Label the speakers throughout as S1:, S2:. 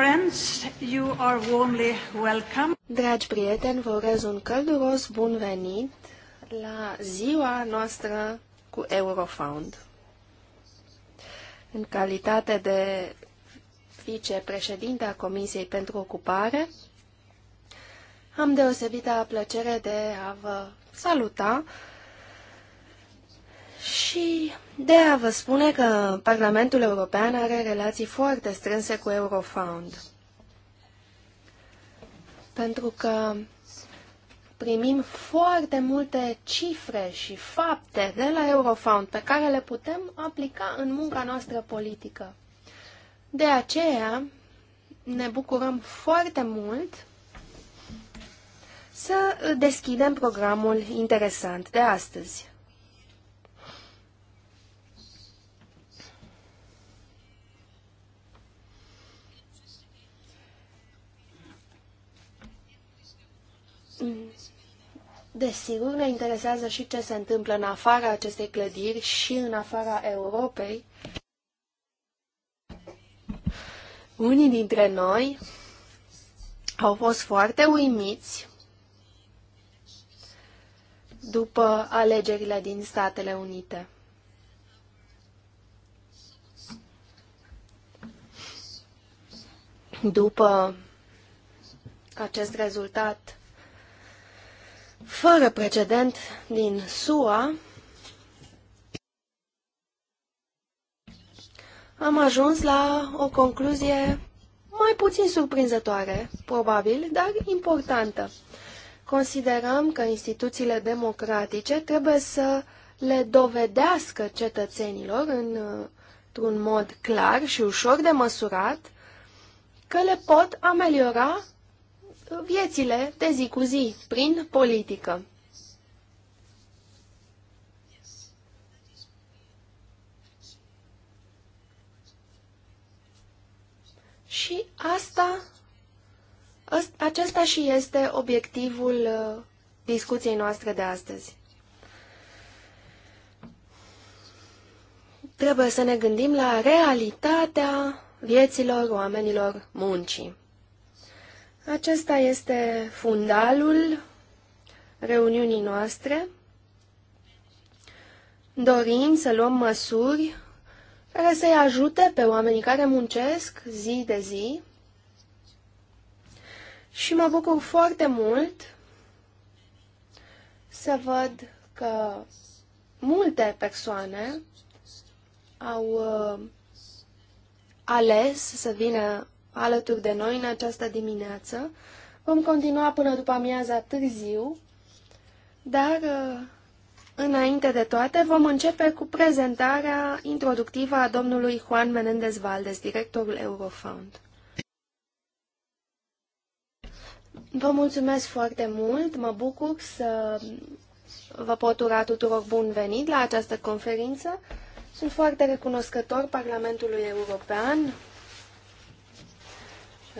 S1: friends, you are warmly welcome. Dragi prieteni, vă urez un călduros bun venit la ziua noastră cu Eurofound. În calitate de vicepreședinte a Comisiei pentru Ocupare, am deosebită plăcere de a vă saluta și de a vă spune că Parlamentul European are relații foarte strânse cu Eurofound. Pentru că primim foarte multe cifre și fapte de la Eurofound pe care le putem aplica în munca noastră politică. De aceea ne bucurăm foarte mult să deschidem programul interesant de astăzi. Desigur, ne interesează și ce se întâmplă în afara acestei clădiri și în afara Europei. Unii dintre noi au fost foarte uimiți după alegerile din Statele Unite. După acest rezultat, fără precedent din SUA, am ajuns la o concluzie mai puțin surprinzătoare, probabil, dar importantă. Considerăm că instituțiile democratice trebuie să le dovedească cetățenilor într-un mod clar și ușor de măsurat că le pot ameliora viețile de zi cu zi, prin politică. Și asta, acesta și este obiectivul uh, discuției noastre de astăzi. Trebuie să ne gândim la realitatea vieților oamenilor muncii. Acesta este fundalul reuniunii noastre. Dorim să luăm măsuri care să-i ajute pe oamenii care muncesc zi de zi. Și mă bucur foarte mult să văd că multe persoane au uh, ales să vină alături de noi în această dimineață. Vom continua până după amiaza târziu, dar uh, înainte de toate vom începe cu prezentarea introductivă a domnului Juan Menendez Valdez, directorul Eurofound. Vă mulțumesc foarte mult, mă bucur să vă pot ura tuturor bun venit la această conferință. Sunt foarte recunoscător Parlamentului European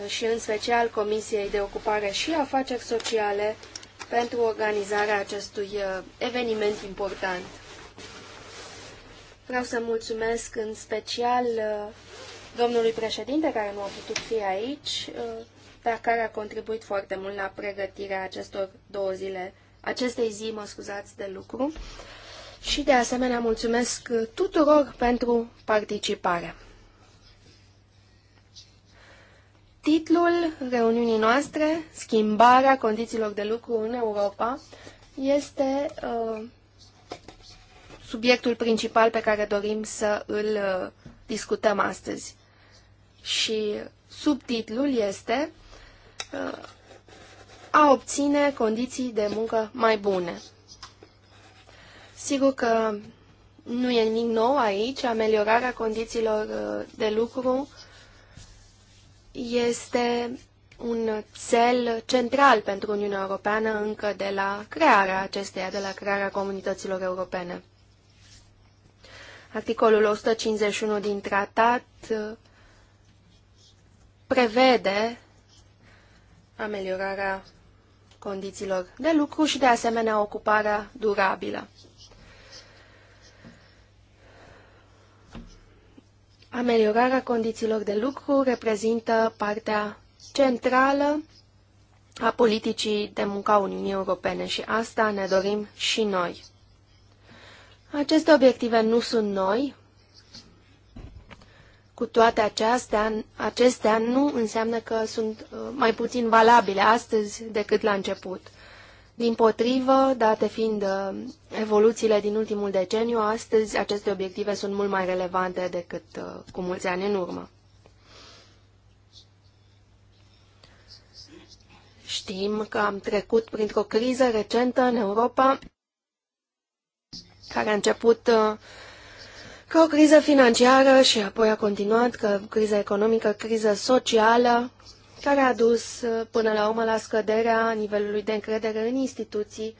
S1: și în special Comisiei de Ocupare și Afaceri Sociale pentru organizarea acestui uh, eveniment important. Vreau să mulțumesc în special uh, domnului președinte care nu a putut fi aici, uh, dar care a contribuit foarte mult la pregătirea acestor două zile, acestei zi, mă scuzați, de lucru. Și de asemenea mulțumesc tuturor pentru participare. Titlul reuniunii noastre, Schimbarea condițiilor de lucru în Europa, este uh, subiectul principal pe care dorim să îl uh, discutăm astăzi. Și subtitlul este uh, A obține condiții de muncă mai bune. Sigur că nu e nimic nou aici, ameliorarea condițiilor uh, de lucru este un cel central pentru Uniunea Europeană încă de la crearea acesteia, de la crearea comunităților europene. Articolul 151 din tratat uh, prevede ameliorarea condițiilor de lucru și, de asemenea, ocuparea durabilă. Ameliorarea condițiilor de lucru reprezintă partea centrală a politicii de muncă a Uniunii Europene și asta ne dorim și noi. Aceste obiective nu sunt noi. Cu toate acestea, acestea nu înseamnă că sunt uh, mai puțin valabile astăzi decât la început. Din potrivă, date fiind uh, evoluțiile din ultimul deceniu, astăzi aceste obiective sunt mult mai relevante decât uh, cu mulți ani în urmă. Știm că am trecut printr-o criză recentă în Europa, care a început uh, ca o criză financiară și apoi a continuat ca criză economică, criză socială care a dus uh, până la urmă la scăderea nivelului de încredere în instituții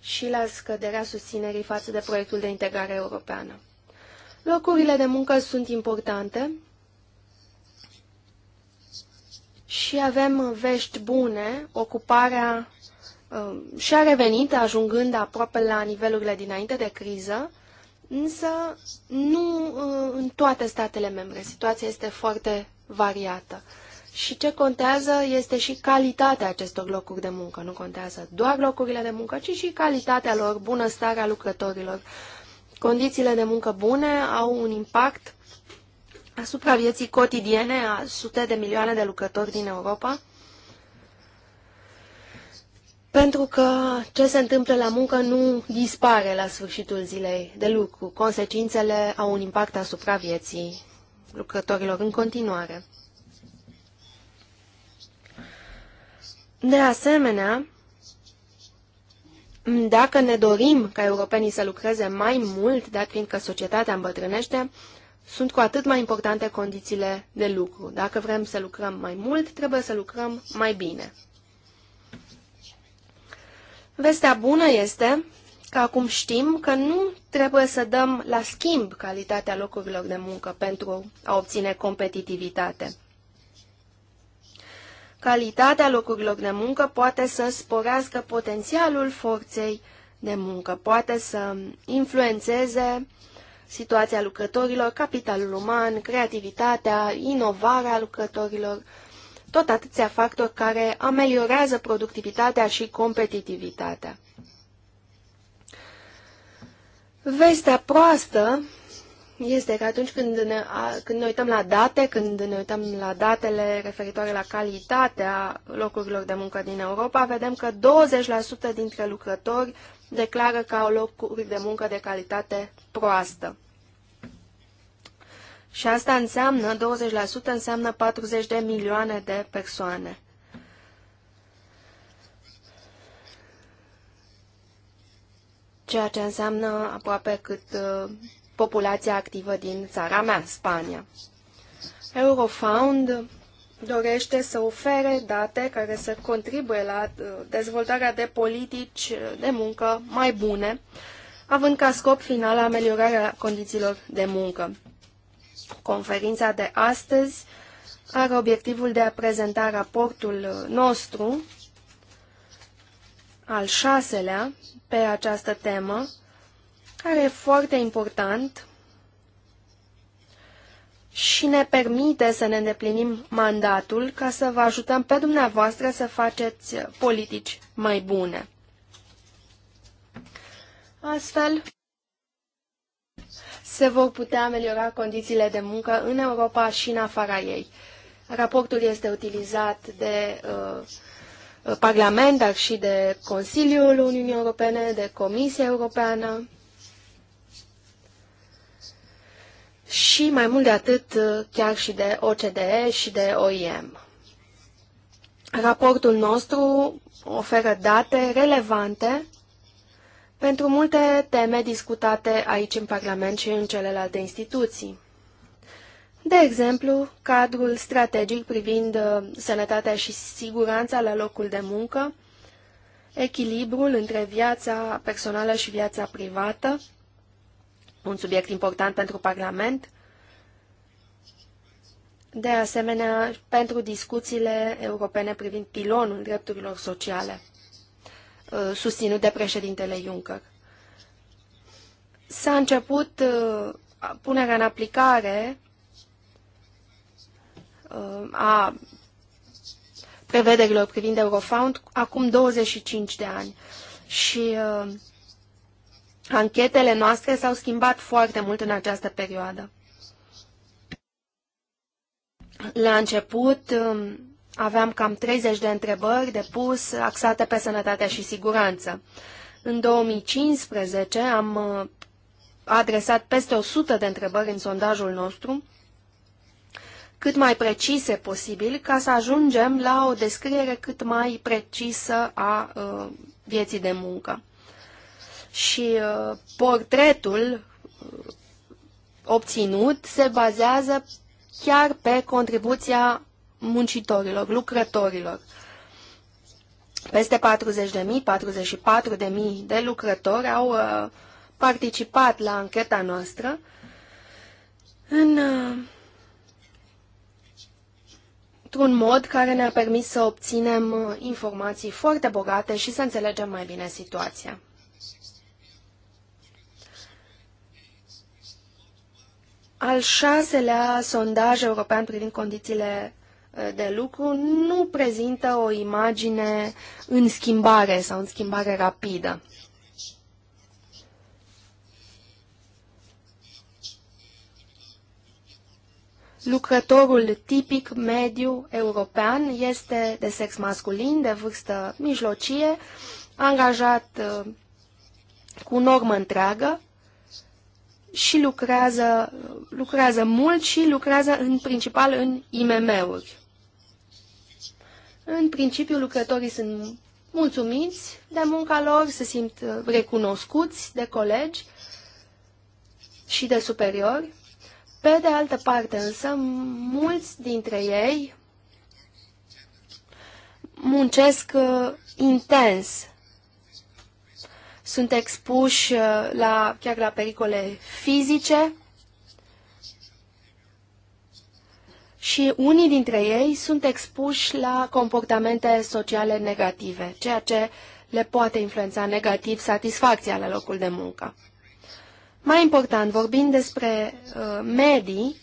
S1: și la scăderea susținerii față de proiectul de integrare europeană. Locurile de muncă sunt importante și avem vești bune. Ocuparea uh, și-a revenit, ajungând aproape la nivelurile dinainte de criză, însă nu uh, în toate statele membre. Situația este foarte variată. Și ce contează este și calitatea acestor locuri de muncă. Nu contează doar locurile de muncă, ci și calitatea lor, bunăstarea lucrătorilor. Condițiile de muncă bune au un impact asupra vieții cotidiene a sute de milioane de lucrători din Europa. Pentru că ce se întâmplă la muncă nu dispare la sfârșitul zilei de lucru. Consecințele au un impact asupra vieții lucrătorilor în continuare. De asemenea, dacă ne dorim ca europenii să lucreze mai mult, dat fiindcă societatea îmbătrânește, sunt cu atât mai importante condițiile de lucru. Dacă vrem să lucrăm mai mult, trebuie să lucrăm mai bine. Vestea bună este că acum știm că nu trebuie să dăm la schimb calitatea locurilor de muncă pentru a obține competitivitate calitatea locurilor de muncă poate să sporească potențialul forței de muncă, poate să influențeze situația lucrătorilor, capitalul uman, creativitatea, inovarea lucrătorilor, tot atâția factori care ameliorează productivitatea și competitivitatea. Vestea proastă este că atunci când ne, când ne uităm la date, când ne uităm la datele referitoare la calitatea locurilor de muncă din Europa, vedem că 20% dintre lucrători declară că au locuri de muncă de calitate proastă. Și asta înseamnă, 20% înseamnă 40 de milioane de persoane. Ceea ce înseamnă aproape cât uh, populația activă din țara mea, Spania. Eurofound dorește să ofere date care să contribuie la uh, dezvoltarea de politici de muncă mai bune, având ca scop final ameliorarea condițiilor de muncă. Conferința de astăzi are obiectivul de a prezenta raportul nostru, al șaselea, pe această temă, care e foarte important și ne permite să ne îndeplinim mandatul ca să vă ajutăm pe dumneavoastră să faceți politici mai bune. Astfel, se vor putea ameliora condițiile de muncă în Europa și în afara ei. Raportul este utilizat de uh, Parlament, dar și de Consiliul Uniunii Europene, de Comisia Europeană și mai mult de atât uh, chiar și de OCDE și de OIM. Raportul nostru oferă date relevante pentru multe teme discutate aici în Parlament și în celelalte instituții. De exemplu, cadrul strategic privind uh, sănătatea și siguranța la locul de muncă, echilibrul între viața personală și viața privată, un subiect important pentru Parlament. De asemenea, pentru discuțiile europene privind pilonul drepturilor sociale, uh, susținut de președintele Juncker. S-a început uh, punerea în aplicare uh, a prevederilor privind Eurofound acum 25 de ani și Anchetele noastre s-au schimbat foarte mult în această perioadă. La început um, aveam cam 30 de întrebări de pus, axate pe sănătatea și siguranță. În 2015 am uh, adresat peste 100 de întrebări în sondajul nostru, cât mai precise posibil, ca să ajungem la o descriere cât mai precisă a uh, vieții de muncă și uh, portretul uh, obținut se bazează chiar pe contribuția muncitorilor, lucrătorilor. Peste 40.000, 44.000 de lucrători au uh, participat la ancheta noastră în într-un mod care ne-a permis să obținem informații foarte bogate și să înțelegem mai bine situația. al șaselea sondaj european privind condițiile uh, de lucru nu prezintă o imagine în schimbare sau în schimbare rapidă. Lucrătorul tipic mediu european este de sex masculin, de vârstă mijlocie, angajat uh, cu normă întreagă, și lucrează, lucrează mult și lucrează în principal în IMM-uri. În principiu, lucrătorii sunt mulțumiți de munca lor, se simt recunoscuți de colegi și de superiori. Pe de altă parte, însă, mulți dintre ei muncesc uh, intens sunt expuși uh, la, chiar la pericole fizice și unii dintre ei sunt expuși la comportamente sociale negative, ceea ce le poate influența negativ satisfacția la locul de muncă. Mai important, vorbind despre uh, medii,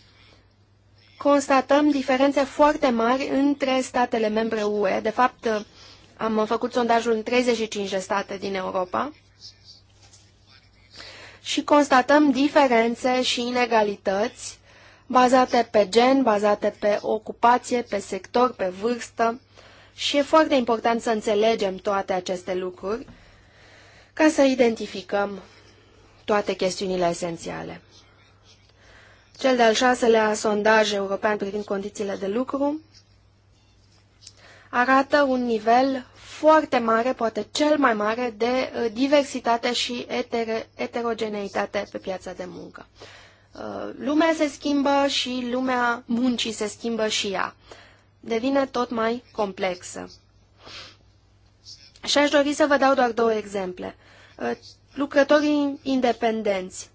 S1: constatăm diferențe foarte mari între statele membre UE. De fapt, uh, am făcut sondajul în 35 de state din Europa și constatăm diferențe și inegalități bazate pe gen, bazate pe ocupație, pe sector, pe vârstă și e foarte important să înțelegem toate aceste lucruri ca să identificăm toate chestiunile esențiale. Cel de-al șaselea sondaj european privind condițiile de lucru arată un nivel foarte mare, poate cel mai mare, de uh, diversitate și eterogeneitate pe piața de muncă. Uh, lumea se schimbă și lumea muncii se schimbă și ea. Devine tot mai complexă. Și aș dori să vă dau doar două exemple. Uh, lucrătorii independenți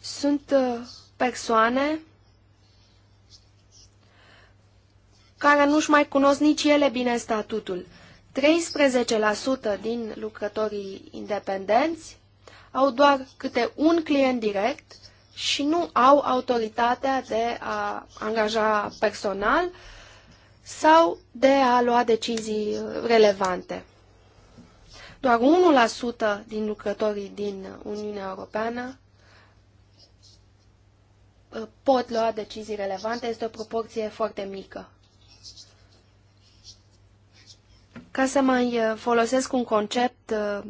S1: sunt persoane care nu-și mai cunosc nici ele bine statutul. 13% din lucrătorii independenți au doar câte un client direct și nu au autoritatea de a angaja personal sau de a lua decizii relevante. Doar 1% din lucrătorii din Uniunea Europeană uh, pot lua decizii relevante, este o proporție foarte mică. Ca să mai uh, folosesc un concept uh,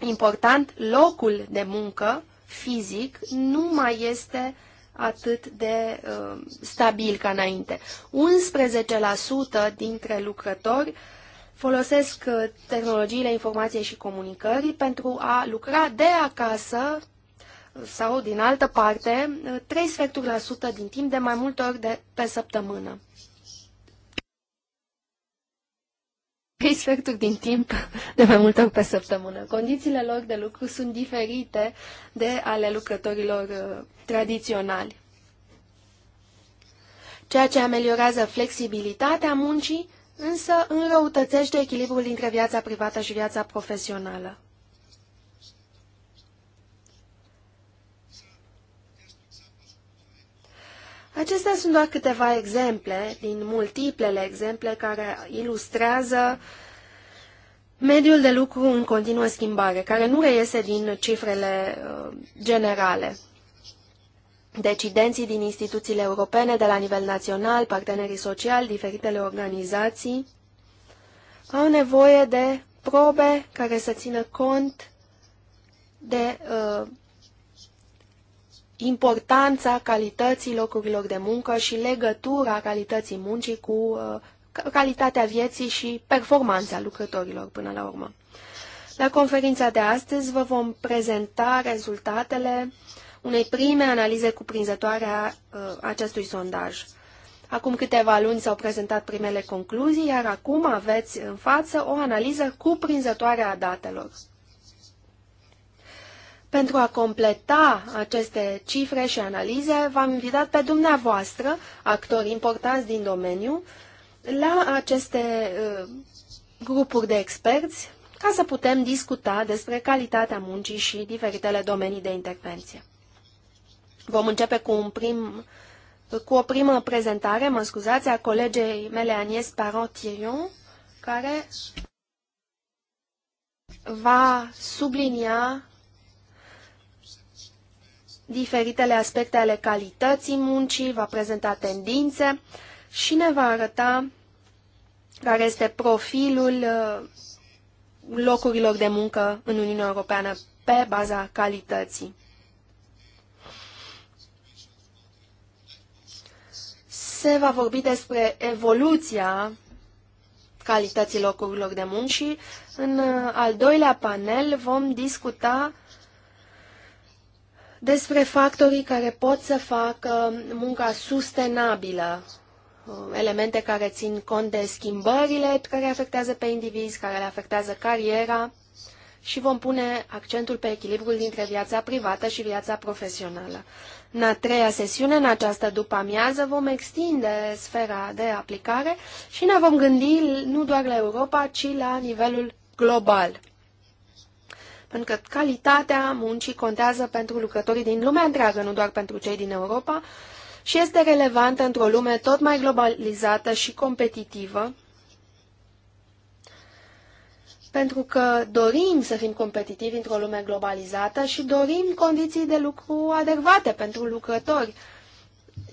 S1: important, locul de muncă fizic nu mai este atât de uh, stabil ca înainte. 11% dintre lucrători folosesc uh, tehnologiile informației și comunicării pentru a lucra de acasă sau din altă parte, 3 sferturi la sută din timp de mai multe ori de, pe săptămână.
S2: trei sferturi din timp de mai multe ori pe săptămână.
S1: Condițiile lor de lucru sunt diferite de ale lucrătorilor uh, tradiționali. Ceea ce ameliorează flexibilitatea muncii, însă înrăutățește echilibrul dintre viața privată și viața profesională. Acestea sunt doar câteva exemple din multiplele exemple care ilustrează mediul de lucru în continuă schimbare, care nu reiese din cifrele uh, generale. Decidenții din instituțiile europene, de la nivel național, partenerii sociali, diferitele organizații, au nevoie de probe care să țină cont de uh, importanța calității locurilor de muncă și legătura calității muncii cu uh, calitatea vieții și performanța lucrătorilor până la urmă. La conferința de astăzi vă vom prezenta rezultatele unei prime analize cuprinzătoare a uh, acestui sondaj. Acum câteva luni s-au prezentat primele concluzii, iar acum aveți în față o analiză cuprinzătoare a datelor. Pentru a completa aceste cifre și analize, v-am invitat pe dumneavoastră, actori importanți din domeniu, la aceste uh, grupuri de experți ca să putem discuta despre calitatea muncii și diferitele domenii de intervenție. Vom începe cu, un prim, cu o primă prezentare, mă scuzați, a colegei mele Agnès parent care va sublinia diferitele aspecte ale calității muncii, va prezenta tendințe și ne va arăta care este profilul uh, locurilor de muncă în Uniunea Europeană pe baza calității. Se va vorbi despre evoluția calității locurilor de muncă și în uh, al doilea panel vom discuta despre factorii care pot să facă munca sustenabilă, uh, elemente care țin cont de schimbările care afectează pe indivizi, care le afectează cariera și vom pune accentul pe echilibrul dintre viața privată și viața profesională. În a treia sesiune, în această după-amiază, vom extinde sfera de aplicare și ne vom gândi nu doar la Europa, ci la nivelul global că calitatea muncii contează pentru lucrătorii din lumea întreagă, nu doar pentru cei din Europa, și este relevantă într-o lume tot mai globalizată și competitivă, pentru că dorim să fim competitivi într-o lume globalizată și dorim condiții de lucru adecvate pentru lucrători.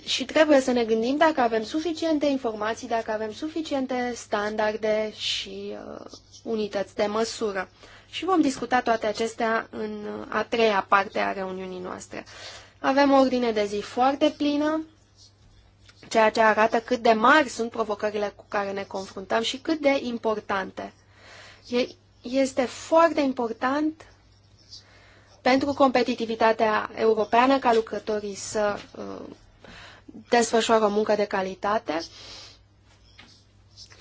S1: Și trebuie să ne gândim dacă avem suficiente informații, dacă avem suficiente standarde și uh, unități de măsură și vom discuta toate acestea în a treia parte a reuniunii noastre. Avem o ordine de zi foarte plină, ceea ce arată cât de mari sunt provocările cu care ne confruntăm și cât de importante. Este foarte important pentru competitivitatea europeană ca lucrătorii să uh, desfășoară o muncă de calitate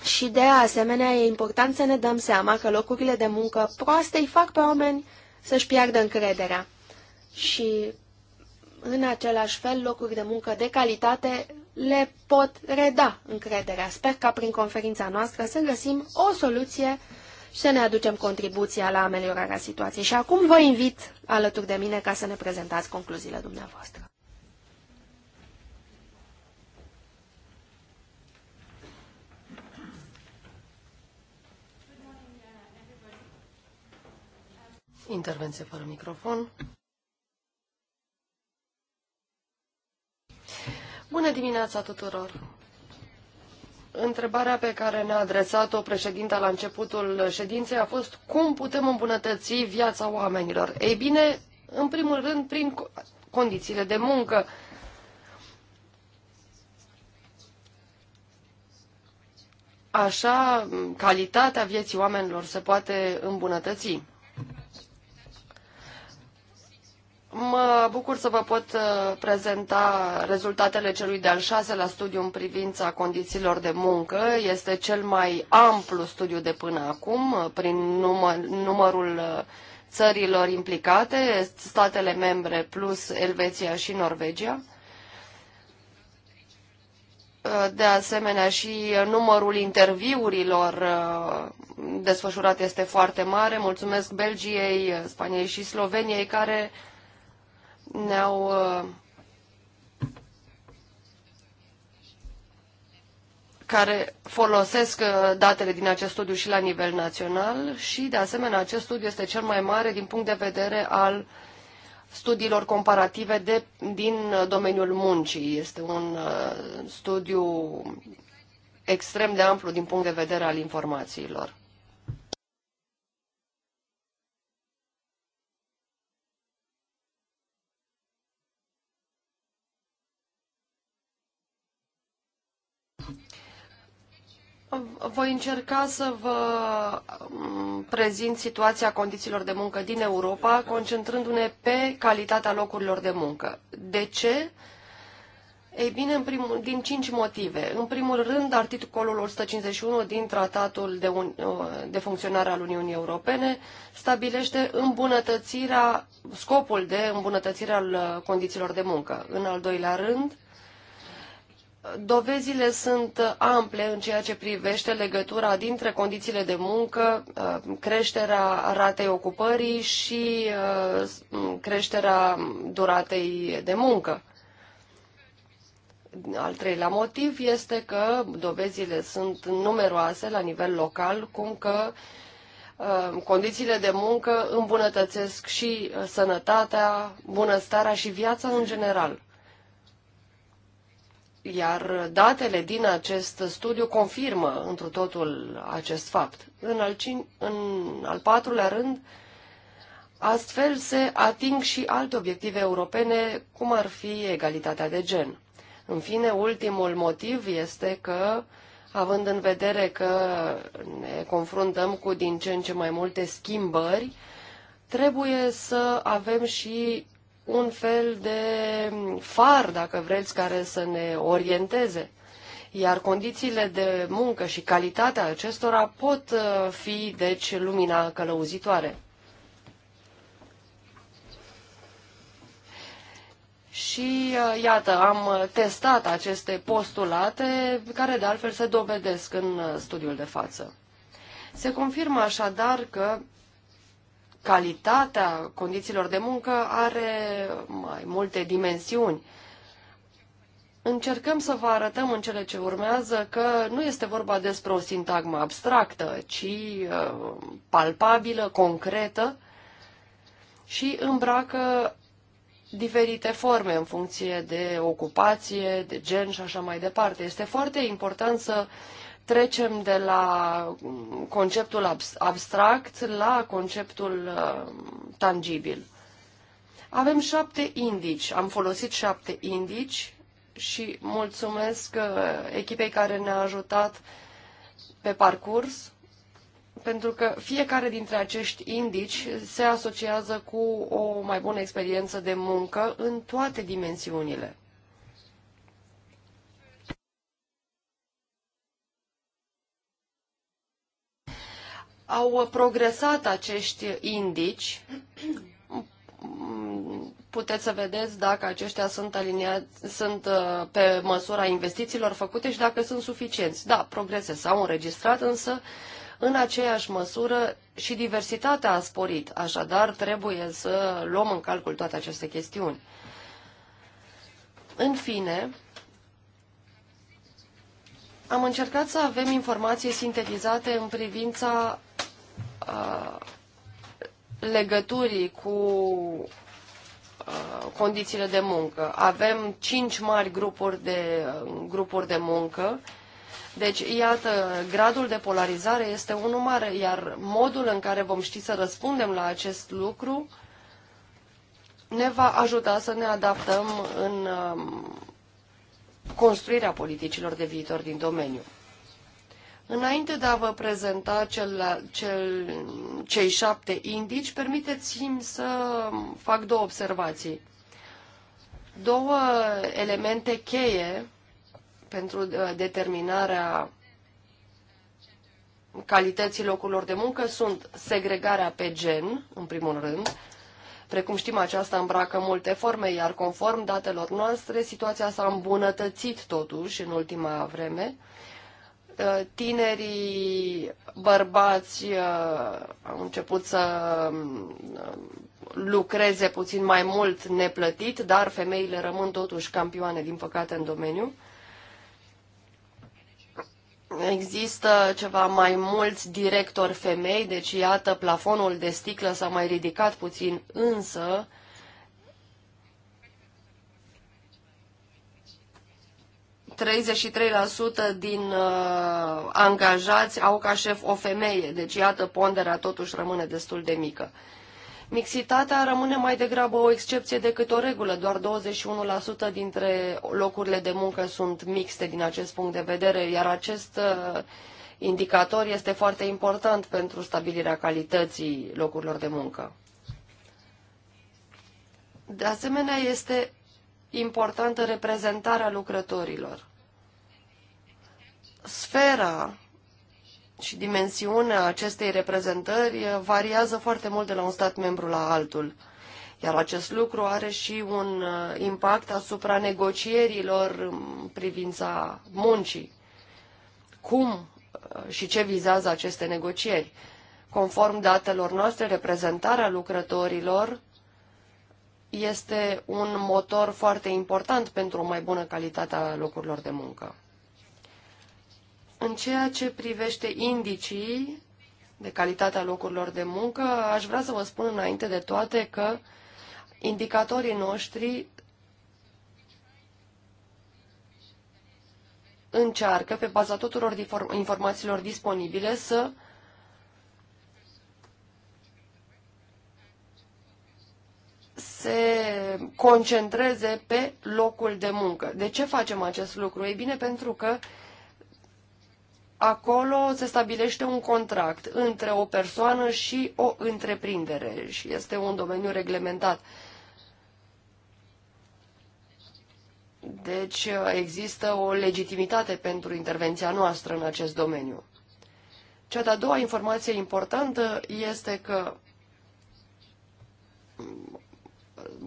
S1: și de asemenea e important să ne dăm seama că locurile de muncă proaste îi fac pe oameni să-și piardă încrederea. Și în același fel, locuri de muncă de calitate le pot reda încrederea. Sper ca prin conferința noastră să găsim o soluție și să ne aducem contribuția la ameliorarea situației. Și acum vă invit alături de mine ca să ne prezentați concluziile dumneavoastră.
S2: Intervenție fără microfon. Bună dimineața tuturor! Întrebarea pe care ne-a adresat-o președinta la începutul ședinței a fost cum putem îmbunătăți viața oamenilor. Ei bine, în primul rând, prin condițiile de muncă. Așa, calitatea vieții oamenilor se poate îmbunătăți. Mă bucur să vă pot uh, prezenta rezultatele celui de-al șaselea studiu în privința condițiilor de muncă. Este cel mai amplu studiu de până acum, uh, prin număr, numărul uh, țărilor implicate, statele membre plus Elveția și Norvegia. De asemenea, și numărul interviurilor desfășurate este foarte mare. Mulțumesc Belgiei, Spaniei și Sloveniei, care ne-au uh, care folosesc uh, datele din acest studiu și la nivel național și, de asemenea, acest studiu este cel mai mare din punct de vedere al studiilor comparative de, din domeniul muncii. Este un uh, studiu extrem de amplu din punct de vedere al informațiilor. Voi încerca să vă mm, prezint situația condițiilor de muncă din Europa, concentrându-ne pe calitatea locurilor de muncă. De ce? Ei bine, în primul, din cinci motive. În primul rând, articolul 151 din Tratatul de, un, uh, de Funcționare al Uniunii Europene stabilește îmbunătățirea, scopul de îmbunătățire al uh, condițiilor de muncă. În al doilea rând, Dovezile sunt ample în ceea ce privește legătura dintre condițiile de muncă, uh, creșterea ratei ocupării și uh, creșterea duratei de muncă. Al treilea motiv este că dovezile sunt numeroase la nivel local, cum că uh, condițiile de muncă îmbunătățesc și sănătatea, bunăstarea și viața în general. Iar datele din acest studiu confirmă întru totul acest fapt. În al, cin- în al patrulea rând, astfel se ating și alte obiective europene, cum ar fi egalitatea de gen. În fine, ultimul motiv este că, având în vedere că ne confruntăm cu din ce în ce mai multe schimbări, trebuie să avem și un fel de far, dacă vreți, care să ne orienteze. Iar condițiile de muncă și calitatea acestora pot uh, fi, deci, lumina călăuzitoare. Și uh, iată, am testat aceste postulate care de altfel se dovedesc în uh, studiul de față. Se confirmă așadar că calitatea condițiilor de muncă are mai multe dimensiuni. Încercăm să vă arătăm în cele ce urmează că nu este vorba despre o sintagmă abstractă, ci uh, palpabilă, concretă și îmbracă diferite forme în funcție de ocupație, de gen și așa mai departe. Este foarte important să Trecem de la conceptul abstract la conceptul uh, tangibil. Avem șapte indici, am folosit șapte indici și mulțumesc uh, echipei care ne-a ajutat pe parcurs, pentru că fiecare dintre acești indici se asociază cu o mai bună experiență de muncă în toate dimensiunile. au progresat acești indici. Puteți să vedeți dacă aceștia sunt, aliniați, sunt uh, pe măsura investițiilor făcute și dacă sunt suficienți. Da, progrese s-au înregistrat, însă în aceeași măsură și diversitatea a sporit, așadar trebuie să luăm în calcul toate aceste chestiuni. În fine, am încercat să avem informații sintetizate în privința Uh, legăturii cu uh, condițiile de muncă. Avem cinci mari grupuri de, uh, grupuri de muncă. Deci, iată, gradul de polarizare este unul mare, iar modul în care vom ști să răspundem la acest lucru ne va ajuta să ne adaptăm în um, construirea politicilor de viitor din domeniu. Înainte de a vă prezenta cel, cel, cei șapte indici, permiteți-mi să fac două observații. Două elemente cheie pentru uh, determinarea calității locurilor de muncă sunt segregarea pe gen, în primul rând. Precum știm, aceasta îmbracă multe forme, iar conform datelor noastre, situația s-a îmbunătățit totuși în ultima vreme, Uh, tinerii bărbați uh, au început să um, lucreze puțin mai mult neplătit, dar femeile rămân totuși campioane, din păcate, în domeniu. Există ceva mai mulți directori femei, deci iată, plafonul de sticlă s-a mai ridicat puțin, însă 33% din uh, angajați au ca șef o femeie, deci iată, ponderea totuși rămâne destul de mică. Mixitatea rămâne mai degrabă o excepție decât o regulă, doar 21% dintre locurile de muncă sunt mixte din acest punct de vedere, iar acest uh, indicator este foarte important pentru stabilirea calității locurilor de muncă. De asemenea, este importantă reprezentarea lucrătorilor sfera și dimensiunea acestei reprezentări eh, variază foarte mult de la un stat membru la altul. Iar acest lucru are și un eh, impact asupra negocierilor în privința muncii. Cum eh, și ce vizează aceste negocieri? Conform datelor noastre, reprezentarea lucrătorilor este un motor foarte important pentru o mai bună calitate a locurilor de muncă. În ceea ce privește indicii de calitatea locurilor de muncă, aș vrea să vă spun înainte de toate că indicatorii noștri încearcă, pe baza tuturor informațiilor disponibile, să se concentreze pe locul de muncă. De ce facem acest lucru? Ei bine, pentru că uh, acolo se stabilește un contract între o persoană și o întreprindere și este un domeniu reglementat. Deci există o legitimitate pentru intervenția noastră în acest domeniu. Cea de-a doua informație importantă este că,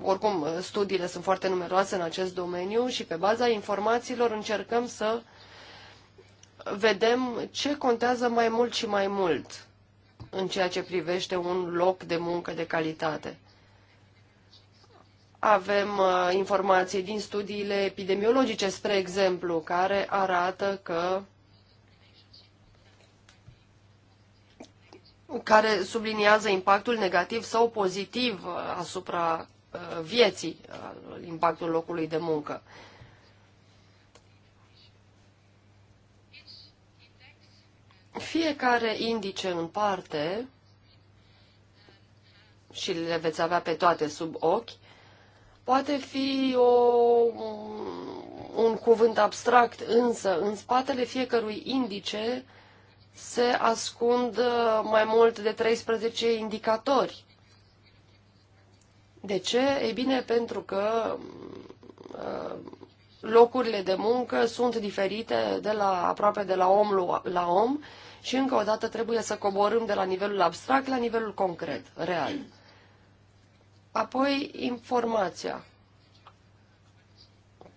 S2: oricum, studiile sunt foarte numeroase în acest domeniu și pe baza informațiilor încercăm să vedem ce contează mai mult și mai mult în ceea ce privește un loc de muncă de calitate. Avem uh, informații din studiile epidemiologice, spre exemplu, care arată că care subliniază impactul negativ sau pozitiv uh, asupra uh, vieții, uh, impactul locului de muncă. Uh, Fiecare indice în parte, și le veți avea pe toate sub ochi, poate fi o, un cuvânt abstract, însă în spatele fiecărui indice se ascund uh, mai mult de 13 indicatori. De ce? E bine, pentru că uh, locurile de muncă sunt diferite de la aproape de la om la om și încă o dată trebuie să coborâm de la nivelul abstract la nivelul concret, real. Apoi, informația.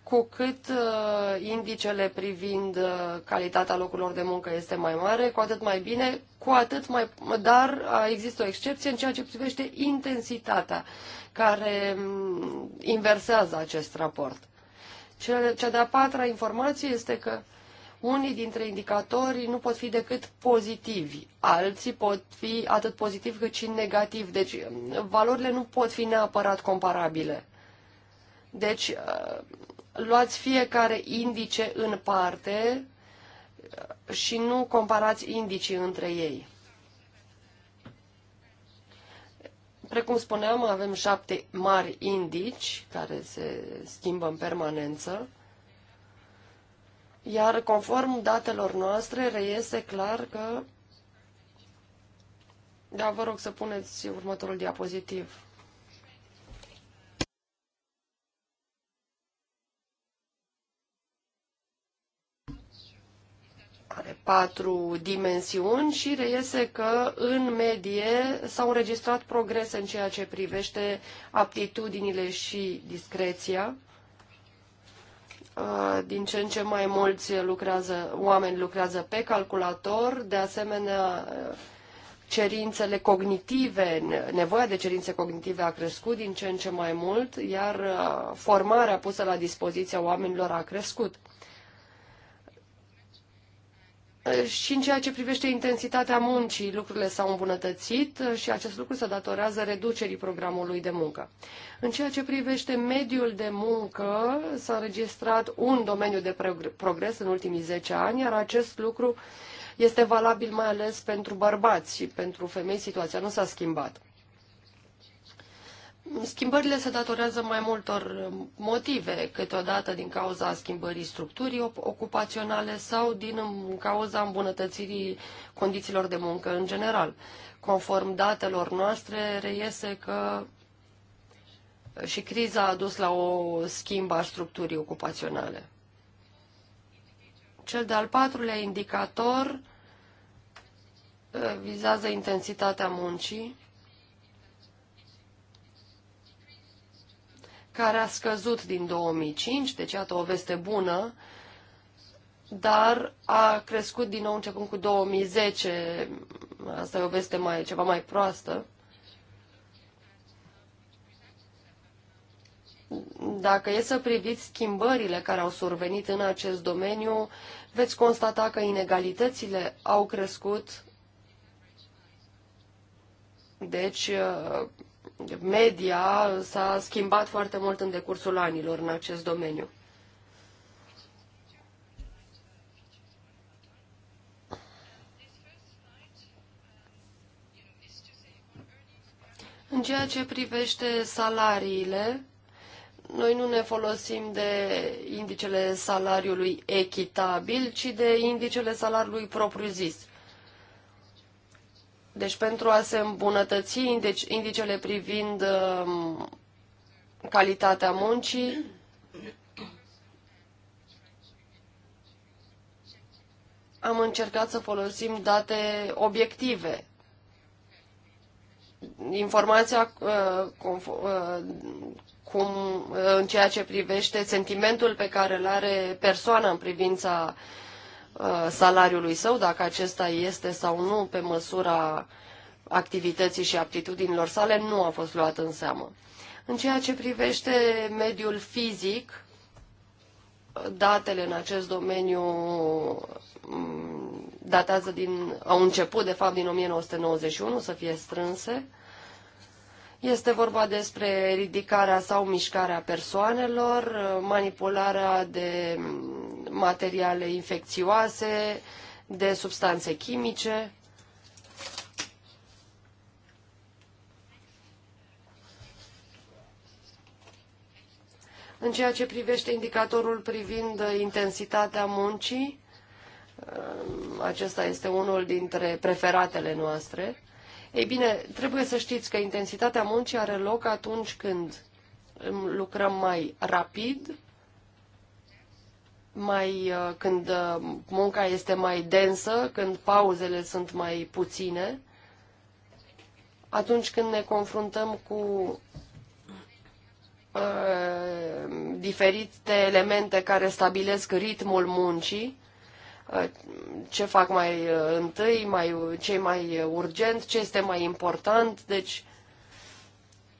S2: Cu cât uh, indicele privind uh, calitatea locurilor de muncă este mai mare, cu atât mai bine, cu atât mai... Dar uh, există o excepție în ceea ce privește intensitatea care um, inversează acest raport. Cea de-a patra informație este că uh, unii dintre indicatorii nu pot fi decât pozitivi, alții pot fi atât pozitiv cât și negativ, deci mm, valorile nu pot fi neapărat comparabile. Deci uh, luați fiecare indice în parte uh, și nu comparați indicii între ei. Precum spuneam, avem șapte mari indici care se schimbă în permanență. Iar conform datelor noastre, reiese clar că... Da, vă rog să puneți următorul diapozitiv. Are patru dimensiuni și reiese că, în medie, s-au înregistrat progrese în ceea ce privește aptitudinile și discreția Uh, din ce în ce mai mulți lucrează, oameni lucrează pe calculator, de asemenea uh, cerințele cognitive, nevoia de cerințe cognitive a crescut din ce în ce mai mult, iar uh, formarea pusă la dispoziția oamenilor a crescut. Și în ceea ce privește intensitatea muncii, lucrurile s-au îmbunătățit și acest lucru se datorează reducerii programului de muncă. În ceea ce privește mediul de muncă, s-a înregistrat un domeniu de progres în ultimii 10 ani, iar acest lucru este valabil mai ales pentru bărbați și pentru femei situația nu s-a schimbat. Schimbările se datorează mai multor motive, câteodată din cauza schimbării structurii ocupaționale sau din cauza îmbunătățirii condițiilor de muncă în general. Conform datelor noastre, reiese că și criza a dus la o schimbă a structurii ocupaționale. Cel de-al patrulea indicator eh, vizează intensitatea muncii care a scăzut din 2005, deci iată o veste bună, dar a crescut din nou începând cu 2010. Asta e o veste mai, ceva mai proastă. Dacă e să priviți schimbările care au survenit în acest domeniu, veți constata că inegalitățile au crescut. Deci, media s-a schimbat foarte mult în decursul anilor în acest domeniu. În ceea ce privește salariile, noi nu ne folosim de indicele salariului echitabil, ci de indicele salariului propriu-zis. Deci pentru a se îmbunătăți indicele privind um, calitatea muncii, am încercat să folosim date obiective. Informația uh, uh, cum, uh, în ceea ce privește sentimentul pe care îl are persoana în privința uh, Uh, salariului său, dacă acesta este sau nu pe măsura activității și aptitudinilor sale, nu a fost luat în seamă. În ceea ce privește mediul fizic, datele în acest domeniu mm, datează din, au început de fapt din 1991 să fie strânse. Este vorba despre ridicarea sau mișcarea persoanelor, manipularea de materiale infecțioase, de substanțe chimice. În ceea ce privește indicatorul privind intensitatea muncii, um, acesta este unul dintre preferatele noastre. Ei bine, trebuie să știți că intensitatea muncii are loc atunci când um, lucrăm mai rapid mai, uh, când uh, munca este mai densă, când pauzele sunt mai puține, atunci când ne confruntăm cu uh, diferite elemente care stabilesc ritmul muncii, uh, ce fac mai uh, întâi, mai, ce mai urgent, ce este mai important, deci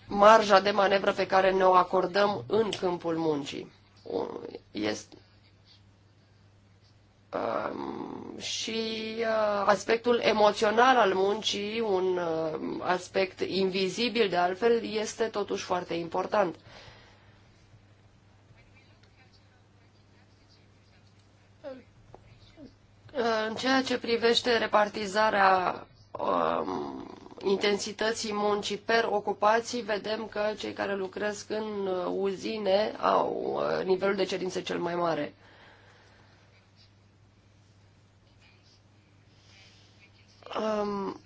S2: marja de manevră pe care ne o acordăm în câmpul muncii. Este, Um, și uh, aspectul emoțional al muncii, un uh, aspect invizibil de altfel, este totuși foarte important. Uh, în ceea ce privește repartizarea um, intensității muncii per ocupații, vedem că cei care lucrez în uzine au nivelul de cerințe cel mai mare. um,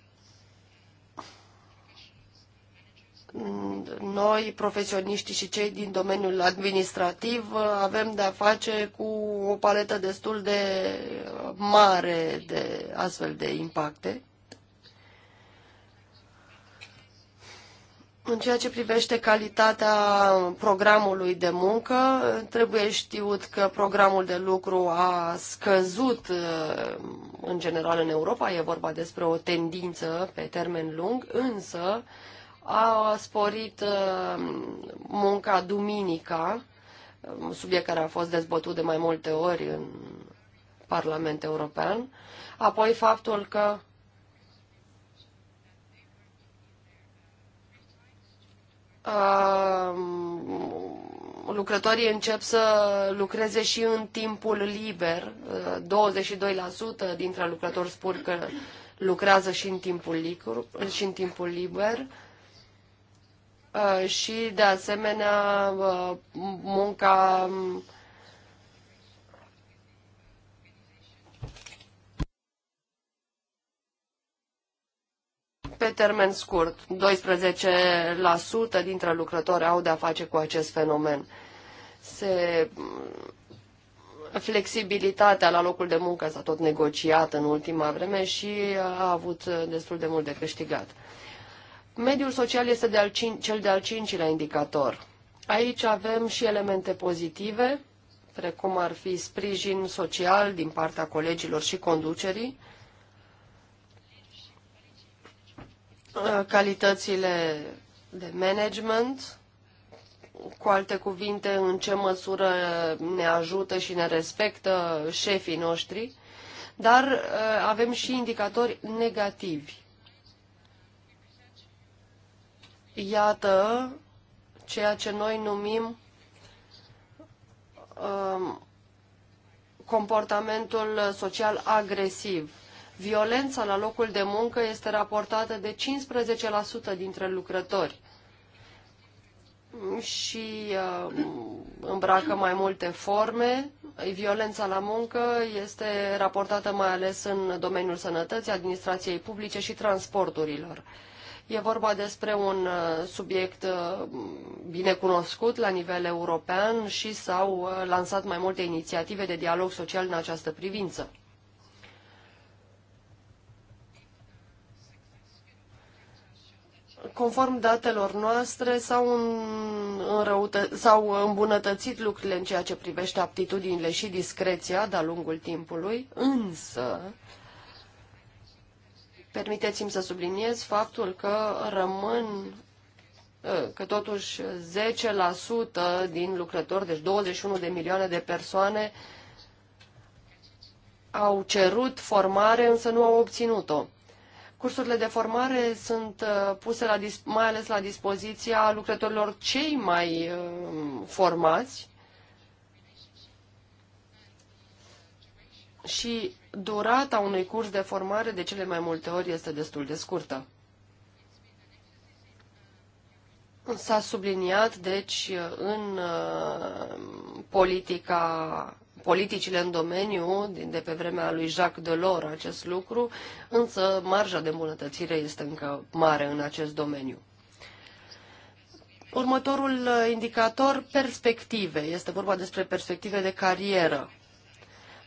S2: noi, profesioniștii și cei din domeniul administrativ, avem de-a face cu o paletă destul de mare de astfel de impacte. În ceea ce privește calitatea programului de muncă, trebuie știut că programul de lucru a scăzut uh, în general în Europa, e vorba despre o tendință pe termen lung, însă a sporit uh, munca duminica, um, subiect care a fost dezbătut de mai multe ori în Parlamentul European, apoi faptul că lucrătorii încep să lucreze și în timpul liber. 22% dintre lucrători spun că lucrează și în timpul, licur, și în timpul liber. Uh, și, de asemenea, uh, munca um, pe termen scurt. 12% dintre lucrători au de-a face cu acest fenomen. Se... Mm, flexibilitatea la locul de muncă s-a tot negociat în ultima vreme și a avut destul de mult de câștigat. Mediul social este de al cin- cel de-al cincilea indicator. Aici avem și elemente pozitive, precum ar fi sprijin social din partea colegilor și conducerii, Uh, calitățile de management, cu alte cuvinte, în ce măsură ne ajută și ne respectă șefii noștri, dar uh, avem și indicatori negativi. Iată ceea ce noi numim um, comportamentul social agresiv violența la locul de muncă este raportată de 15% dintre lucrători și uh, îmbracă mai multe forme. Violența la muncă este raportată mai ales în domeniul sănătății, administrației publice și transporturilor. E vorba despre un uh, subiect uh, binecunoscut la nivel european și s-au lansat mai multe inițiative de dialog social în această privință. conform datelor noastre, s-au, înrăută, s-au îmbunătățit lucrurile în ceea ce privește aptitudinile și discreția de-a lungul timpului, însă permiteți-mi să subliniez faptul că rămân ă, că totuși 10% din lucrători, deci 21 de milioane de persoane, au cerut formare, însă nu au obținut-o. Cursurile de formare sunt uh, puse la, mai ales la dispoziția lucrătorilor cei mai uh, formați și durata unui curs de formare de cele mai multe ori este destul de scurtă. S-a subliniat, deci, în uh, politica politicile în domeniu de pe vremea lui Jacques Delors acest lucru, însă marja de îmbunătățire este încă mare în acest domeniu. Următorul indicator, perspective. Este vorba despre perspective de carieră.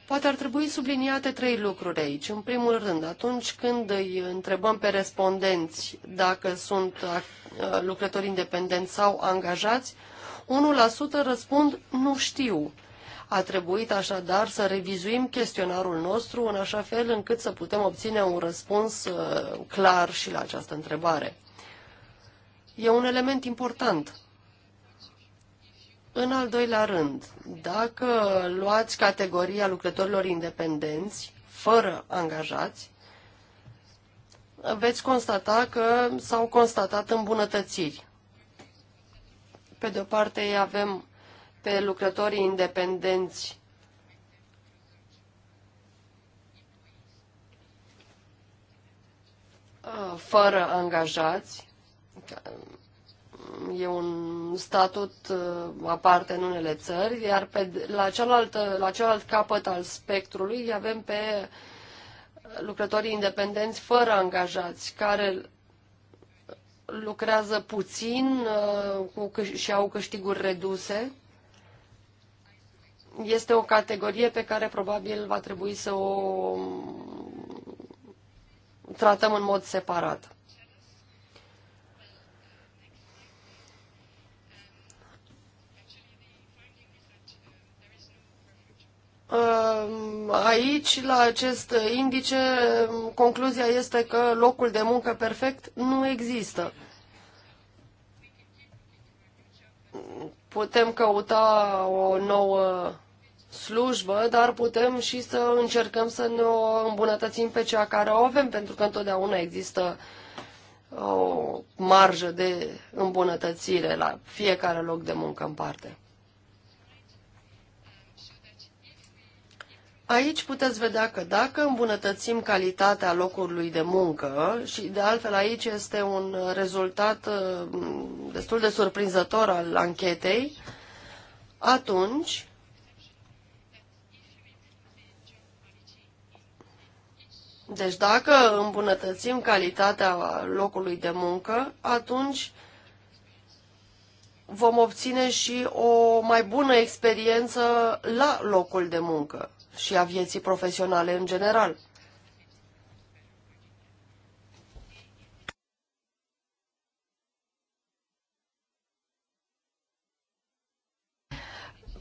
S2: Poate ar trebui subliniate trei lucruri aici. În primul rând, atunci când îi întrebăm pe respondenți dacă sunt uh, lucrători independenți sau angajați, 1% răspund nu știu. A trebuit așadar să revizuim chestionarul nostru în așa fel încât să putem obține un răspuns uh, clar și la această întrebare. E un element important. În al doilea rând, dacă luați categoria lucrătorilor independenți, fără angajați, veți constata că s-au constatat îmbunătățiri. Pe de o parte avem pe lucrătorii independenți. Uh, fără angajați. Uh, e un statut uh, aparte în unele țări, iar pe, la, cealaltă, la celălalt capăt al spectrului avem pe lucrătorii independenți fără angajați, care lucrează puțin cu, și au câștiguri reduse este o categorie pe care probabil va trebui să o tratăm în mod separat. Aici, la acest indice, concluzia este că locul de muncă perfect nu există Putem căuta o nouă slujbă, dar putem și să încercăm să ne o îmbunătățim pe cea care o avem, pentru că întotdeauna există uh, o marjă de îmbunătățire la fiecare loc de muncă în parte. Aici puteți vedea că dacă îmbunătățim calitatea locurilor de muncă și de altfel aici este un rezultat uh, destul de surprinzător al anchetei, atunci Deci dacă îmbunătățim calitatea locului de muncă, atunci vom obține și o mai bună experiență la locul de muncă și a vieții profesionale în general.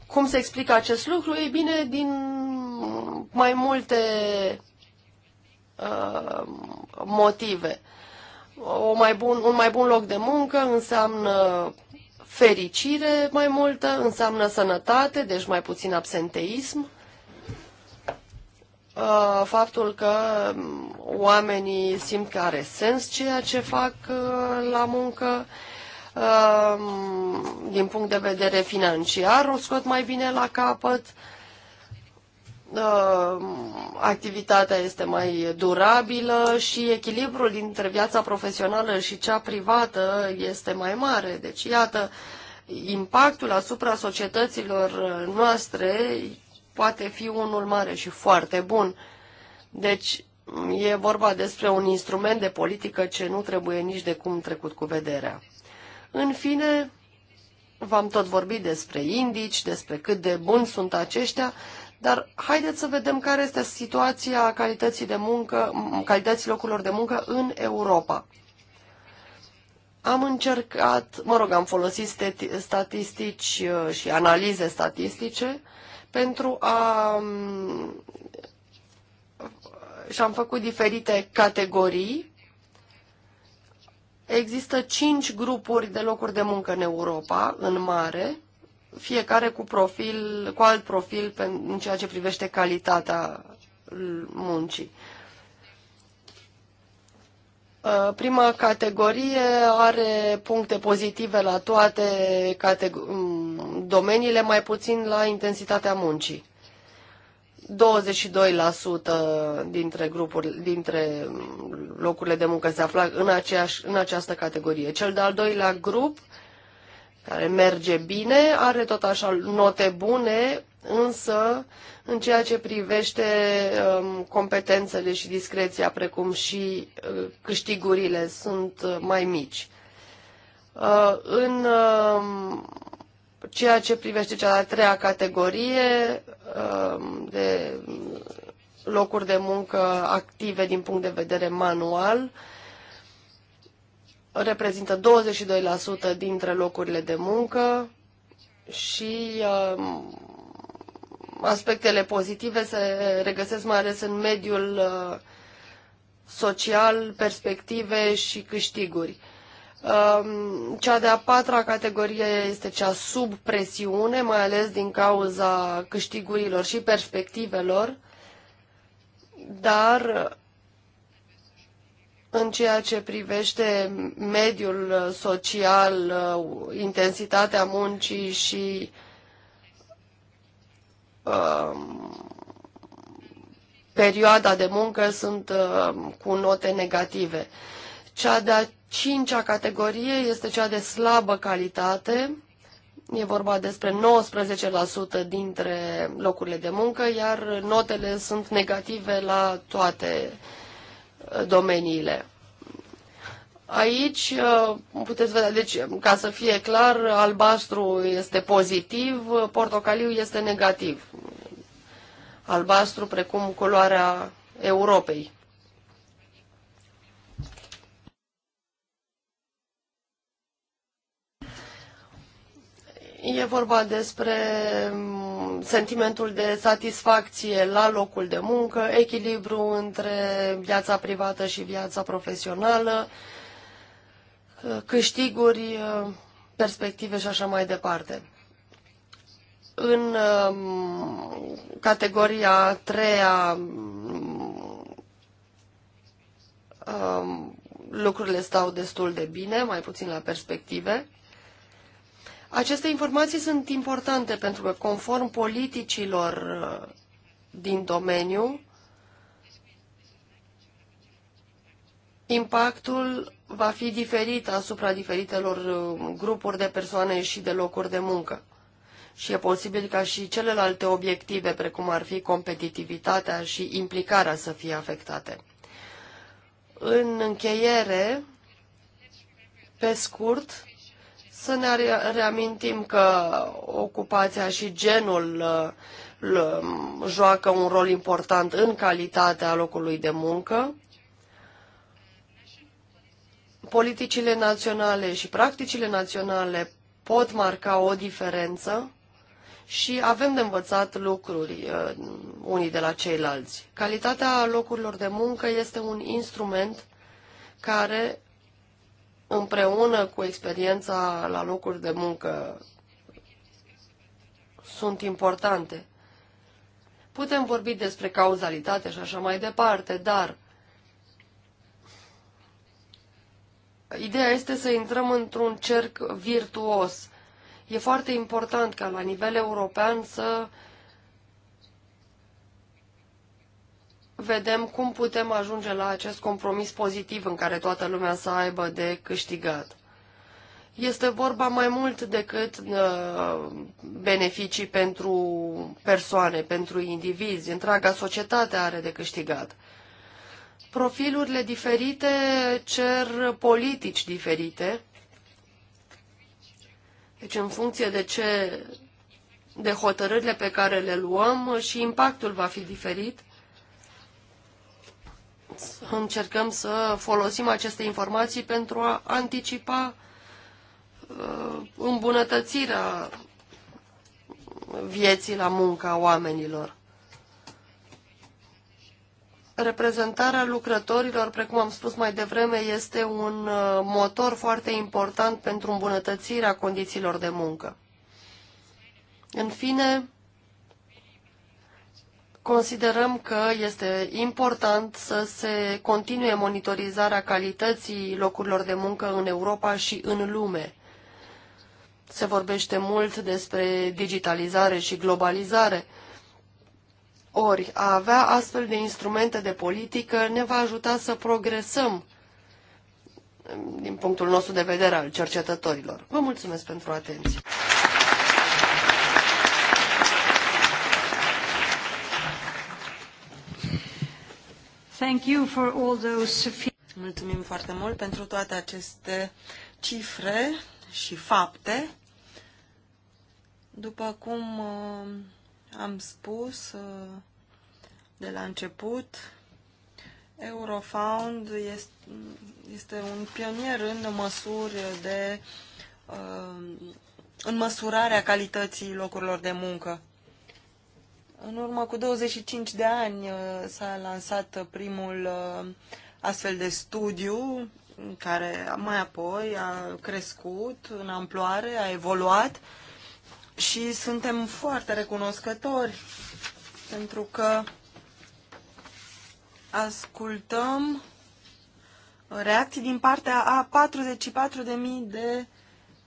S2: Cum se explică acest lucru? Ei bine, din mai multe uh, motive. O mai bun, un mai bun loc de muncă înseamnă fericire mai multă, înseamnă sănătate, deci mai puțin absenteism. Uh, faptul că oamenii simt că are sens ceea ce fac uh, la muncă uh, din punct de vedere financiar, o scot mai bine la capăt, activitatea este mai durabilă și echilibrul dintre viața profesională și cea privată este mai mare. Deci, iată, impactul asupra societăților noastre poate fi unul mare și foarte bun. Deci e vorba despre un instrument de politică ce nu trebuie nici de cum trecut cu vederea. În fine, v-am tot vorbit despre indici, despre cât de buni sunt aceștia, dar haideți să vedem care este situația calității de muncă, calității locurilor de muncă în Europa. Am încercat, mă rog, am folosit statistici uh, și analize statistice pentru a um, și am făcut diferite categorii. Există cinci grupuri de locuri de muncă în Europa, în mare, fiecare cu profil, cu alt profil în ceea ce privește calitatea muncii. Uh, prima categorie are puncte pozitive la toate mm, domeniile, mai puțin la intensitatea muncii. 22% dintre, grupuri, dintre mm, locurile de muncă se află în, aceeași, în această categorie. Cel de-al doilea grup, care merge bine, are tot așa note bune Însă, în ceea ce privește um, competențele și discreția, precum și uh, câștigurile, sunt uh, mai mici. Uh, în um, ceea ce privește cea de-a treia categorie um, de locuri de muncă active din punct de vedere manual, reprezintă 22% dintre locurile de muncă și aspectele pozitive se regăsesc mai ales în mediul uh, social, perspective și câștiguri. Um, cea de-a patra categorie este cea sub presiune, mai ales din cauza câștigurilor și perspectivelor, dar în ceea ce privește mediul uh, social, uh, intensitatea muncii și uh, Um, perioada de muncă sunt uh, cu note negative. Cea de-a cincea categorie este cea de slabă calitate. E vorba despre 19% dintre locurile de muncă, iar notele sunt negative la toate uh, domeniile. Aici uh, puteți vedea, deci ca să fie clar, albastru este pozitiv, portocaliu este negativ. Albastru precum culoarea Europei. E vorba despre mm, sentimentul de satisfacție la locul de muncă, echilibru între viața privată și viața profesională, câștiguri, uh, perspective și așa mai departe. În um, categoria a treia um, lucrurile stau destul de bine, mai puțin la perspective. Aceste informații sunt importante pentru că, conform politicilor uh, din domeniu, impactul va fi diferită asupra diferitelor uh, grupuri de persoane și de locuri de muncă. Și e posibil ca și celelalte obiective, precum ar fi competitivitatea și implicarea, să fie afectate. În încheiere, pe scurt, să ne reamintim că ocupația și genul uh, joacă un rol important în calitatea locului de muncă politicile naționale și practicile naționale pot marca o diferență și avem de învățat lucruri uh, unii de la ceilalți. Calitatea locurilor de muncă este un instrument care, împreună cu experiența la locuri de muncă, sunt importante. Putem vorbi despre cauzalitate și așa mai departe, dar Ideea este să intrăm într-un cerc virtuos. E foarte important ca la nivel european să vedem cum putem ajunge la acest compromis pozitiv în care toată lumea să aibă de câștigat. Este vorba mai mult decât uh, beneficii pentru persoane, pentru indivizi. Întreaga societate are de câștigat profilurile diferite cer politici diferite. Deci în funcție de ce de hotărârile pe care le luăm și impactul va fi diferit. Încercăm să folosim aceste informații pentru a anticipa uh, îmbunătățirea vieții la munca oamenilor reprezentarea lucrătorilor, precum am spus mai devreme, este un uh, motor foarte important pentru îmbunătățirea condițiilor de muncă. În fine, considerăm că este important să se continue monitorizarea calității locurilor de muncă în Europa și în lume. Se vorbește mult despre digitalizare și globalizare. Ori a avea astfel de instrumente de politică ne va ajuta să progresăm din punctul nostru de vedere al cercetătorilor. Vă mulțumesc pentru atenție.
S3: Thank you for all those... Mulțumim foarte mult pentru toate aceste cifre și fapte. După cum uh, am spus uh, de la început, Eurofound este, un pionier în măsuri de uh, în măsurarea calității locurilor de muncă. În urmă cu 25 de ani uh, s-a lansat primul astfel de studiu care mai apoi a crescut în amploare, a evoluat și suntem foarte recunoscători pentru că ascultăm reacții din partea a 44.000 de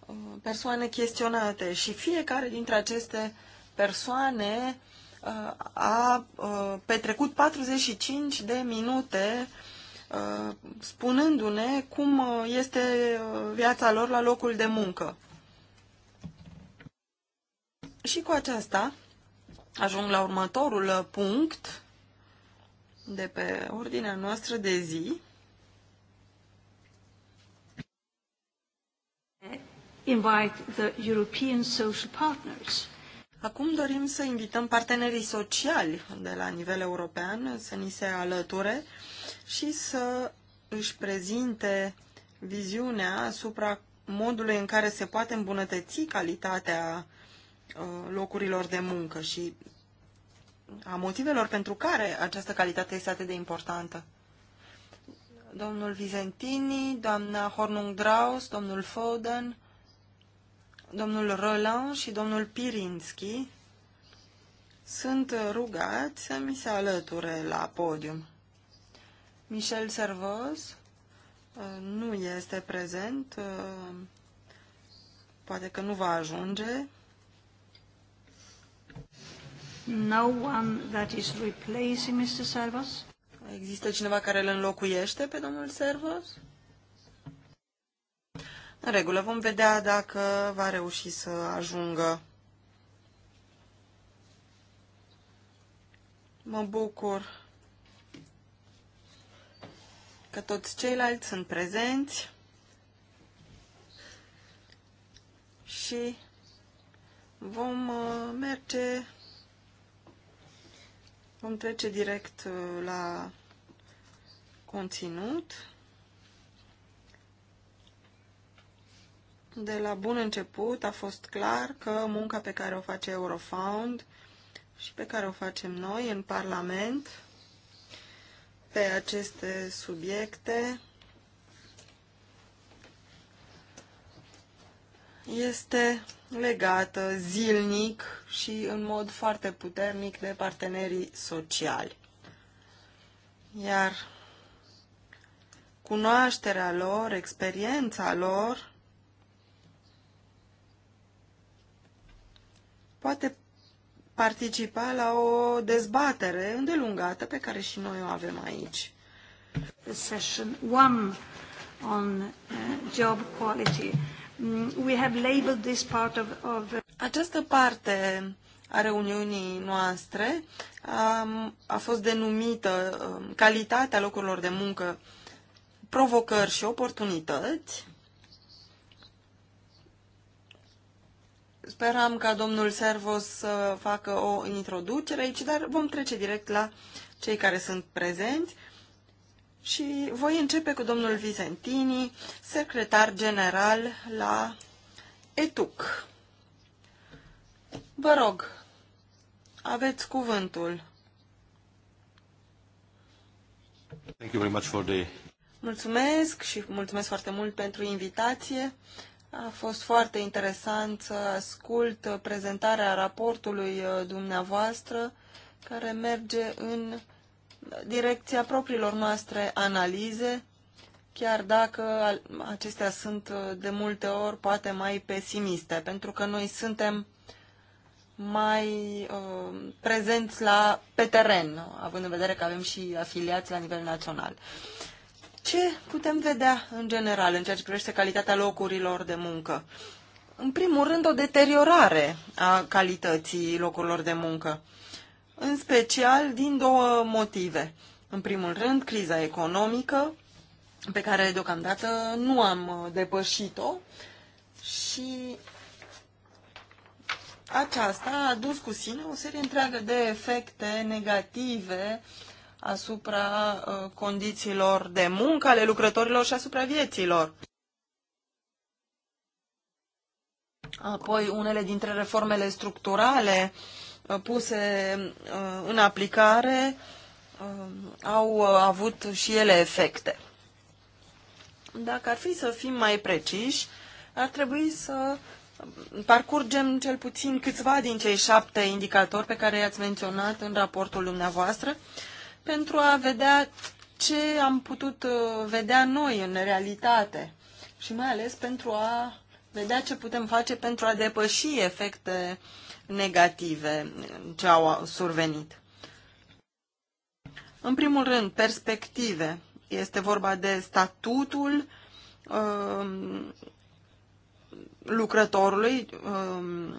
S3: uh, persoane chestionate și fiecare dintre aceste persoane uh, a uh, petrecut 45 de minute spunându-ne cum este viața lor la locul de muncă. Și cu aceasta ajung la următorul punct de pe ordinea noastră de zi. Invite the European social partners. Acum dorim să invităm partenerii sociali de la nivel european să ni se alăture și să își prezinte viziunea asupra modului în care se poate îmbunătăți calitatea Uh, locurilor de muncă și a motivelor pentru care această calitate este atât de importantă. Domnul Vizentini, doamna Hornung Draus, domnul Foden, domnul Roland și domnul Pirinski sunt rugați să mi se alăture la podium. Michel Servoz uh, nu este prezent, uh, poate că nu va ajunge, no one that is replacing Mr. Servos? Există cineva care îl înlocuiește pe domnul Servos? În regulă, vom vedea dacă va reuși să ajungă. Mă bucur că toți ceilalți sunt prezenți și vom uh, merge Vom trece direct uh, la conținut. De la bun început a fost clar că munca pe care o face Eurofound și pe care o facem noi în Parlament pe aceste subiecte este legată zilnic și în mod foarte puternic de partenerii sociali. Iar cunoașterea lor, experiența lor, poate participa la o dezbatere îndelungată pe care și noi o avem aici. The session one on uh, job quality. Mm, we have labeled this part of, of Această parte a reuniunii noastre a, a fost denumită um, calitatea locurilor de muncă, provocări și oportunități. Speram ca domnul Servos să facă o introducere aici, dar vom trece direct la cei care sunt prezenți. Și voi începe cu domnul Vizentini, secretar general la ETUC. Vă rog, aveți cuvântul. Thank you very much for the... Mulțumesc și mulțumesc foarte mult pentru invitație. A fost foarte interesant să ascult prezentarea raportului uh, dumneavoastră care merge în direcția propriilor noastre analize, chiar dacă acestea sunt uh, de multe ori poate mai pesimiste, pentru că noi suntem mai uh, prezenți la, pe teren, având în vedere că avem și afiliați la nivel național. Ce putem vedea în general în ceea ce privește calitatea locurilor de muncă? În primul rând, o deteriorare a calității locurilor de muncă în special din două motive. În primul rând, criza economică, pe care deocamdată nu am uh, depășit-o și aceasta a dus cu sine o serie întreagă de efecte negative asupra uh, condițiilor de muncă ale lucrătorilor și asupra vieților. Apoi, unele dintre reformele structurale uh, Uh, puse uh, în aplicare uh, au avut și ele efecte. Dacă ar fi să fim mai preciși, ar trebui să parcurgem cel puțin câțiva din cei șapte indicatori pe care i-ați menționat în raportul dumneavoastră pentru a vedea ce am putut vedea noi în realitate și mai ales pentru a vedea ce putem face pentru a depăși efecte uh, negative ce au survenit. În primul rând, perspective. Este vorba de statutul um, lucrătorului, um,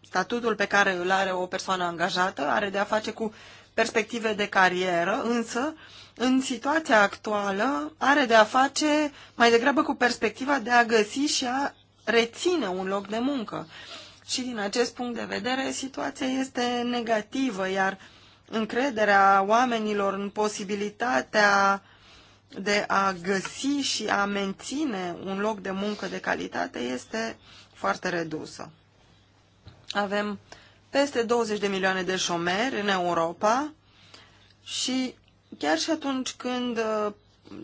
S3: statutul pe care îl are o persoană angajată, are de a face cu perspective de carieră, însă, în situația actuală, are de a face mai degrabă cu perspectiva de a găsi și a reține un loc de muncă. Și din acest punct de vedere, situația este negativă, iar încrederea oamenilor în posibilitatea de a găsi și a menține un loc de muncă de calitate este foarte redusă. Avem peste 20 de milioane de șomeri în Europa și chiar și atunci când uh,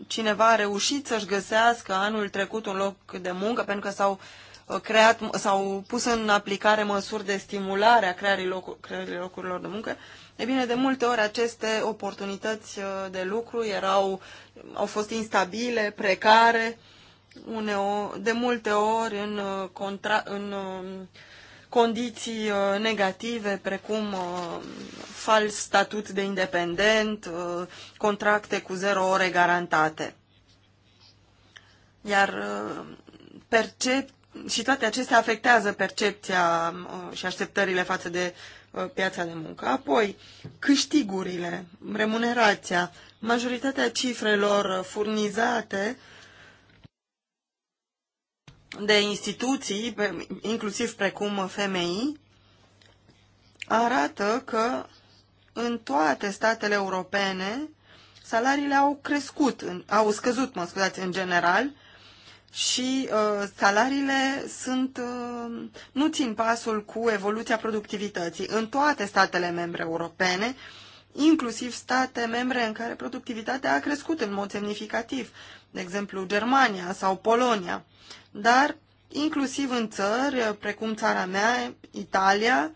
S3: cineva a reușit să-și găsească anul trecut un loc de muncă pentru că s-au uh, creat sau pus în aplicare măsuri de stimulare a creării, locu- creării locurilor de muncă, e bine, de multe ori aceste oportunități uh, de lucru erau, au fost instabile, precare, uneori, de multe ori în, uh, contra, în um, condiții uh, negative, precum fals statut de independent, contracte cu zero ore garantate. Iar percep, și toate acestea afectează percepția uh, și așteptările față de uh, piața de muncă. Apoi, câștigurile, remunerația, majoritatea cifrelor uh, furnizate de instituții, inclusiv precum FMI, arată că în toate statele europene salariile au crescut, au scăzut, mă scuzați, în general, și uh, salariile sunt, uh, nu țin pasul cu evoluția productivității în toate statele membre europene, inclusiv state membre în care productivitatea a crescut în mod semnificativ, de exemplu Germania sau Polonia, dar inclusiv în țări uh, precum țara mea, Italia,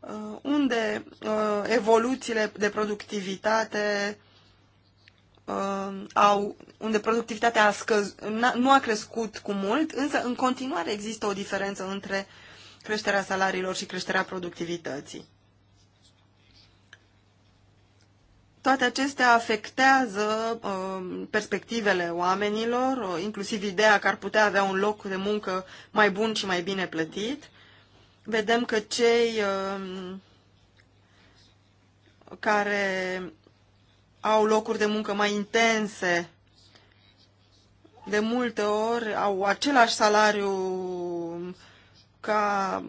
S3: uh, unde uh, evoluțiile de productivitate uh, au unde productivitatea a scăz, nu a crescut cu mult, însă în continuare există o diferență între creșterea salariilor și creșterea productivității. Toate acestea afectează uh, perspectivele oamenilor, uh, inclusiv ideea că ar putea avea un loc de muncă mai bun și mai bine plătit. Vedem că cei uh, care au locuri de muncă mai intense de multe ori au același salariu ca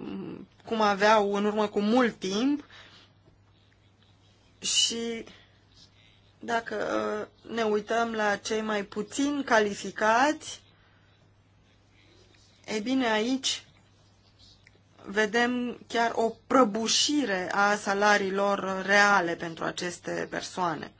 S3: cum aveau în urmă cu mult timp și dacă uh, ne uităm la cei mai puțin calificați, e bine aici vedem chiar o prăbușire a salariilor reale pentru aceste persoane.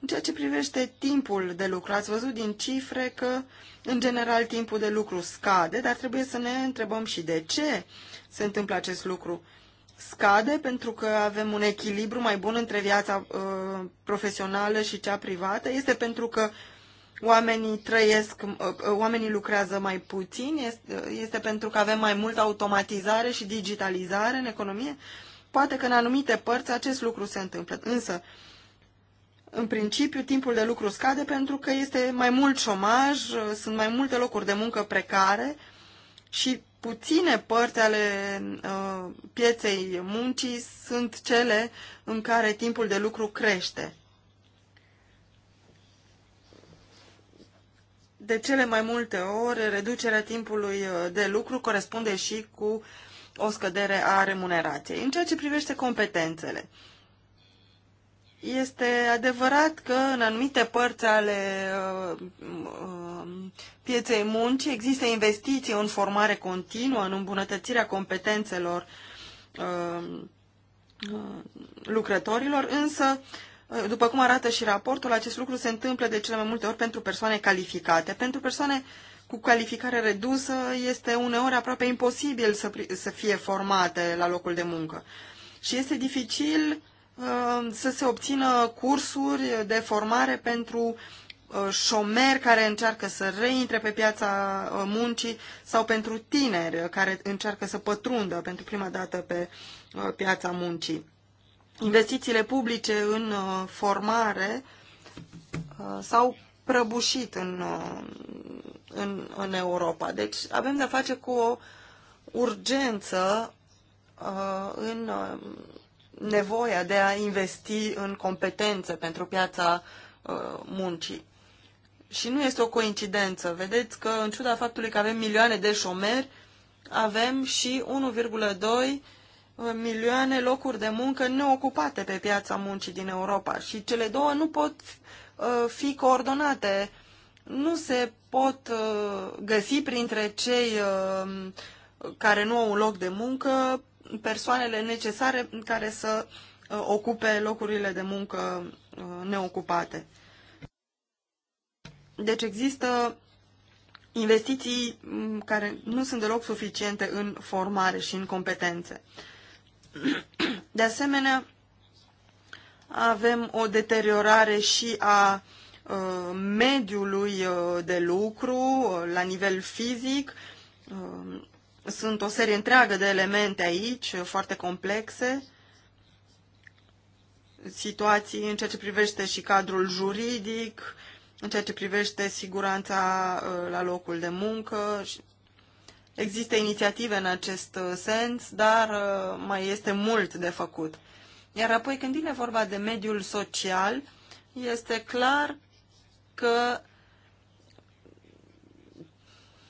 S3: În ceea ce privește timpul de lucru, ați văzut din cifre că, în general, timpul de lucru scade, dar trebuie să ne întrebăm și de ce se întâmplă acest lucru. Scade pentru că avem un echilibru mai bun între viața uh, profesională și cea privată? Este pentru că oamenii trăiesc, uh, uh oamenii lucrează mai puțin? Este, uh, este pentru că avem mai multă automatizare și digitalizare în economie? Poate că în anumite părți acest lucru se întâmplă. Însă, uh, în principiu, timpul de lucru scade pentru că este mai mult șomaj, sunt mai multe locuri de muncă precare și puține părți ale uh, pieței muncii sunt cele în care timpul de lucru crește. De cele mai multe ori, reducerea timpului uh, de lucru corespunde și cu o scădere a remunerației. În ceea ce privește competențele, uh, este adevărat că în anumite părți ale uh, um, pieței muncii există investiții în formare continuă, în îmbunătățirea competențelor um, uh, lucrătorilor, însă, uh, după cum arată și raportul, acest lucru se întâmplă de cele mai multe ori pentru persoane calificate. Pentru persoane cu calificare redusă este uneori aproape imposibil să, să fie formate la locul de muncă. Și este dificil uh, Um, să se obțină cursuri de formare pentru uh, șomeri care încearcă să reintre pe piața uh, muncii sau pentru tineri care încearcă să pătrundă pentru prima dată pe uh, piața muncii. Investițiile publice în formare s-au prăbușit în, în, în Europa. Deci avem de-a face cu o urgență în nevoia de a investi în competențe pentru piața uh, muncii. Și nu este o coincidență. Vedeți că, în ciuda faptului că avem milioane de șomeri, avem și 1,2 uh, milioane locuri de muncă neocupate pe piața muncii din Europa. Și cele două nu pot uh, fi coordonate. Nu se pot găsi printre cei care nu au un loc de muncă persoanele necesare care să uh, ocupe locurile de muncă uh, neocupate. Deci există investiții mm, care nu sunt deloc suficiente în formare și în competențe. De asemenea, avem o deteriorare și a uh, mediului de lucru la nivel fizic, sunt o serie întreagă de elemente aici, foarte complexe, situații în ceea ce privește și cadrul juridic, în ceea ce privește siguranța uh, la locul de muncă. Există inițiative în acest uh, sens, dar uh, mai este mult de făcut. Iar apoi, când vine vorba de mediul social, este clar că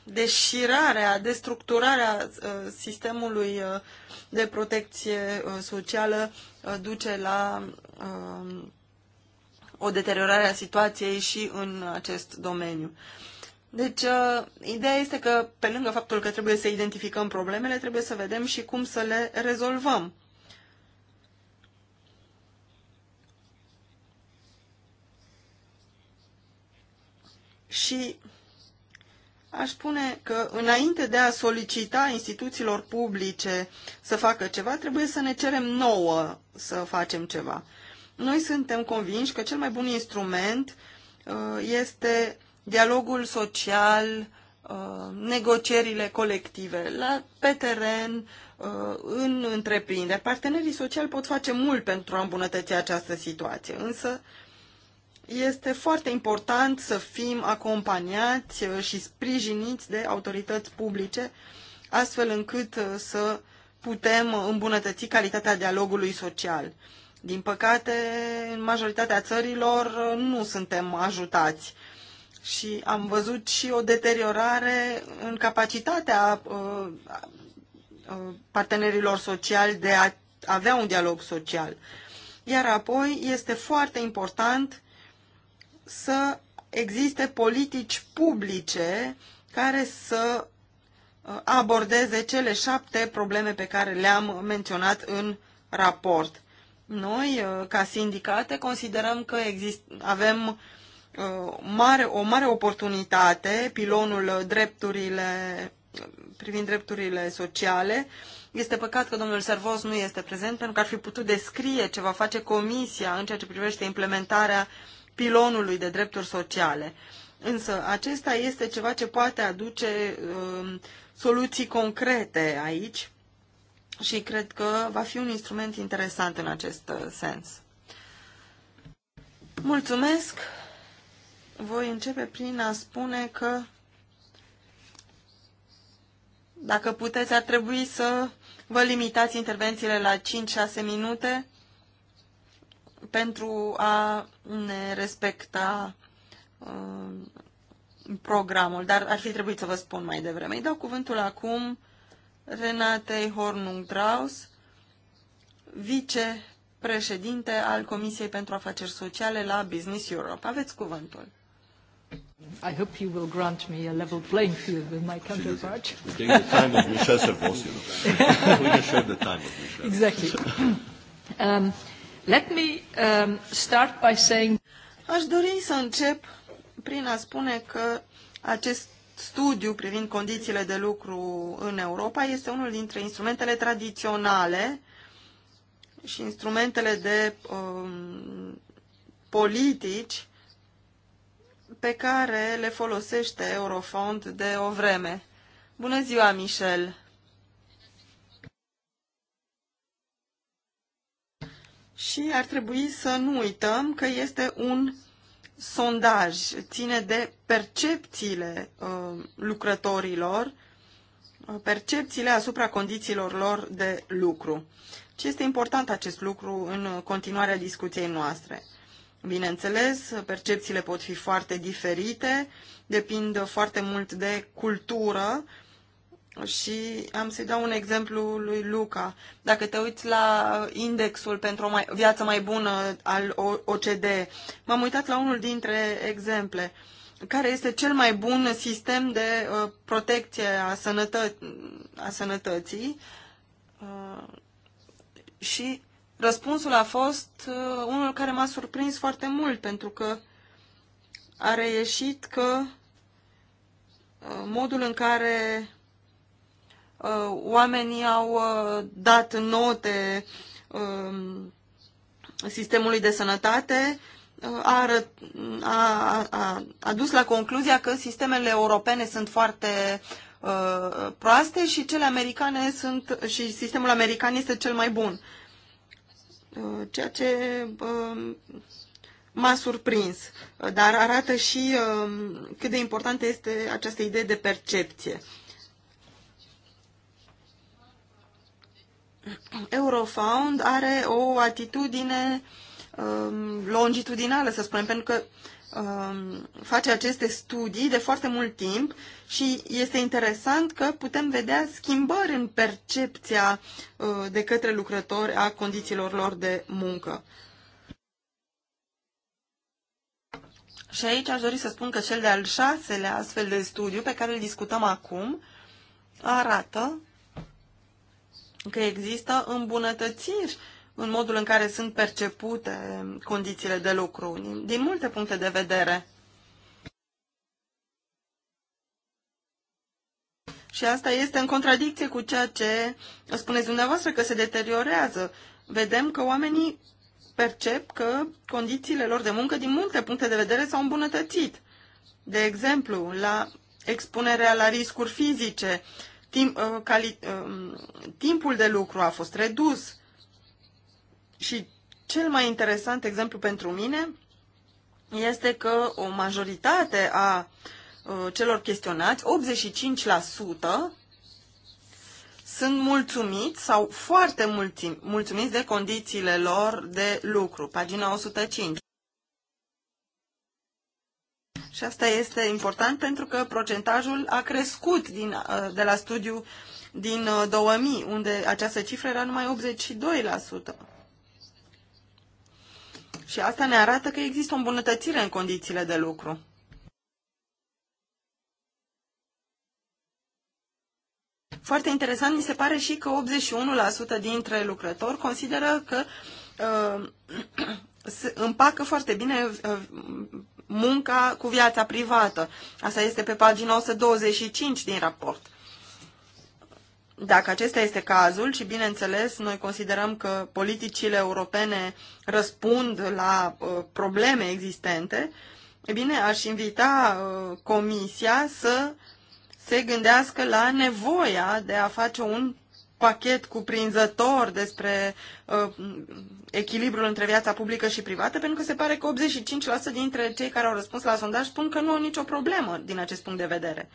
S3: deșirarea, destructurarea uh, sistemului uh, de protecție uh, socială duce la um, o deteriorare a situației și în acest domeniu. Deci, ideea este că, pe lângă faptul că trebuie să identificăm problemele, trebuie să vedem și cum să le rezolvăm. Și Aș spune că înainte de a solicita instituțiilor publice să facă ceva, trebuie să ne cerem nouă să facem ceva. Noi suntem convinși că cel mai bun instrument uh, este dialogul social, uh, negocierile colective, la, pe teren, uh, în întreprinderi. Partenerii sociali pot face mult pentru a îmbunătăți această situație, însă este foarte important să fim acompaniați uh, și sprijiniți de autorități publice, astfel încât uh, să putem uh, îmbunătăți calitatea dialogului social. Din păcate, în majoritatea țărilor nu suntem ajutați și am văzut și o deteriorare în capacitatea partenerilor sociali de a avea un dialog social. Iar apoi este foarte important să existe politici publice care să uh, abordeze cele șapte probleme pe care le-am menționat în raport. Noi, uh, ca sindicate, considerăm că exist, avem uh, mare, o mare oportunitate, pilonul drepturile, privind drepturile sociale. Este păcat că domnul Servos nu este prezent pentru că ar fi putut descrie ce va face Comisia în ceea ce privește implementarea uh, pilonului de drepturi sociale. Însă acesta este ceva ce poate aduce um, soluții concrete aici și cred că va fi un instrument interesant în acest uh, sens. Mulțumesc! Voi începe prin a spune că dacă puteți, ar trebui să vă limitați intervențiile la 5-6 minute pentru a ne respecta uh, programul, dar ar fi trebuit să vă spun mai devreme. Îi dau cuvântul acum Renatei Hornung-Draus, vicepreședinte al Comisiei pentru Afaceri Sociale la Business Europe. Aveți cuvântul.
S2: I hope you will grant me a level playing field with my counterpart. We the time of Michel Servos, you know. We can share the time of Michel. Exactly. Um, Let me um,
S3: start by saying... Aș dori să încep prin a spune că acest studiu privind condițiile de lucru în Europa este unul dintre instrumentele tradiționale și instrumentele de um, politici pe care le folosește Eurofond de o vreme. Bună ziua, Michel! și ar trebui să nu uităm că este un sondaj, ține de percepțiile uh, lucrătorilor, uh, percepțiile asupra condițiilor lor de lucru. Ce este important acest lucru în continuarea discuției noastre. Bineînțeles, percepțiile pot fi foarte diferite, depind foarte mult de cultură, și am să-i dau un exemplu lui Luca. Dacă te uiți la indexul pentru o mai, viață mai bună al OCD, m-am uitat la unul dintre exemple. Care este cel mai bun sistem de uh, protecție a, sănătă- a sănătății? Uh, și răspunsul a fost uh, unul care m-a surprins foarte mult, pentru că a reieșit că uh, modul în care Uh, oamenii au uh, dat note um, sistemului de sănătate, uh, a, a, a, a dus la concluzia că sistemele europene sunt foarte uh, proaste și cele americane sunt și sistemul american este cel mai bun. Uh, ceea ce uh, m-a surprins, dar arată și um, cât de importantă este această idee de percepție. Eurofound are o atitudine um, longitudinală, să spunem, pentru că um, face aceste studii de foarte mult timp și este interesant că putem vedea schimbări în percepția uh, de către lucrători a condițiilor lor de muncă. Și aici aș dori să spun că cel de-al șaselea astfel de studiu pe care îl discutăm acum arată că există îmbunătățiri în modul în care sunt percepute condițiile de lucru, din multe puncte de vedere. Și asta este în contradicție cu ceea ce spuneți dumneavoastră că se deteriorează. Vedem că oamenii percep că condițiile lor de muncă din multe puncte de vedere s-au îmbunătățit. De exemplu, la expunerea la riscuri fizice, timp, uh, cali, um, timpul de lucru a fost redus. Și cel mai interesant exemplu pentru mine este că o majoritate a uh, celor chestionați, 85%, sunt mulțumiți sau foarte mulțumiți de condițiile lor de lucru. Pagina 105. Și asta este important pentru că procentajul a crescut din, uh, de la studiu din 2000, uh, unde această cifră era numai 82%. Și asta ne arată că există o îmbunătățire în condițiile de lucru. Foarte interesant mi se pare și că 81% dintre lucrători consideră că uh, împacă foarte bine uh, munca cu viața privată. Asta este pe pagina 125 din raport. Dacă acesta este cazul și, bineînțeles, noi considerăm că politicile europene răspund la uh, probleme existente, e bine, aș invita uh, Comisia să se gândească la nevoia de a face un pachet cuprinzător despre uh, echilibrul între viața publică și privată, pentru că se pare că 85% dintre cei care au răspuns la sondaj spun că nu au nicio problemă din acest punct de vedere.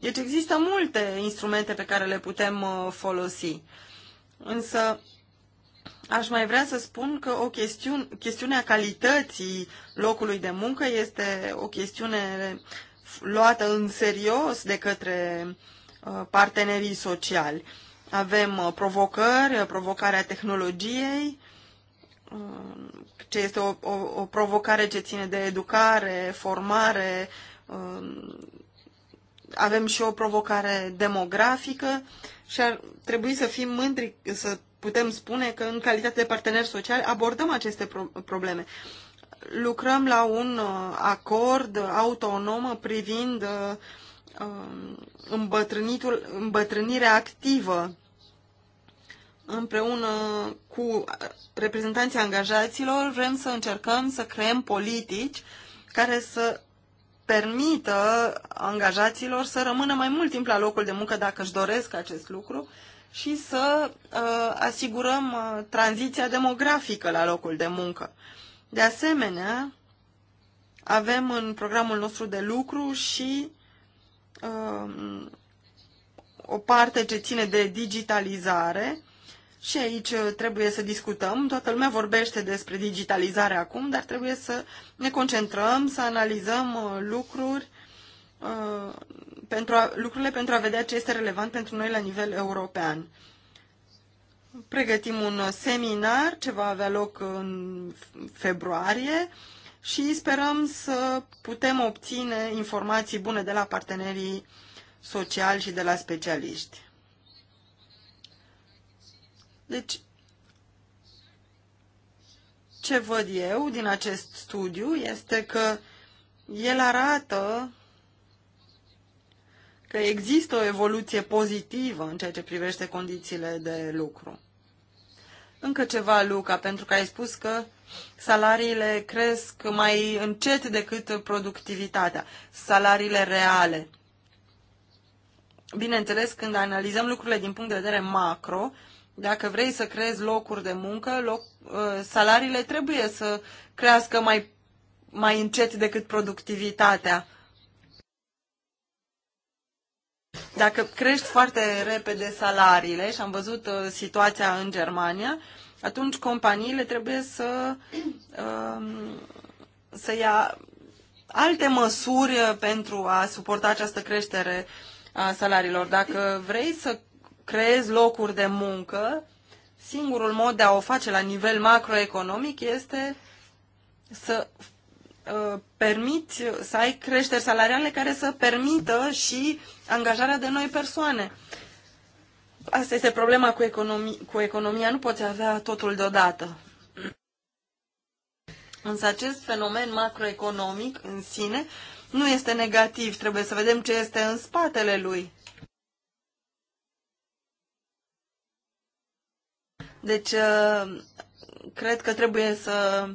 S3: Deci există multe instrumente pe care le putem uh, folosi. Însă aș mai vrea să spun că o chestiune, chestiunea calității locului de muncă este o chestiune luată în serios de către uh, partenerii sociali avem uh, provocări, uh, provocarea tehnologiei, uh, ce este o, o, o provocare ce ține de educare, formare, um, avem și o provocare demografică și ar trebui să fim mândri, să putem spune că în calitate de parteneri sociali abordăm aceste pro- probleme. Lucrăm la un acord autonom privind um, îmbătrânirea activă împreună cu reprezentanții angajaților, vrem să încercăm să creăm politici care să permită angajaților să rămână mai mult timp la locul de muncă dacă își doresc acest lucru și să uh, asigurăm uh, tranziția demografică la locul de muncă. De asemenea, avem în programul nostru de lucru și uh, o parte ce ține de digitalizare și aici uh, trebuie să discutăm. Toată lumea vorbește despre digitalizare acum, dar trebuie să ne concentrăm, să analizăm uh, lucruri uh, pentru a, lucrurile pentru a vedea ce este relevant pentru noi la nivel european. Pregătim un seminar ce va avea loc în februarie și sperăm să putem obține informații bune de la partenerii sociali și de la specialiști. Deci, ce văd eu din acest studiu este că el arată că există o evoluție pozitivă în ceea ce privește condițiile de lucru. Încă ceva, Luca, pentru că ai spus că salariile cresc mai încet decât productivitatea, salariile reale. Bineînțeles, când analizăm lucrurile din punct de vedere macro, uh, dacă vrei să creezi locuri de muncă, loc, uh, salariile trebuie să crească mai, mai încet decât productivitatea. Dacă crești foarte repede salariile, și am văzut uh, situația în Germania, atunci companiile trebuie să, um, să ia alte măsuri uh, pentru a suporta această creștere a salariilor. Dacă vrei să creezi locuri de muncă, singurul mod de a o face la nivel macroeconomic este să uh, permiți, să ai creșteri salariale care să permită și angajarea de noi persoane. Asta este problema cu, economi- cu economia, nu poți avea totul deodată. Însă acest fenomen macroeconomic în sine nu este negativ, trebuie să vedem ce este în spatele lui. Deci, uh, cred că trebuie să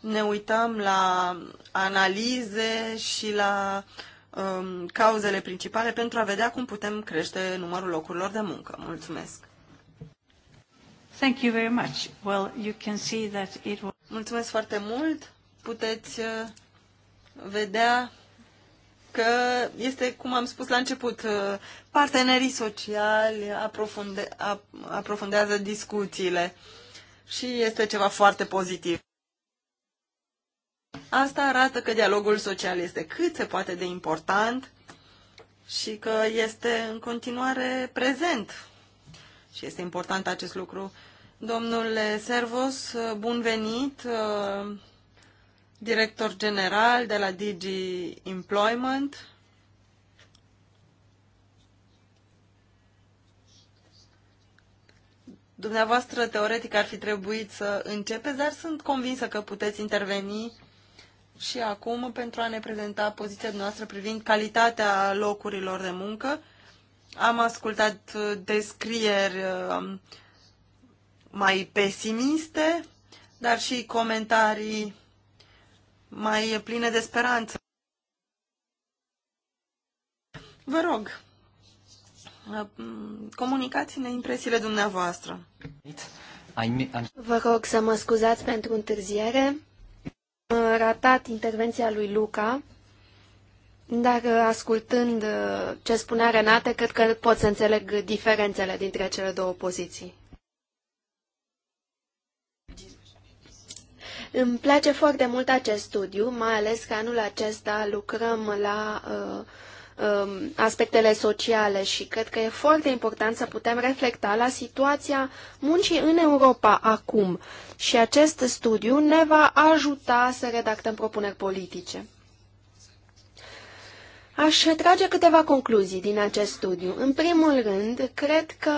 S3: ne uităm la analize și la um, cauzele principale pentru a vedea cum putem crește numărul locurilor de muncă. Mulțumesc! Thank you very much. Well, you can see that it was... Mulțumesc foarte mult! Puteți uh, vedea că este, cum am spus la început, uh, partenerii sociali aprofunde, aprofundează discuțiile și este ceva foarte pozitiv. Asta arată că dialogul social este cât se poate de important și că este în continuare prezent. Și este important acest lucru. Domnule Servos, bun venit! Uh, director general de la DG Employment. Dumneavoastră, teoretic, ar fi trebuit să începeți, dar sunt convinsă că puteți interveni și acum pentru a ne prezenta poziția noastră privind calitatea locurilor de muncă. Am ascultat descrieri um, mai pesimiste, dar și comentarii mai pline de speranță. Vă rog, comunicați-ne impresiile dumneavoastră.
S1: Vă rog să mă scuzați pentru întârziere. Am ratat intervenția lui Luca, dar uh, ascultând uh, ce spunea Renate, cred că pot să înțeleg diferențele dintre cele două poziții. Îmi place foarte mult acest studiu, mai ales că anul acesta lucrăm la uh, uh, aspectele sociale și cred că e foarte important să putem reflecta la situația muncii în Europa acum. Și acest studiu ne va ajuta să redactăm propuneri politice. Aș trage câteva concluzii din acest studiu. În primul rând, cred că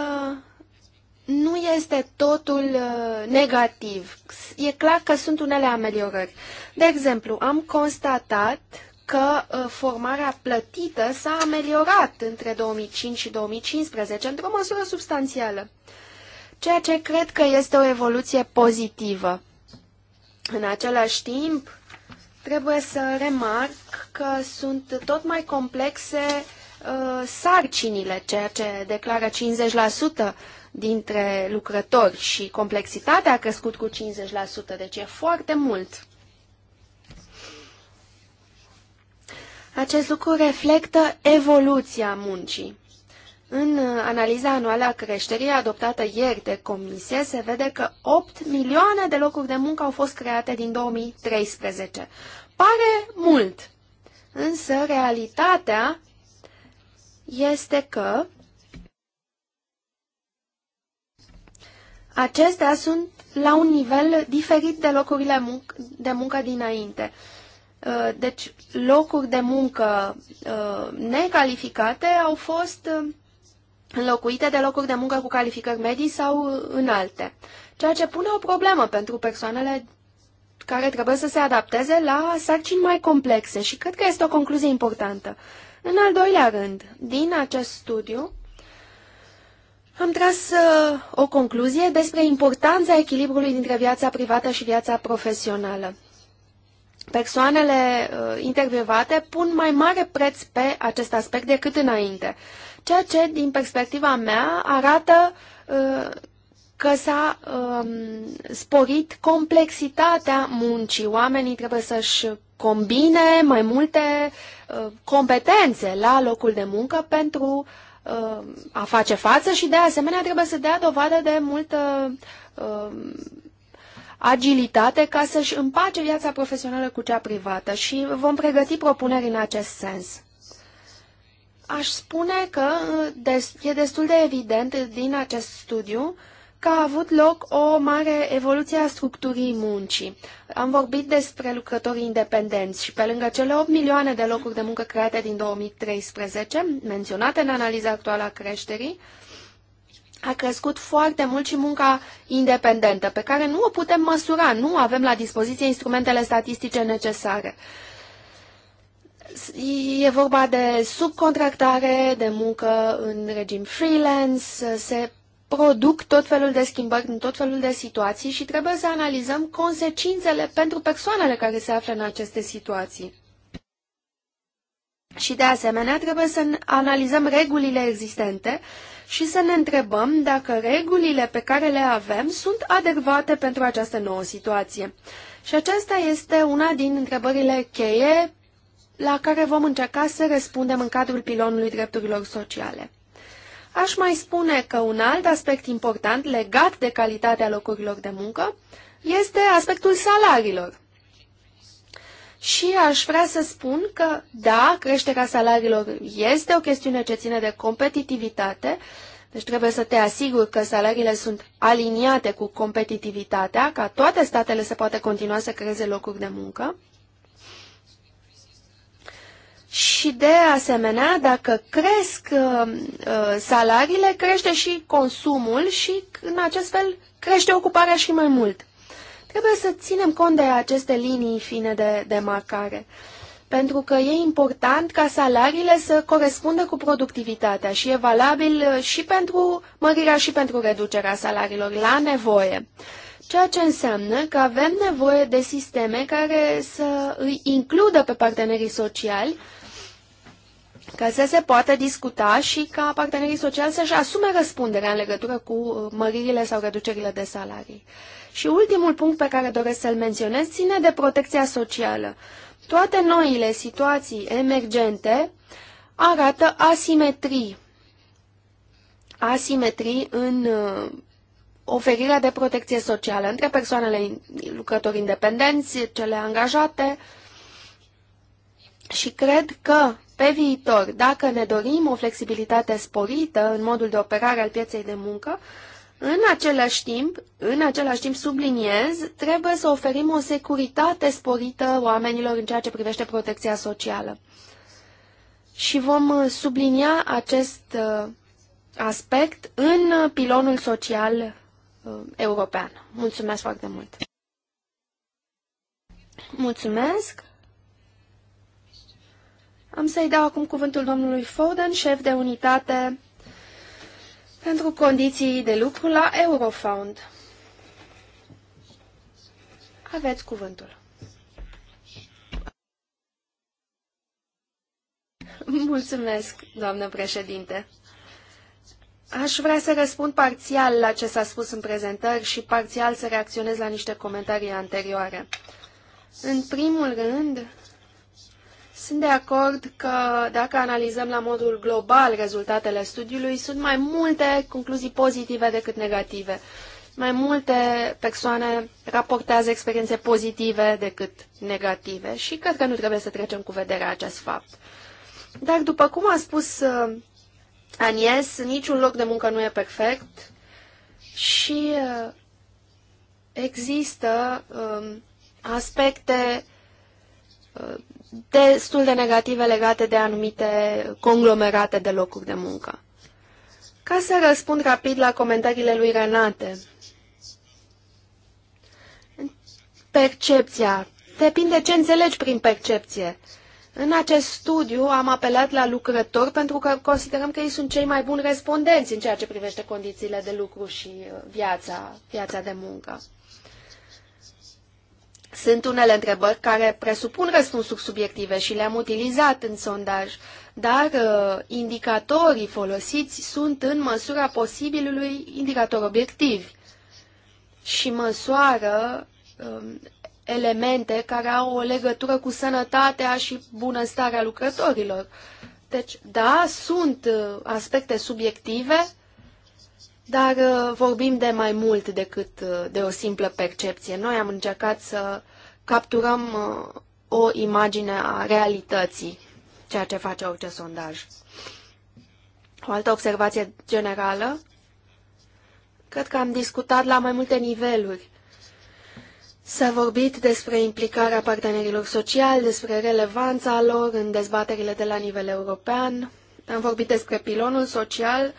S1: nu este totul uh, negativ. E clar că sunt unele ameliorări. De exemplu, am constatat că uh, formarea plătită s-a ameliorat între 2005 și 2015 într-o măsură substanțială, ceea ce cred că este o evoluție pozitivă. În același timp, trebuie să remarc că sunt tot mai complexe uh, sarcinile, ceea ce declară 50% dintre lucrători și complexitatea a crescut cu 50%, deci e foarte mult. Acest lucru reflectă evoluția muncii. În analiza anuală a creșterii adoptată ieri de comisie, se vede că 8 milioane de locuri de muncă au fost create din 2013. Pare mult, însă realitatea este că Acestea sunt la un nivel diferit de locurile munc de muncă dinainte. Uh, deci locuri de muncă uh, necalificate au fost uh, înlocuite de locuri de muncă cu calificări medii sau înalte, ceea ce pune o problemă pentru persoanele care trebuie să se adapteze la sarcini mai complexe și cred că este o concluzie importantă. În al doilea rând, din acest studiu, am tras uh, o concluzie despre importanța echilibrului dintre viața privată și viața profesională. Persoanele uh, intervievate pun mai mare preț pe acest aspect decât înainte, ceea ce, din perspectiva mea, arată uh, că s-a um, sporit complexitatea muncii. Oamenii trebuie să-și combine mai multe uh, competențe la locul de muncă pentru Uh, a face față și de asemenea trebuie să dea dovadă de multă uh, agilitate ca să-și împace viața profesională cu cea privată și vom pregăti propuneri în acest sens. Aș spune că uh, e destul de evident din acest studiu că a avut loc o mare evoluție a structurii muncii. Am vorbit despre lucrătorii independenți și pe lângă cele 8 milioane de locuri de muncă create din 2013, menționate în analiza actuală a creșterii, a crescut foarte mult și munca independentă, pe care nu o putem măsura, nu avem la dispoziție instrumentele statistice necesare. E vorba de subcontractare, de muncă în regim freelance, se produc tot felul de schimbări în tot felul de situații și trebuie să analizăm consecințele pentru persoanele care se află în aceste situații. Și de asemenea trebuie să analizăm regulile existente și să ne întrebăm dacă regulile pe care le avem sunt adecvate pentru această nouă situație. Și aceasta este una din întrebările cheie la care vom încerca să răspundem în cadrul pilonului drepturilor sociale. Aș mai spune că un alt aspect important legat de calitatea locurilor de muncă este aspectul salariilor. Și aș vrea să spun că, da, creșterea salariilor este o chestiune ce ține de competitivitate, deci trebuie să te asiguri că salariile sunt aliniate cu competitivitatea, ca toate statele să poată continua să creeze locuri de muncă. Și de asemenea, dacă cresc uh, uh, salariile, crește și consumul și în acest fel crește ocuparea și mai mult. Trebuie să ținem cont de aceste linii fine de demarcare, pentru că e important ca salariile să corespundă cu productivitatea și e valabil uh, și pentru mărirea și pentru reducerea salariilor la nevoie. Ceea ce înseamnă că avem nevoie de sisteme care să îi includă pe partenerii sociali ca să se poată discuta și ca partenerii sociali să-și asume răspunderea în legătură cu uh, măririle sau reducerile de salarii. Și ultimul punct pe care doresc să-l menționez ține de protecția socială. Toate noile situații emergente arată asimetrii. Asimetrii în uh, oferirea de protecție socială între persoanele lucrători independenți, cele angajate și cred că pe viitor, dacă ne dorim o flexibilitate sporită în modul de operare al pieței de muncă, în același timp, în același timp subliniez, trebuie să oferim o securitate sporită oamenilor în ceea ce privește protecția socială. Și vom uh, sublinia acest uh, aspect în pilonul social uh, european. Mulțumesc foarte mult! Mulțumesc! Am să-i dau acum cuvântul domnului Foden, șef de unitate pentru condiții de lucru la Eurofound. Aveți cuvântul. Mulțumesc, doamnă președinte. Aș vrea să răspund parțial la ce s-a spus în prezentări și parțial să reacționez la niște comentarii anterioare. În primul rând, sunt de acord că dacă analizăm la modul global rezultatele studiului, sunt mai multe concluzii pozitive decât negative. Mai multe persoane raportează experiențe pozitive decât negative și cred că nu trebuie să trecem cu vederea acest fapt. Dar după cum a spus uh, Anies, niciun loc de muncă nu e perfect și uh, există um, aspecte uh, destul de negative legate de anumite conglomerate de locuri de muncă. Ca să răspund rapid la comentariile lui Renate, percepția. Depinde ce înțelegi prin percepție. În acest studiu am apelat la lucrători pentru că considerăm că ei sunt cei mai buni respondenți în ceea ce privește condițiile de lucru și uh, viața, viața de muncă. Sunt unele întrebări care presupun răspunsuri subiective și le-am utilizat în sondaj, dar uh, indicatorii folosiți sunt în măsura posibilului indicator obiectiv și măsoară uh, elemente care au o legătură cu sănătatea și bunăstarea lucrătorilor. Deci, da, sunt uh, aspecte subiective dar uh, vorbim de mai mult decât uh, de o simplă percepție. Noi am încercat să capturăm uh, o imagine a realității, ceea ce face orice sondaj. O altă observație generală, cred că am discutat la mai multe niveluri. S-a vorbit despre implicarea partenerilor sociali, despre relevanța lor în dezbaterile de la nivel european, am vorbit despre pilonul social,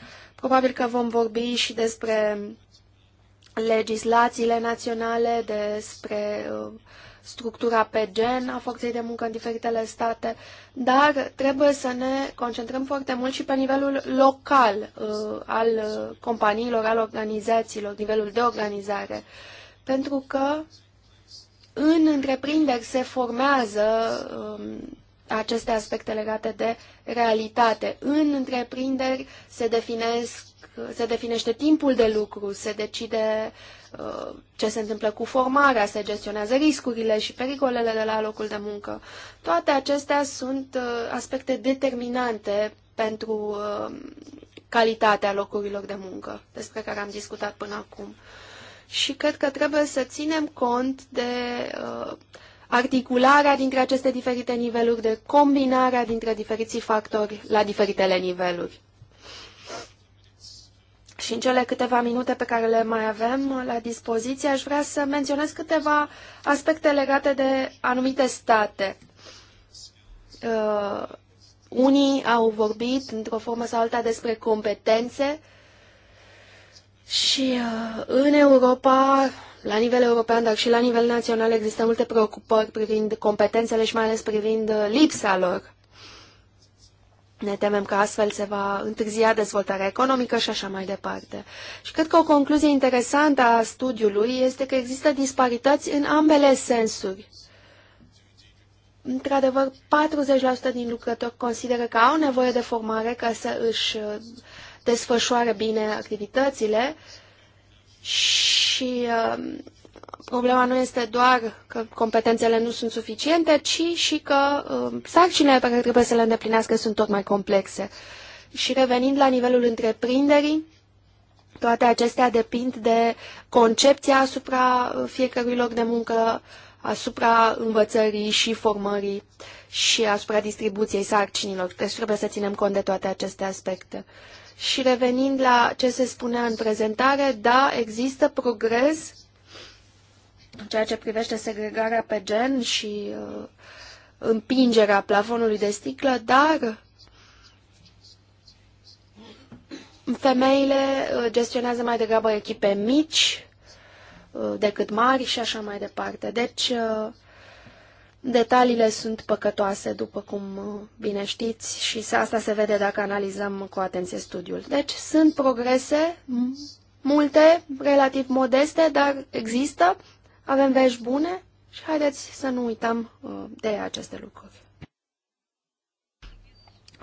S1: Probabil că vom vorbi și despre legislațiile naționale, despre uh, structura pe gen a forței de muncă în diferitele state, dar trebuie să ne concentrăm foarte mult și pe nivelul local uh, al companiilor, al organizațiilor, nivelul de organizare, pentru că în întreprinderi se formează um, aceste aspecte legate de realitate. În întreprinderi se, definesc, se definește timpul de lucru, se decide uh, ce se întâmplă cu formarea, se gestionează riscurile și pericolele de la locul de muncă. Toate acestea sunt uh, aspecte determinante pentru uh, calitatea locurilor de muncă, despre care am discutat până acum. Și cred că trebuie să ținem cont de uh, articularea dintre aceste diferite niveluri, de combinarea dintre diferiții factori la diferitele niveluri. Și în cele câteva minute pe care le mai avem la dispoziție, aș vrea să menționez câteva aspecte legate de anumite state. Uh, unii au vorbit într-o formă sau alta despre competențe și uh, în Europa la nivel european, dar și la nivel național, există multe preocupări privind competențele și mai ales privind uh, lipsa lor. Ne temem că astfel se va întârzia dezvoltarea economică și așa mai departe. Și cred că o concluzie interesantă a studiului este că există disparități în ambele sensuri. Într-adevăr, 40% din lucrători consideră că au nevoie de formare ca să își uh, desfășoare bine activitățile și uh, problema nu este doar că competențele nu sunt suficiente, ci și că uh, sarcinile pe care trebuie să le îndeplinească sunt tot mai complexe. Și revenind la nivelul întreprinderii, toate acestea depind de concepția asupra fiecărui loc de muncă, asupra învățării și formării și asupra distribuției sarcinilor. Deci trebuie să ținem cont de toate aceste aspecte. Și revenind la ce se spunea în prezentare, da, există progres în ceea ce privește segregarea pe gen și uh, împingerea plafonului de sticlă, dar femeile uh, gestionează mai degrabă echipe mici uh, decât mari și așa mai departe. Deci, uh, Detaliile sunt păcătoase, după cum uh, bine știți, și asta se vede dacă analizăm cu atenție studiul. Deci sunt progrese, multe, relativ modeste, dar există, avem vești bune și haideți să nu uităm uh, de aceste lucruri.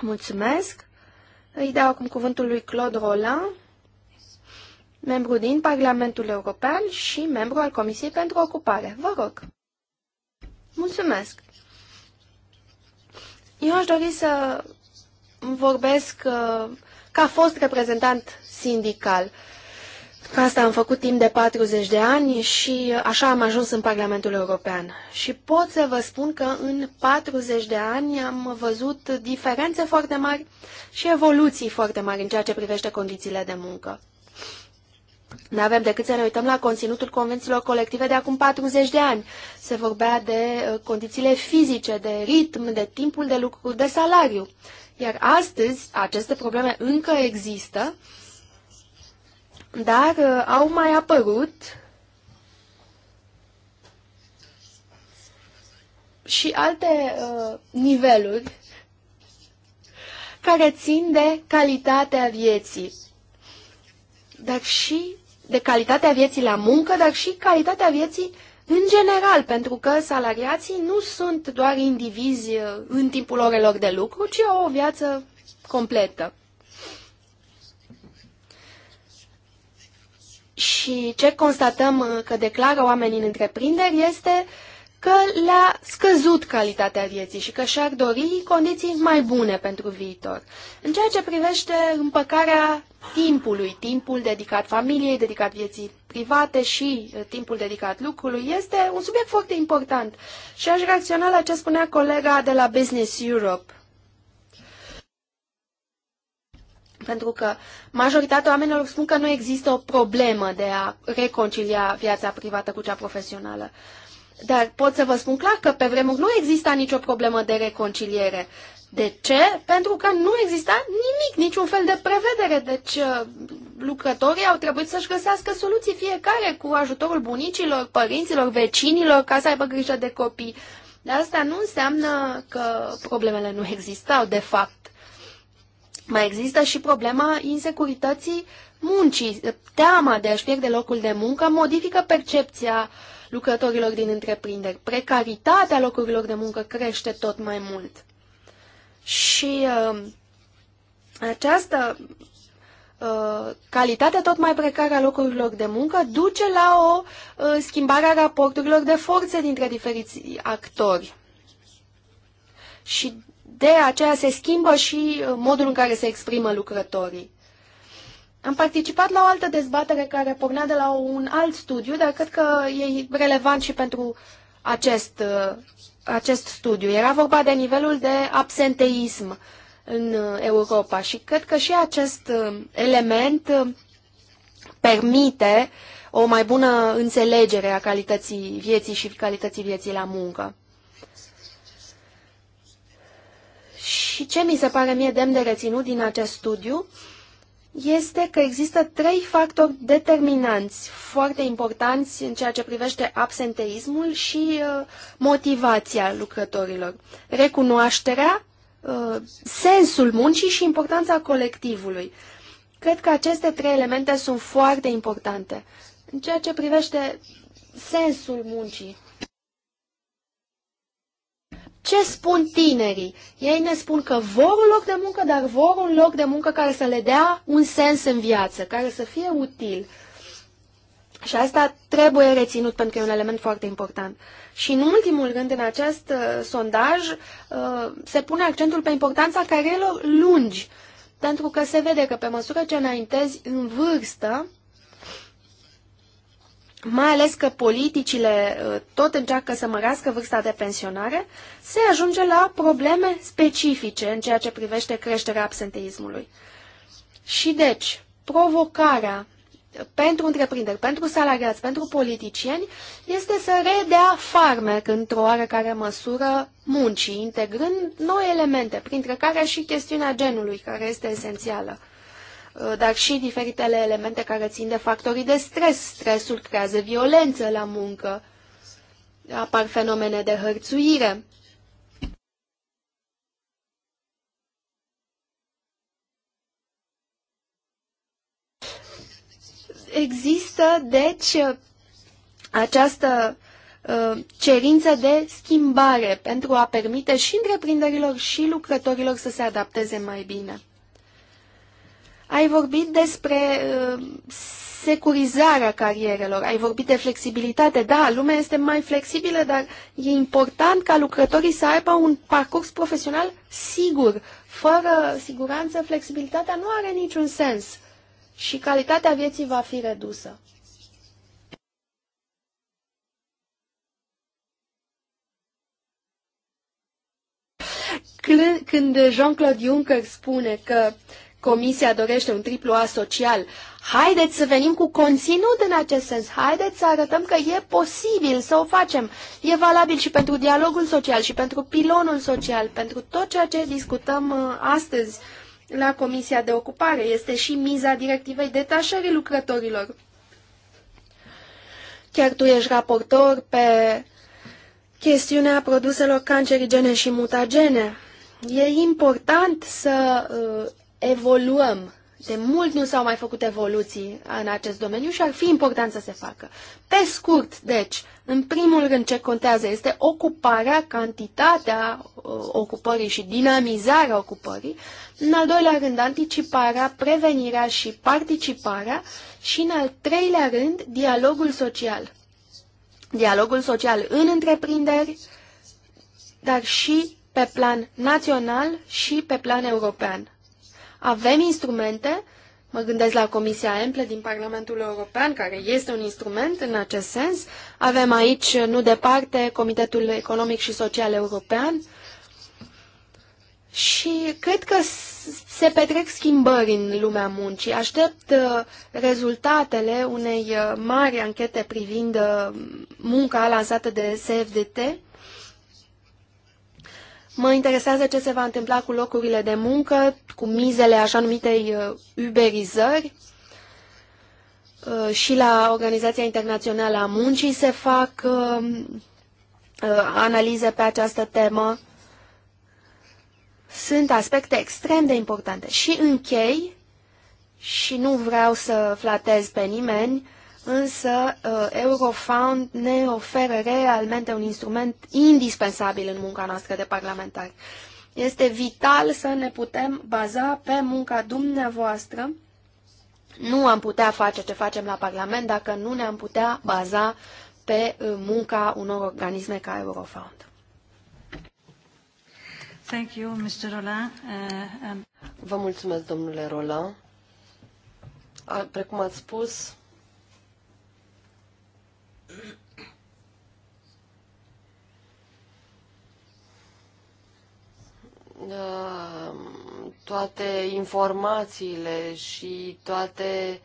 S1: Mulțumesc! Îi dau acum cuvântul lui Claude Roland, membru din Parlamentul European și membru al Comisiei pentru Ocupare. Vă rog! Mulțumesc! Eu aș dori să vorbesc uh, ca fost reprezentant sindical. Asta am făcut timp de 40 de ani și așa am ajuns în Parlamentul European. Și pot să vă spun că în 40 de ani am văzut diferențe foarte mari și evoluții foarte mari în ceea ce privește condițiile de muncă. Nu avem decât să ne uităm la conținutul convențiilor colective de acum 40 de ani. Se vorbea de uh, condițiile fizice, de ritm, de timpul de lucru, de salariu. Iar astăzi aceste probleme încă există, dar uh, au mai apărut și alte uh, niveluri care țin de calitatea vieții, dar și de calitatea vieții la muncă, dar și calitatea vieții în general, pentru că salariații nu sunt doar indivizi uh, în timpul orelor de lucru, ci au o viață completă. Și ce constatăm uh, că declară oamenii în întreprinderi este uh, că le-a scăzut calitatea vieții și că și-ar dori condiții mai bune pentru viitor. În ceea ce privește împăcarea timpului, timpul dedicat familiei, dedicat vieții private și uh, timpul dedicat lucrului, este un subiect foarte important. Și aș reacționa la ce spunea colega de la Business Europe. Pentru că majoritatea oamenilor spun că nu există o problemă de a reconcilia viața privată cu cea profesională. Uh, dar pot să vă spun clar că pe vremuri nu exista nicio problemă de reconciliere. De ce? Pentru că nu exista nimic, niciun fel de prevedere. Deci uh, lucrătorii au trebuit să-și găsească soluții fiecare cu ajutorul bunicilor, părinților, vecinilor ca să aibă grijă de copii. Dar asta nu înseamnă că problemele nu existau, de fapt. Mai există și problema insecurității muncii. Teama de a-și pierde locul de muncă modifică percepția uh, lucrătorilor din întreprinderi. Precaritatea locurilor de muncă crește tot mai mult. Și uh, această uh, calitatea tot mai precară a locurilor de muncă duce la o uh, schimbare a raporturilor de forțe dintre diferiți actori. Și de aceea se schimbă și uh, modul în care se exprimă lucrătorii. Am participat la o altă dezbatere care pornea de la un alt studiu, dar cred că e relevant și pentru acest, uh, acest studiu. Era vorba de nivelul de absenteism în uh, Europa și cred că și acest uh, element permite o mai bună înțelegere a calității vieții și calității vieții la muncă. Și ce mi se pare mie demn de reținut din acest studiu este că există trei factori determinanți foarte importanți în ceea ce privește absenteismul și uh, motivația lucrătorilor. Recunoașterea, uh, sensul muncii și importanța colectivului. Cred că aceste trei elemente sunt foarte importante. În ceea ce privește sensul muncii, ce spun tinerii? Ei ne spun că vor un loc de muncă, dar vor un loc de muncă care să le dea un sens în viață, care să fie util. Și asta trebuie reținut pentru că e un element foarte important. Și în ultimul rând, în acest uh, sondaj, uh, se pune accentul pe importanța carierelor lungi, pentru că se vede că pe măsură ce înaintezi în vârstă, mai ales că politicile uh, tot încearcă să mărească vârsta de pensionare, se ajunge la probleme specifice în ceea ce privește creșterea absenteismului. Și deci, provocarea pentru întreprinderi, pentru salariați, pentru politicieni, este să redea farmec într-o oarecare măsură muncii, integrând noi elemente, printre care și chestiunea genului, care este esențială. Uh, dar și diferitele elemente care țin de factorii de stres. Stresul creează violență la muncă, apar fenomene de hărțuire. Există, deci, această uh, cerință de schimbare pentru a permite și întreprinderilor și lucrătorilor să se adapteze mai bine. Ai vorbit despre uh, securizarea carierelor, ai vorbit de flexibilitate. Da, lumea este mai flexibilă, dar e important ca lucrătorii să aibă un parcurs profesional sigur. Fără siguranță, flexibilitatea nu are niciun sens și calitatea vieții va fi redusă. Când Jean-Claude Juncker spune că Comisia dorește un triplu A social. Haideți să venim cu conținut în acest sens. Haideți să arătăm că e posibil să o facem. E valabil și pentru dialogul social și pentru pilonul social, pentru tot ceea ce discutăm uh, astăzi la Comisia de Ocupare. Este și miza directivei detașării lucrătorilor. Chiar tu ești raportor pe chestiunea produselor cancerigene și mutagene. E important să uh, evoluăm. De mult nu s-au mai făcut evoluții în acest domeniu și ar fi important să se facă. Pe scurt, deci, în primul rând ce contează este ocuparea, cantitatea uh, ocupării și dinamizarea ocupării, în al doilea rând anticiparea, prevenirea și participarea și în al treilea rând dialogul social. Dialogul social în întreprinderi, dar și pe plan național și pe plan european. Avem instrumente, mă gândesc la Comisia Emple din Parlamentul European, care este un instrument în acest sens. Avem aici, nu departe, Comitetul Economic și Social European. Și cred că se petrec schimbări în lumea muncii. Aștept uh, rezultatele unei uh, mari anchete privind uh, munca lansată de SFDT. Mă interesează ce se va întâmpla cu locurile de muncă, cu mizele așa numitei uh, uberizări. Uh, și la Organizația Internațională a Muncii se fac uh, analize pe această temă. Sunt aspecte extrem de importante. Și închei, și nu vreau să flatez pe nimeni, însă uh, Eurofound ne oferă realmente un instrument indispensabil în munca noastră de parlamentari. Este vital să ne putem baza pe munca dumneavoastră. Nu am putea face ce facem la Parlament dacă nu ne-am putea baza pe uh, munca unor organisme ca Eurofound.
S2: Thank you, Mr. Roland. Uh, and... Um, Vă mulțumesc, domnule Roland. Precum ați spus, Uh, toate informațiile și toate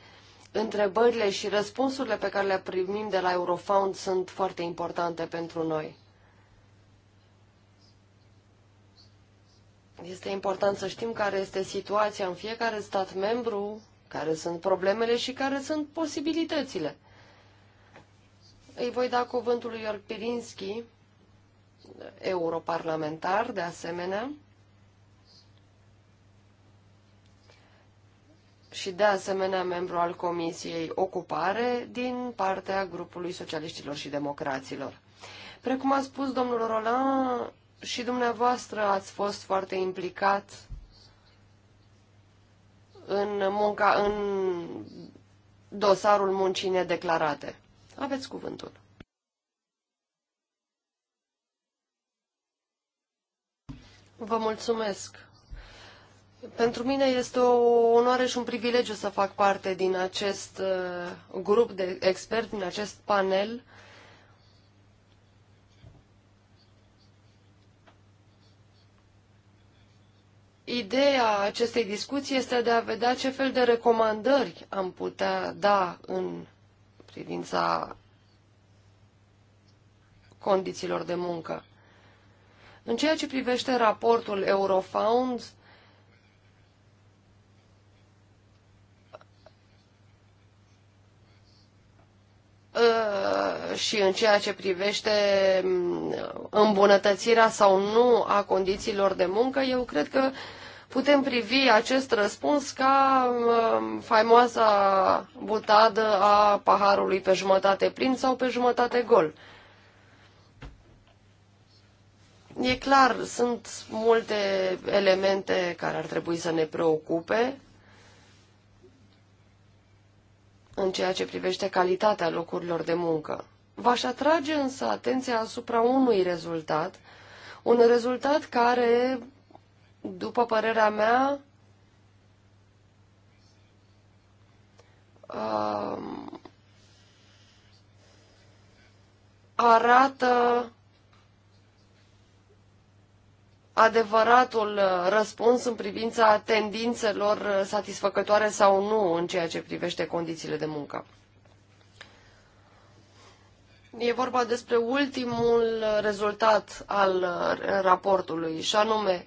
S2: întrebările și răspunsurile pe care le primim de la Eurofound sunt foarte importante pentru noi. Este important să știm care este situația în fiecare stat membru, care sunt problemele și care sunt posibilitățile. Îi voi da cuvântul lui Iorg Pirinski, europarlamentar, de asemenea. și de asemenea membru al Comisiei Ocupare din partea grupului socialiștilor și democraților. Precum a spus domnul Roland, și dumneavoastră ați fost foarte implicat în, munca, în dosarul muncii nedeclarate. Aveți cuvântul. Vă mulțumesc, pentru mine este o onoare și un privilegiu să fac parte din acest uh, grup de experți, din acest panel. Ideea acestei discuții este de a vedea ce fel de recomandări am putea da în privința condițiilor de muncă. În ceea ce privește raportul Eurofound, Uh, și în ceea ce privește um, îmbunătățirea sau nu a condițiilor de muncă, eu cred că putem privi acest răspuns ca um, faimoasa butadă a paharului pe jumătate plin sau pe jumătate gol. E clar, sunt multe elemente care ar trebui să ne preocupe, în ceea ce privește calitatea locurilor de muncă. V-aș atrage însă atenția asupra unui rezultat, un rezultat care, după părerea mea, um, arată adevăratul uh, răspuns în privința tendințelor uh, satisfăcătoare sau nu în ceea ce privește condițiile de muncă. E vorba despre ultimul uh, rezultat al raportului, și anume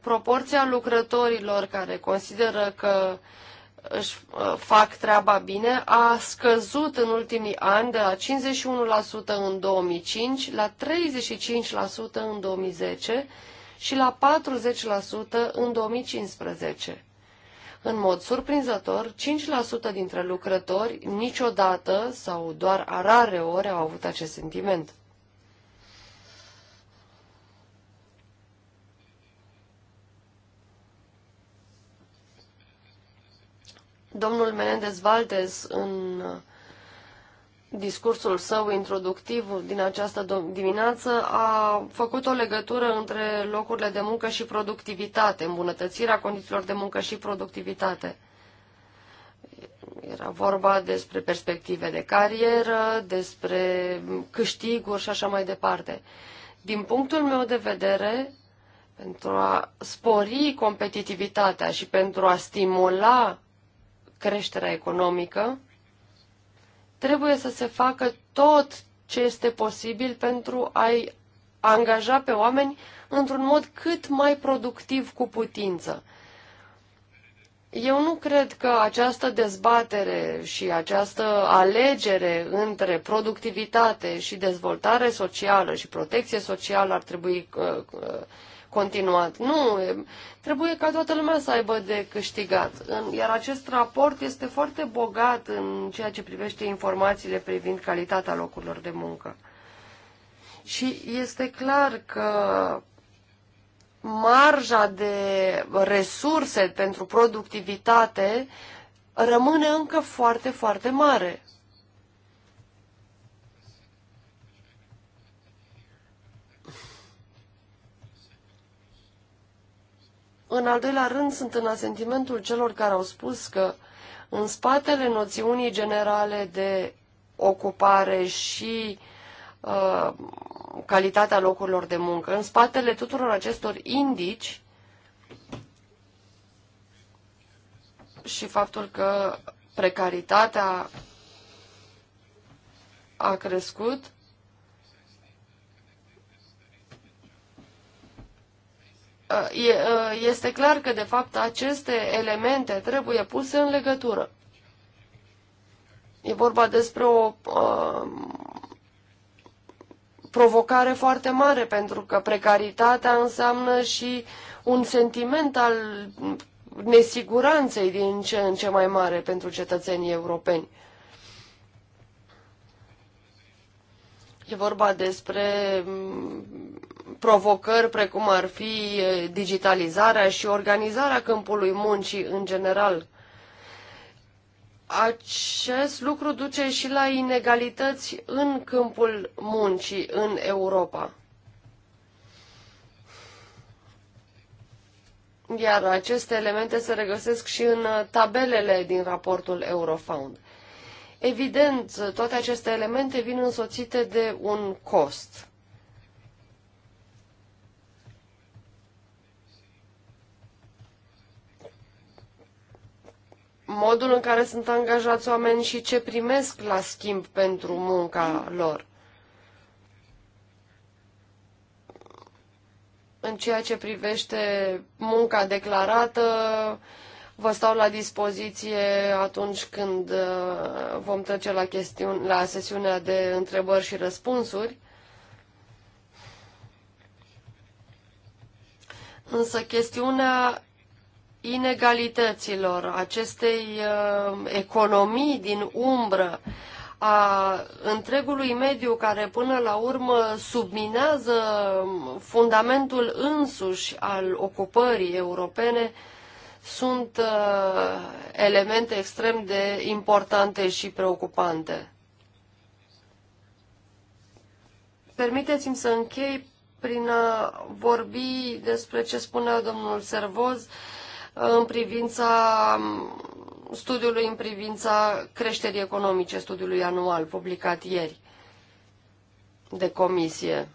S2: proporția lucrătorilor care consideră că își fac treaba bine a scăzut în ultimii ani de la 51% în 2005 la 35% în 2010 și la 40% în 2015. În mod surprinzător, 5% dintre lucrători niciodată sau doar a rare ori au avut acest sentiment. Domnul Menendez Valdez în discursul său introductiv din această dimineață a făcut o legătură între locurile de muncă și productivitate, îmbunătățirea condițiilor de muncă și productivitate. Era vorba despre perspective de carieră, despre câștiguri și așa mai departe. Din punctul meu de vedere, pentru a spori competitivitatea și pentru a stimula creșterea economică, trebuie să se facă tot ce este posibil pentru a-i angaja pe oameni într-un mod cât mai productiv cu putință. Eu nu cred că această dezbatere și această alegere între productivitate și dezvoltare socială și protecție socială ar trebui uh, uh, continuat. Nu, trebuie ca toată lumea să aibă de câștigat. Iar acest raport este foarte bogat în ceea ce privește informațiile privind calitatea locurilor de muncă. Și este clar că marja de resurse pentru productivitate rămâne încă foarte, foarte mare. În al doilea rând, sunt în asentimentul celor care au spus că în spatele noțiunii generale de ocupare și uh, calitatea locurilor de muncă, în spatele tuturor acestor indici și faptul că precaritatea a crescut, este clar că, de fapt, aceste elemente trebuie puse în legătură. E vorba despre o provocare foarte mare, pentru că precaritatea înseamnă și un sentiment al nesiguranței din ce în ce mai mare pentru cetățenii europeni. E vorba despre provocări precum ar fi digitalizarea și organizarea câmpului muncii în general. Acest lucru duce și la inegalități în câmpul muncii în Europa. Iar aceste elemente se regăsesc și în uh, tabelele din raportul Eurofound. Evident, toate aceste elemente vin însoțite de un cost. modul în care sunt angajați oameni și ce primesc la schimb pentru munca lor. În ceea ce privește munca declarată, vă stau la dispoziție atunci când uh, vom trece la, chestiuni, la sesiunea de întrebări și răspunsuri. Însă chestiunea inegalităților, acestei uh, economii din umbră, a întregului mediu care până la urmă subminează fundamentul însuși al ocupării europene, sunt uh, elemente extrem de importante și preocupante. Permiteți-mi să închei prin a vorbi despre ce spunea domnul Servoz, uh, în privința um, studiului în privința creșterii economice, studiului anual publicat ieri de comisie.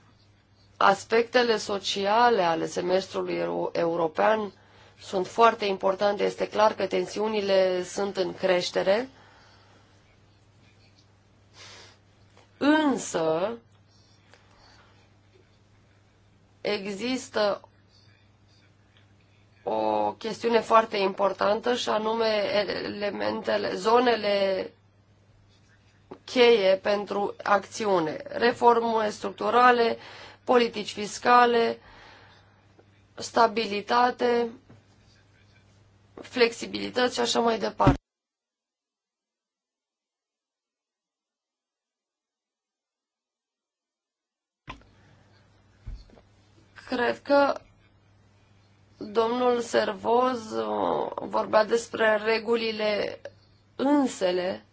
S2: Aspectele sociale ale semestrului european sunt foarte importante. Este clar că tensiunile sunt în creștere. Însă, există o chestiune foarte importantă și anume elementele, zonele cheie pentru acțiune, reforme structurale, politici fiscale, stabilitate, flexibilități și așa mai departe. Cred că Domnul Servoz uh, vorbea despre regulile însele.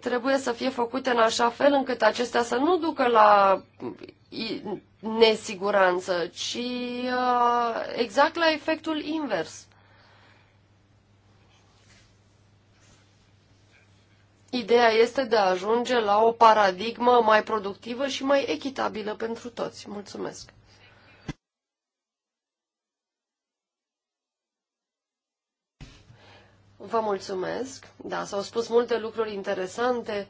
S2: Trebuie să fie făcute în așa fel încât acestea să nu ducă la nesiguranță, ci uh, exact la efectul invers. Ideea este de a ajunge la o paradigmă mai productivă și mai echitabilă pentru toți. Mulțumesc! Vă mulțumesc. Da, s-au spus multe lucruri interesante.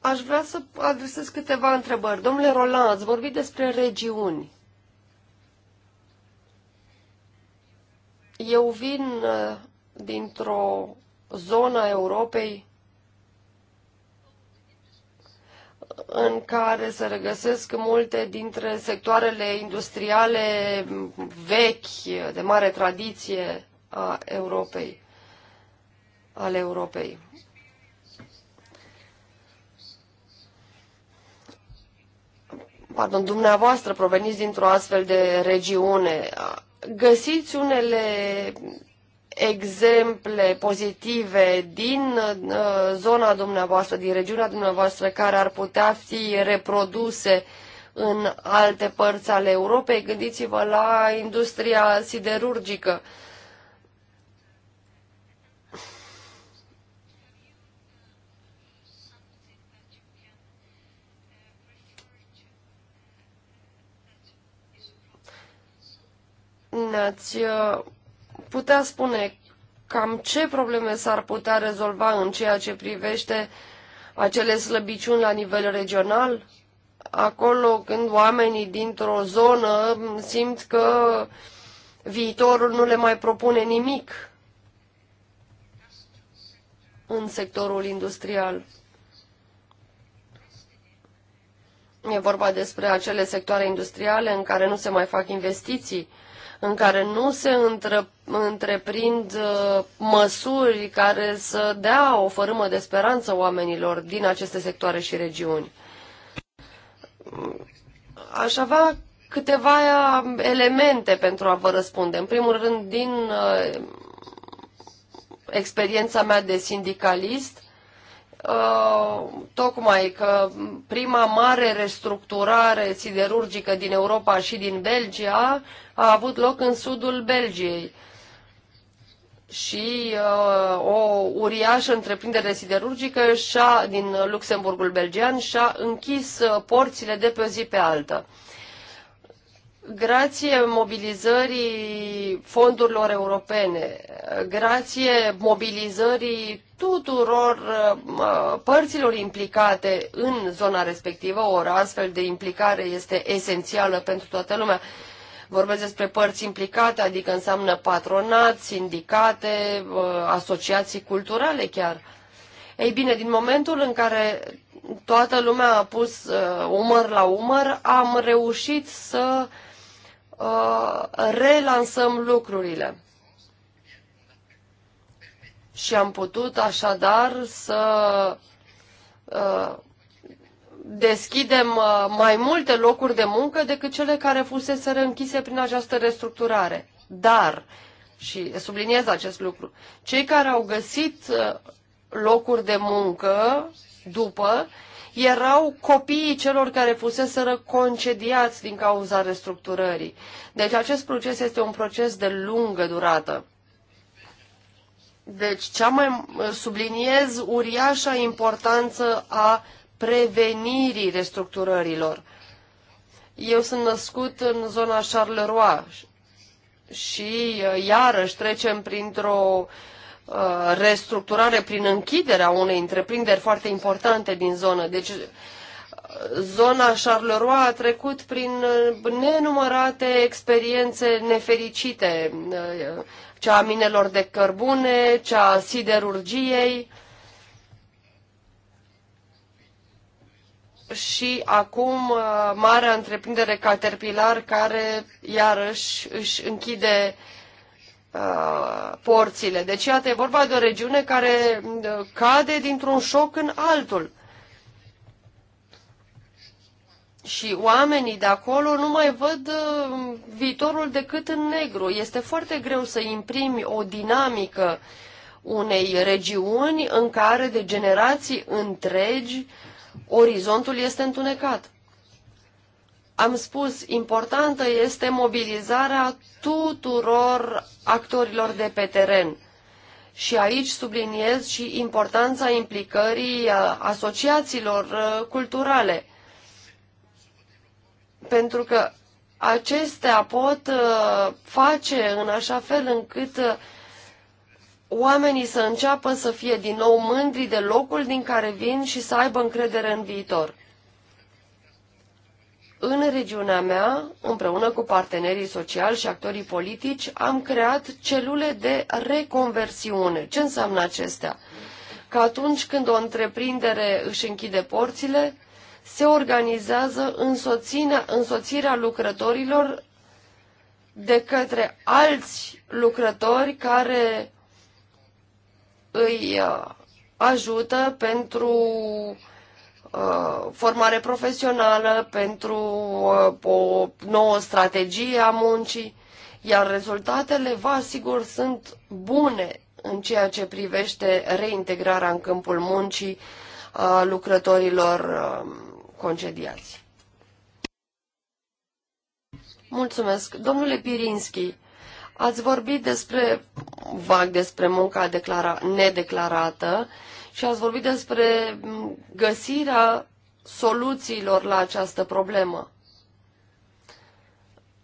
S2: Aș vrea să adresez câteva întrebări. Domnule Roland, ați vorbit despre regiuni. Eu vin uh, dintr-o zonă a Europei în care se regăsesc multe dintre sectoarele industriale vechi, de mare tradiție a Europei, ale Europei. Pardon, dumneavoastră proveniți dintr-o astfel de regiune găsiți unele exemple pozitive din uh, zona dumneavoastră, din regiunea dumneavoastră, care ar putea fi reproduse în alte părți ale Europei. Gândiți-vă la industria siderurgică. Uh, ne-ați uh, putea spune cam ce probleme s-ar putea rezolva în ceea ce privește acele slăbiciuni la nivel regional? Acolo când oamenii dintr-o zonă simt că viitorul nu le mai propune nimic în sectorul industrial. E vorba despre acele sectoare industriale în care nu se mai fac investiții în care nu se între, întreprind uh, măsuri care să dea o fărâmă de speranță oamenilor din aceste sectoare și regiuni. Aș avea câteva elemente pentru a vă răspunde. În primul rând, din uh, experiența mea de sindicalist, Uh, tocmai că prima mare restructurare siderurgică din Europa și din Belgia a avut loc în sudul Belgiei și uh, o uriașă întreprindere siderurgică și a din Luxemburgul belgian și-a închis uh, porțile de pe o zi pe alta grație mobilizării fondurilor europene, grație mobilizării tuturor părților implicate în zona respectivă, o astfel de implicare este esențială pentru toată lumea. Vorbesc despre părți implicate, adică înseamnă patronat, sindicate, asociații culturale chiar. Ei bine, din momentul în care toată lumea a pus ă, umăr la umăr, am reușit să Uh, relansăm lucrurile. Și am putut așadar să uh, deschidem uh, mai multe locuri de muncă decât cele care fusese închise prin această restructurare. Dar, și subliniez acest lucru, cei care au găsit locuri de muncă după erau copiii celor care fuseseră concediați din cauza restructurării. Deci acest proces este un proces de lungă durată. Deci cea mai subliniez uriașa importanță a prevenirii restructurărilor. Eu sunt născut în zona Charleroi și iarăși trecem printr-o uh, Uh, restructurare prin închiderea unei întreprinderi foarte importante din zonă. Deci uh, zona Charleroi a trecut prin uh, nenumărate experiențe nefericite, cea a minelor de cărbune, cea a siderurgiei. și acum marea întreprindere Caterpillar care iarăși își închide Uh, porțile. Deci, iată, e vorba de o regiune care uh, cade dintr-un șoc în altul. Și oamenii de acolo nu mai văd uh, viitorul decât în negru. Este foarte greu să imprimi o dinamică unei regiuni în care de generații întregi orizontul este întunecat am spus, importantă este mobilizarea tuturor actorilor de pe teren. Și aici subliniez și importanța implicării asociațiilor culturale. Pentru că acestea pot face în așa fel încât oamenii să înceapă să fie din nou mândri de locul din care vin și să aibă încredere în viitor. În regiunea mea, împreună cu partenerii sociali și actorii politici, am creat celule de reconversiune. Ce înseamnă acestea? Că atunci când o întreprindere își închide porțile, se organizează însoțirea însoțirea lucrătorilor de către alți lucrători care îi uh, ajută pentru Uh, formare profesională, pentru uh, o nouă strategie a muncii, iar rezultatele, vă asigur, sunt bune în ceea ce privește reintegrarea în câmpul muncii a lucrătorilor uh, concediați. Mulțumesc. Domnule Pirinski, ați vorbit despre, vag despre munca declara, nedeclarată și ați vorbit despre găsirea soluțiilor la această problemă.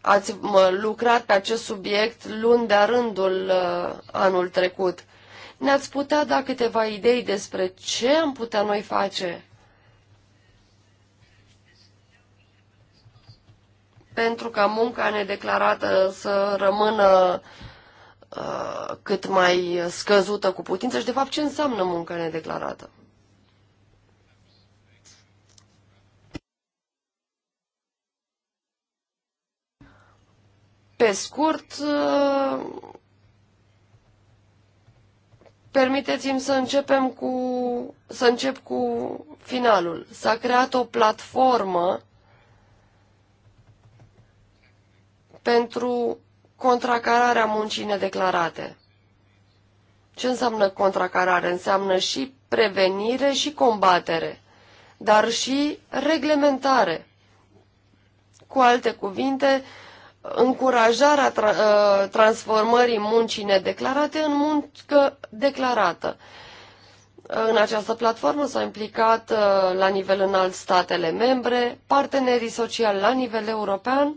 S2: Ați lucrat pe acest subiect luni de rândul uh, anul trecut. Ne-ați putea da câteva idei despre ce am putea noi face pentru ca munca nedeclarată să rămână uh, uh, cât mai scăzută cu putință și, de fapt, ce înseamnă muncă nedeclarată. Pe scurt, uh, permiteți-mi să începem cu, să încep cu finalul. S-a creat o platformă pentru contracararea muncii nedeclarate. Ce înseamnă contracarare? Înseamnă și prevenire și combatere, dar și reglementare. Cu alte cuvinte, încurajarea tra ă, transformării muncii nedeclarate în muncă declarată. În această platformă s-au implicat ă, la nivel înalt statele membre, partenerii sociali la nivel european,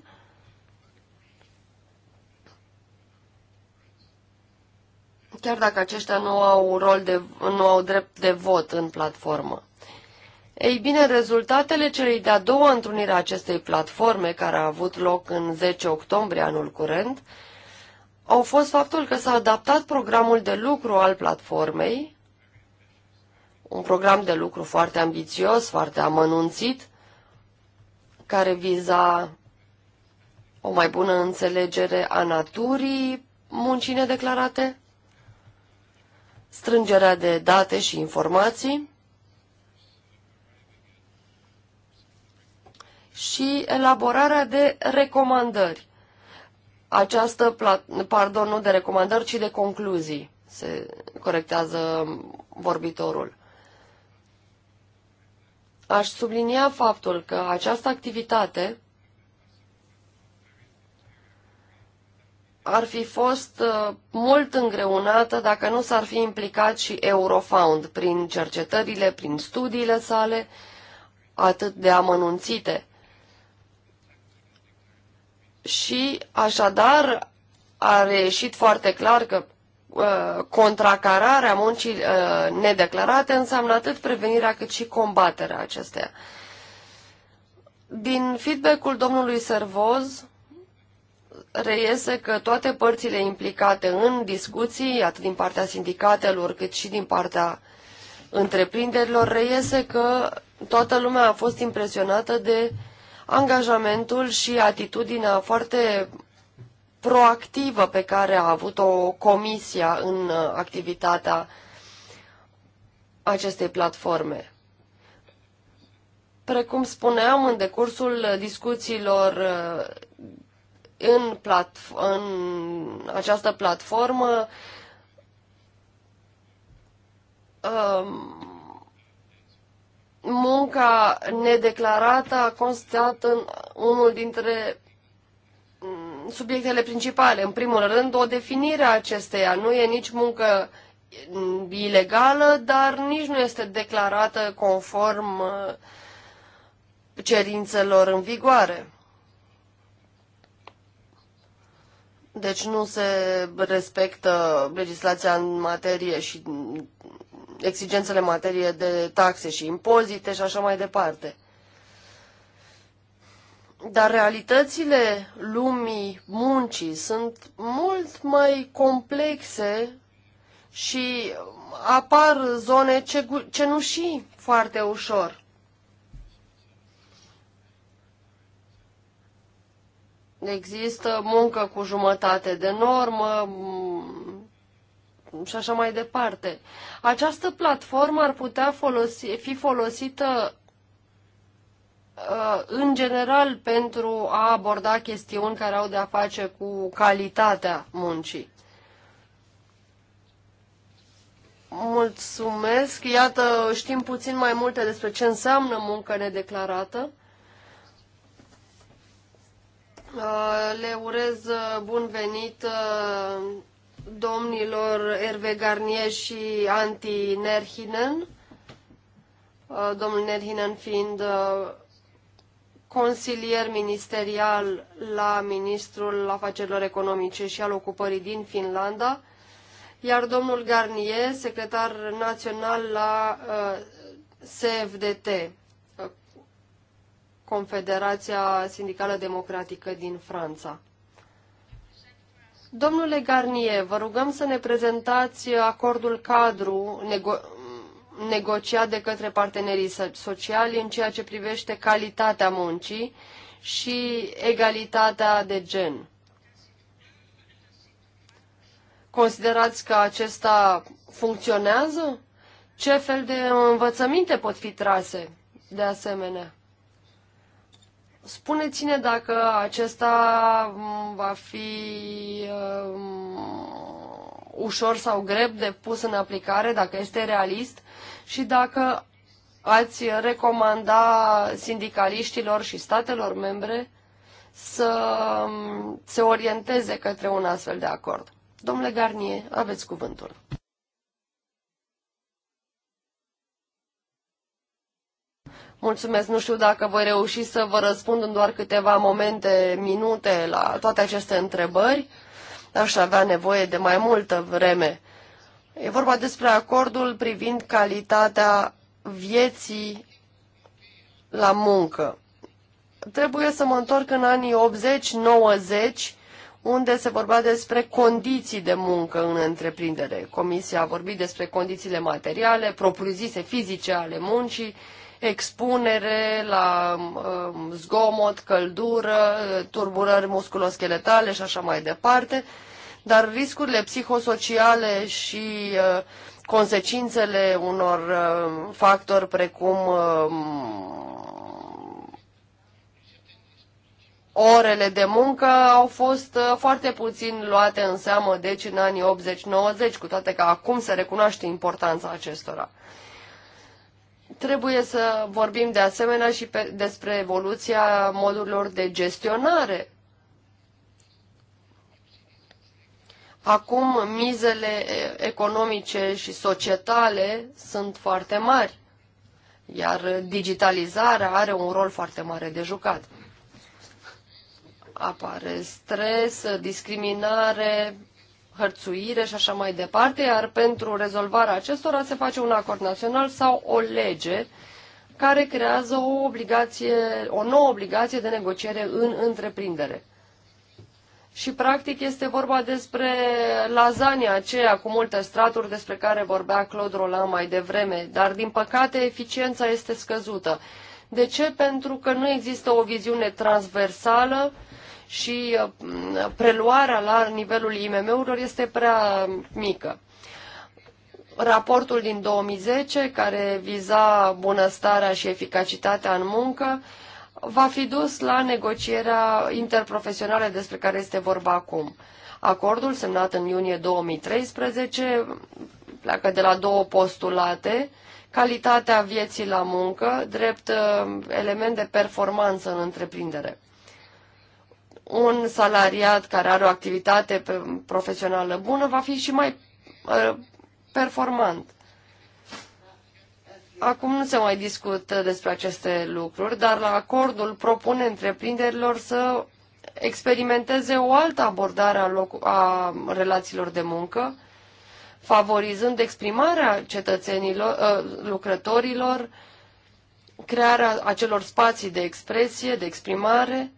S2: chiar dacă aceștia nu au, rol de, nu au drept de vot în platformă. Ei bine, rezultatele celei de-a doua întrunire a acestei platforme, care a avut loc în 10 octombrie anul curent, au fost faptul că s-a adaptat programul de lucru al platformei, un program de lucru foarte ambițios, foarte amănunțit, care viza o mai bună înțelegere a naturii muncii nedeclarate, strângerea de date și informații și elaborarea de recomandări. Această, pardon, nu de recomandări, ci de concluzii, se corectează vorbitorul. Aș sublinia faptul că această activitate ar fi fost uh, mult îngreunată dacă nu s-ar fi implicat și Eurofound prin cercetările, prin studiile sale atât de amănunțite. Și așadar a reieșit foarte clar că uh, contracararea muncii uh, nedeclarate înseamnă atât prevenirea cât și combaterea acesteia. Din feedback-ul domnului Servoz, reiese că toate părțile implicate în discuții, atât din partea sindicatelor cât și din partea întreprinderilor, reiese că toată lumea a fost impresionată de angajamentul și atitudinea foarte proactivă pe care a avut-o comisia în uh, activitatea acestei platforme. Precum spuneam, în decursul discuțiilor uh, în, plat, în această platformă um, munca nedeclarată a constat în unul dintre mm, subiectele principale. În primul rând, o definire a acesteia. Nu e nici muncă mm, ilegală, dar nici nu este declarată conform uh, cerințelor în vigoare. Deci nu se respectă legislația în materie și exigențele în materie de taxe și impozite și așa mai departe. Dar realitățile lumii muncii sunt mult mai complexe și apar zone cenușii foarte ușor. Există muncă cu jumătate de normă mm, și așa mai departe. Această platformă ar putea folosi, fi folosită uh, în general pentru a aborda chestiuni care au de-a face cu calitatea muncii. Mulțumesc! Iată, știm puțin mai multe despre ce înseamnă muncă nedeclarată. Uh, le urez uh, bun venit uh, domnilor Erve Garnier și Anti Nerhinen, domnul Nerhinen fiind consilier ministerial la Ministrul Afacerilor Economice și al Ocupării din Finlanda, iar domnul Garnier, secretar național la SFDT. Confederația Sindicală Democratică din Franța. Domnule Garnier, vă rugăm să ne prezentați acordul cadru nego negociat de către partenerii sociali în ceea ce privește calitatea muncii și egalitatea de gen. Considerați că acesta funcționează? Ce fel de învățăminte pot fi trase de asemenea? Spuneți-ne dacă acesta mm, va fi mm, ușor sau greu de pus în aplicare, dacă este realist și dacă ați recomanda sindicaliștilor și statelor membre să mm, se orienteze către un astfel de acord. Domnule Garnie, aveți cuvântul. Mulțumesc, nu știu dacă voi reuși să vă răspund în doar câteva momente, minute la toate aceste întrebări. Aș avea nevoie de mai multă vreme. E vorba despre acordul privind calitatea vieții la muncă. Trebuie să mă întorc în anii 80-90, unde se vorbea despre condiții de muncă în întreprindere. Comisia a vorbit despre condițiile materiale, propriu-zise fizice ale muncii, expunere la um, zgomot, căldură, turburări musculoscheletale și așa mai departe, dar riscurile psihosociale și uh, consecințele unor uh, factori precum um, orele de muncă au fost uh, foarte puțin luate în seamă, deci în anii 80-90, cu toate că acum se recunoaște importanța acestora. Trebuie să vorbim de asemenea și pe, despre evoluția modurilor de gestionare. Acum mizele economice și societale sunt foarte mari, iar digitalizarea are un rol foarte mare de jucat. Apare stres, discriminare, hărțuire și așa mai departe, iar pentru rezolvarea acestora se face un acord național sau o lege care creează o, obligație, o nouă obligație de negociere în întreprindere. Și practic este vorba despre lasagna aceea cu multe straturi despre care vorbea Claude Roland mai devreme, dar din păcate eficiența este scăzută. De ce? Pentru că nu există o viziune transversală și uh, preluarea la nivelul IMM-urilor este prea mică. Raportul din 2010, care viza bunăstarea și eficacitatea în muncă, va fi dus la negocierea interprofesională despre care este vorba acum. Acordul, semnat în iunie 2013, pleacă de la două postulate, calitatea vieții la muncă, drept uh, element de performanță în întreprindere un salariat care are o activitate profesională bună va fi și mai uh, performant. Acum nu se mai discută despre aceste lucruri, dar la acordul propune întreprinderilor să experimenteze o altă abordare a, loc- a relațiilor de muncă, favorizând exprimarea cetățenilor, uh, lucrătorilor, crearea acelor spații de expresie, de exprimare,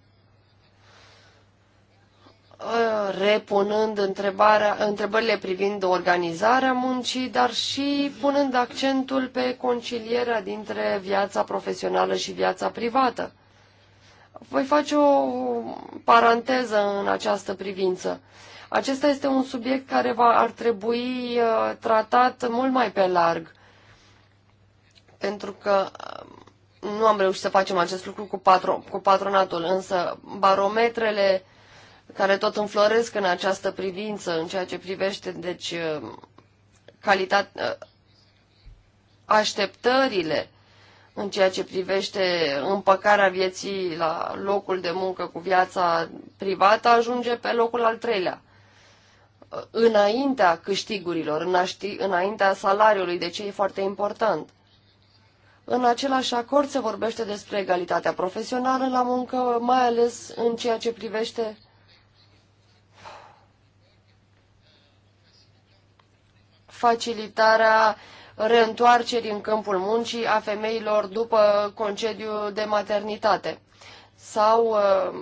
S2: Uh, repunând întrebarea, întrebările privind organizarea muncii, dar și punând accentul pe concilierea dintre viața profesională și viața privată. Voi face o paranteză în această privință. Acesta este un subiect care va, ar trebui uh, tratat mult mai pe larg, pentru că uh, nu am reușit să facem acest lucru cu, patro, cu patronatul, însă barometrele uh, care tot înfloresc în această privință, în ceea ce privește, deci, uh, calitate, uh, așteptările în ceea ce privește împăcarea vieții la locul de muncă cu viața privată, ajunge pe locul al treilea. Uh, înaintea câștigurilor, înaintea salariului, de ce e foarte important. În același acord se vorbește despre egalitatea profesională la muncă, mai ales în ceea ce privește facilitarea reîntoarcerii în câmpul muncii a femeilor după concediu de maternitate sau uh,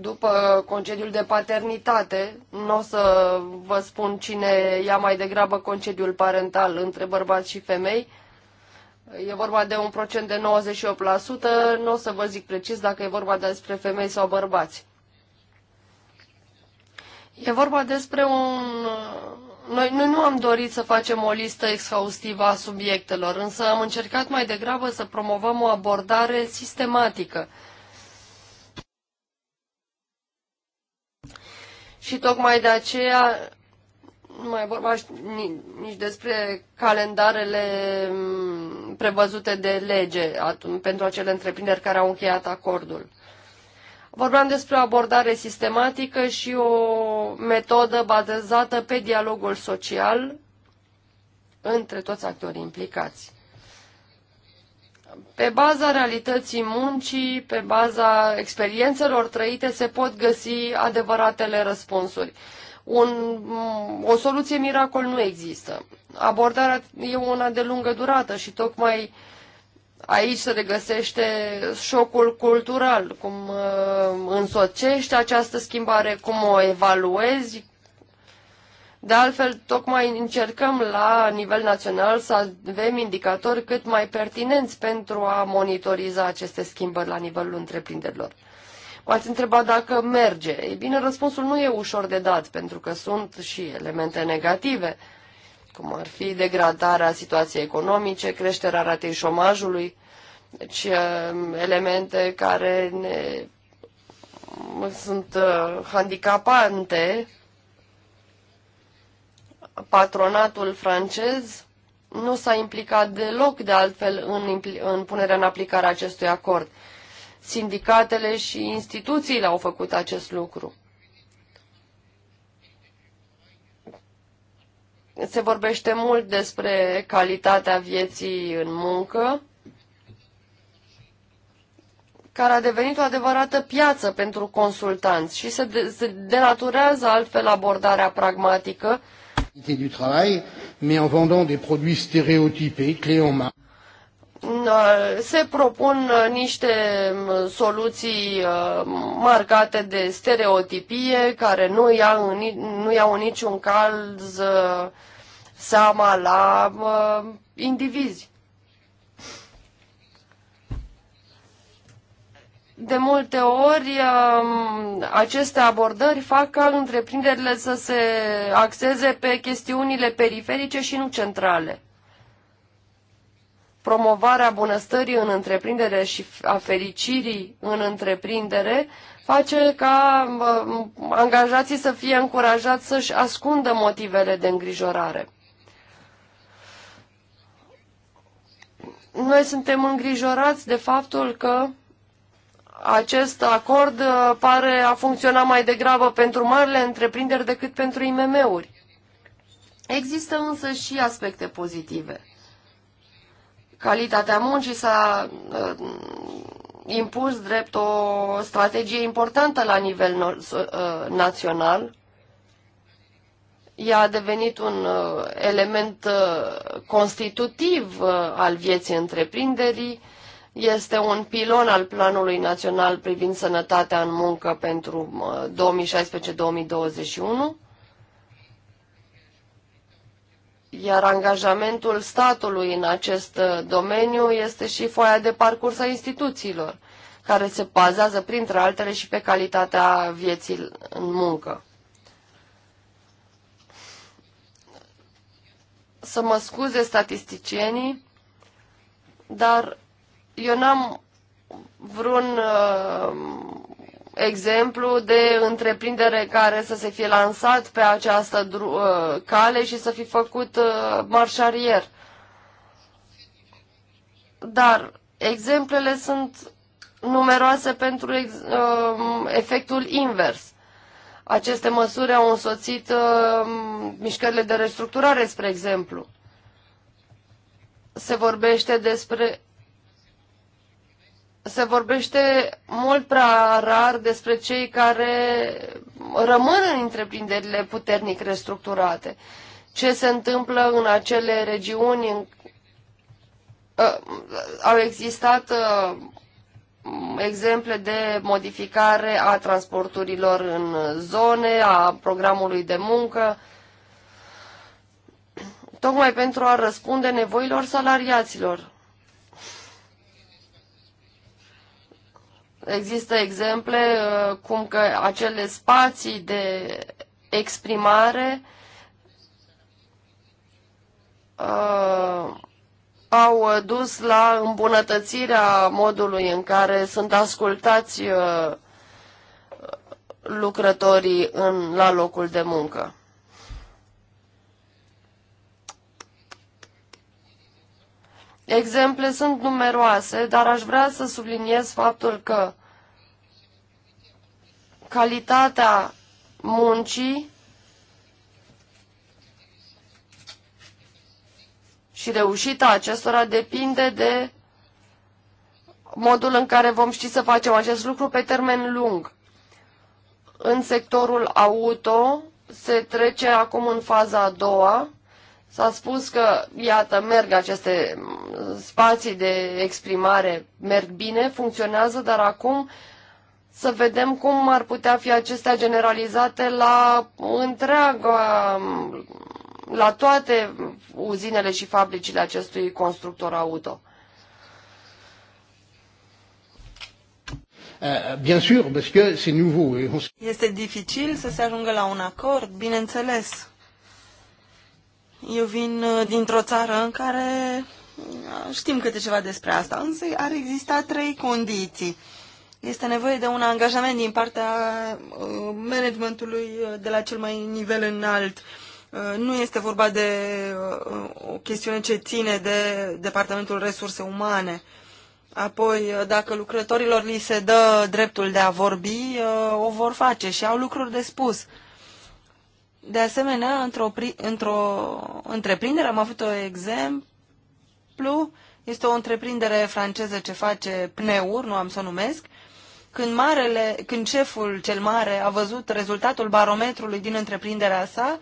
S2: după concediul de paternitate. Nu o să vă spun cine ia mai degrabă concediul parental între bărbați și femei. E vorba de un procent de 98%, nu o să vă zic precis dacă e vorba despre femei sau bărbați. E vorba despre un noi, noi nu am dorit să facem o listă exhaustivă a subiectelor, însă am încercat mai degrabă să promovăm o abordare sistematică. Și tocmai de aceea nu mai vorba nici despre calendarele mm, prevăzute de lege pentru acele întreprinderi care au încheiat acordul. Vorbeam despre o abordare sistematică și o metodă bazată pe dialogul social între toți actorii implicați. Pe baza realității muncii, pe baza experiențelor trăite, se pot găsi adevăratele răspunsuri. Un, o soluție miracol nu există. Abordarea e una de lungă durată și tocmai uh, Aici se regăsește șocul cultural, cum uh, însocești această schimbare, cum o evaluezi. De altfel, tocmai încercăm la nivel național să avem indicatori cât mai pertinenți pentru a monitoriza aceste schimbări la nivelul întreprinderilor. M-ați întrebat dacă merge. Ei bine, răspunsul nu e ușor de dat, pentru că sunt și elemente negative. Uh, cum ar fi degradarea situației economice, creșterea ratei șomajului, deci uh, elemente care ne sunt uh, handicapante. Patronatul francez nu s-a implicat deloc de altfel în, în punerea în aplicare a acestui acord. Sindicatele și instituțiile au făcut acest lucru. se vorbește mult despre calitatea vieții în muncă, care a devenit o adevărată piață pentru consultanți și se, de, se denaturează altfel abordarea pragmatică.
S3: du travail, mais en vendant des produits stéréotypés, en main.
S2: Uh, se propun uh, niște uh, soluții marcate de stereotipie care nu iau, nu iau în niciun caz seama la indivizi. De multe ori um, aceste abordări fac ca întreprinderile să se axeze pe chestiunile periferice și nu centrale promovarea bunăstării în întreprindere și a fericirii în întreprindere face ca angajații să fie încurajați să-și ascundă motivele de îngrijorare. Noi suntem îngrijorați de faptul că acest acord uh, pare a funcționa mai degrabă pentru marile întreprinderi decât pentru IMM-uri. Există însă și aspecte pozitive calitatea muncii s-a uh, impus drept o strategie importantă la nivel uh, național. Ea a devenit un uh, element constitutiv al vieții întreprinderii, este un pilon al Planului Național privind sănătatea în muncă pentru 2016-2021 Iar angajamentul statului în acest uh, domeniu este și foaia de parcurs a instituțiilor, care se bazează, printre altele, și pe calitatea vieții în muncă. Să mă scuze statisticienii, dar eu n-am vreun uh, exemplu de întreprindere care să se fie lansat pe această uh, cale și să fi făcut uh, marșarier. Dar exemplele sunt numeroase pentru uh, efectul invers. Aceste măsuri au însoțit uh, mișcările de restructurare, spre exemplu. Se vorbește despre se vorbește mult prea rar despre cei care rămân în întreprinderile puternic restructurate. Ce se întâmplă în acele regiuni în, uh, au existat uh, exemple de modificare a transporturilor în zone, a programului de muncă, tocmai pentru a răspunde nevoilor salariaților. Există exemple uh, cum că acele spații de exprimare uh, au dus la îmbunătățirea modului în care sunt ascultați uh, lucrătorii în, la locul de muncă. Exemple sunt numeroase, dar aș vrea să subliniez faptul că calitatea muncii și reușita acestora depinde de modul în care vom ști să facem acest lucru pe termen lung. În sectorul auto se trece acum în faza a doua, S-a spus că, iată, merg aceste spații de exprimare, merg bine, funcționează, dar acum să vedem cum ar putea fi acestea generalizate la întreaga, la toate uzinele și fabricile acestui constructor auto. Eh,
S3: este dificil să se ajungă la un acord, bineînțeles eu vin uh, dintr-o țară în care uh, știm câte ceva despre asta, însă ar exista trei condiții. Este nevoie de un angajament din partea uh, managementului de la cel mai nivel înalt. Nu este vorba de o chestiune ce ține de Departamentul Resurse Umane. Apoi, dacă lucrătorilor li se dă dreptul de a vorbi, o vor face și au lucruri de spus. De asemenea, într-o, într-o întreprindere, am avut un exemplu, este o întreprindere franceză ce face pneuri, nu am să o numesc, când, marele, când șeful cel mare a văzut rezultatul barometrului din întreprinderea sa,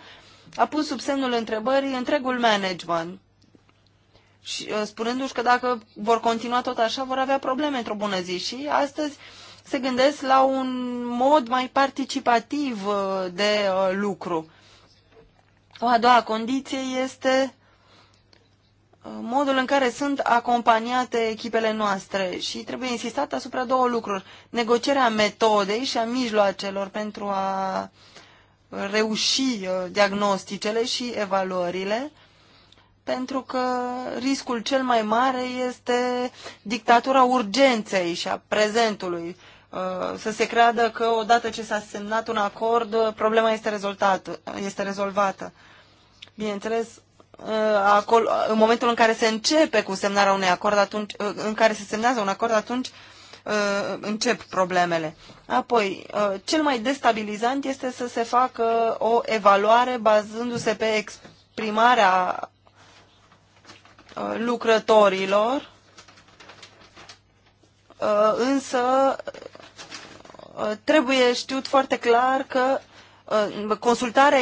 S3: a pus sub semnul întrebării întregul management, și, uh, spunându-și că dacă vor continua tot așa, vor avea probleme într-o bună zi. Și astăzi se gândesc la un mod mai participativ uh, de uh, lucru. O A doua condiție este uh, modul în care sunt acompaniate echipele noastre și trebuie insistat asupra două lucruri. Negocierea metodei și a mijloacelor pentru a reuși uh, diagnosticele și evaluările, pentru că riscul cel mai mare este dictatura urgenței și a prezentului. Uh, să se creadă că odată ce s-a semnat un acord, problema este, este rezolvată Bineînțeles, uh, acolo, în momentul în care se începe cu semnarea unui acord, atunci, uh, în care se semnează un acord, atunci uh, încep problemele. Apoi, cel mai destabilizant este să se facă o evaluare bazându-se pe exprimarea lucrătorilor, însă trebuie știut foarte clar că consultarea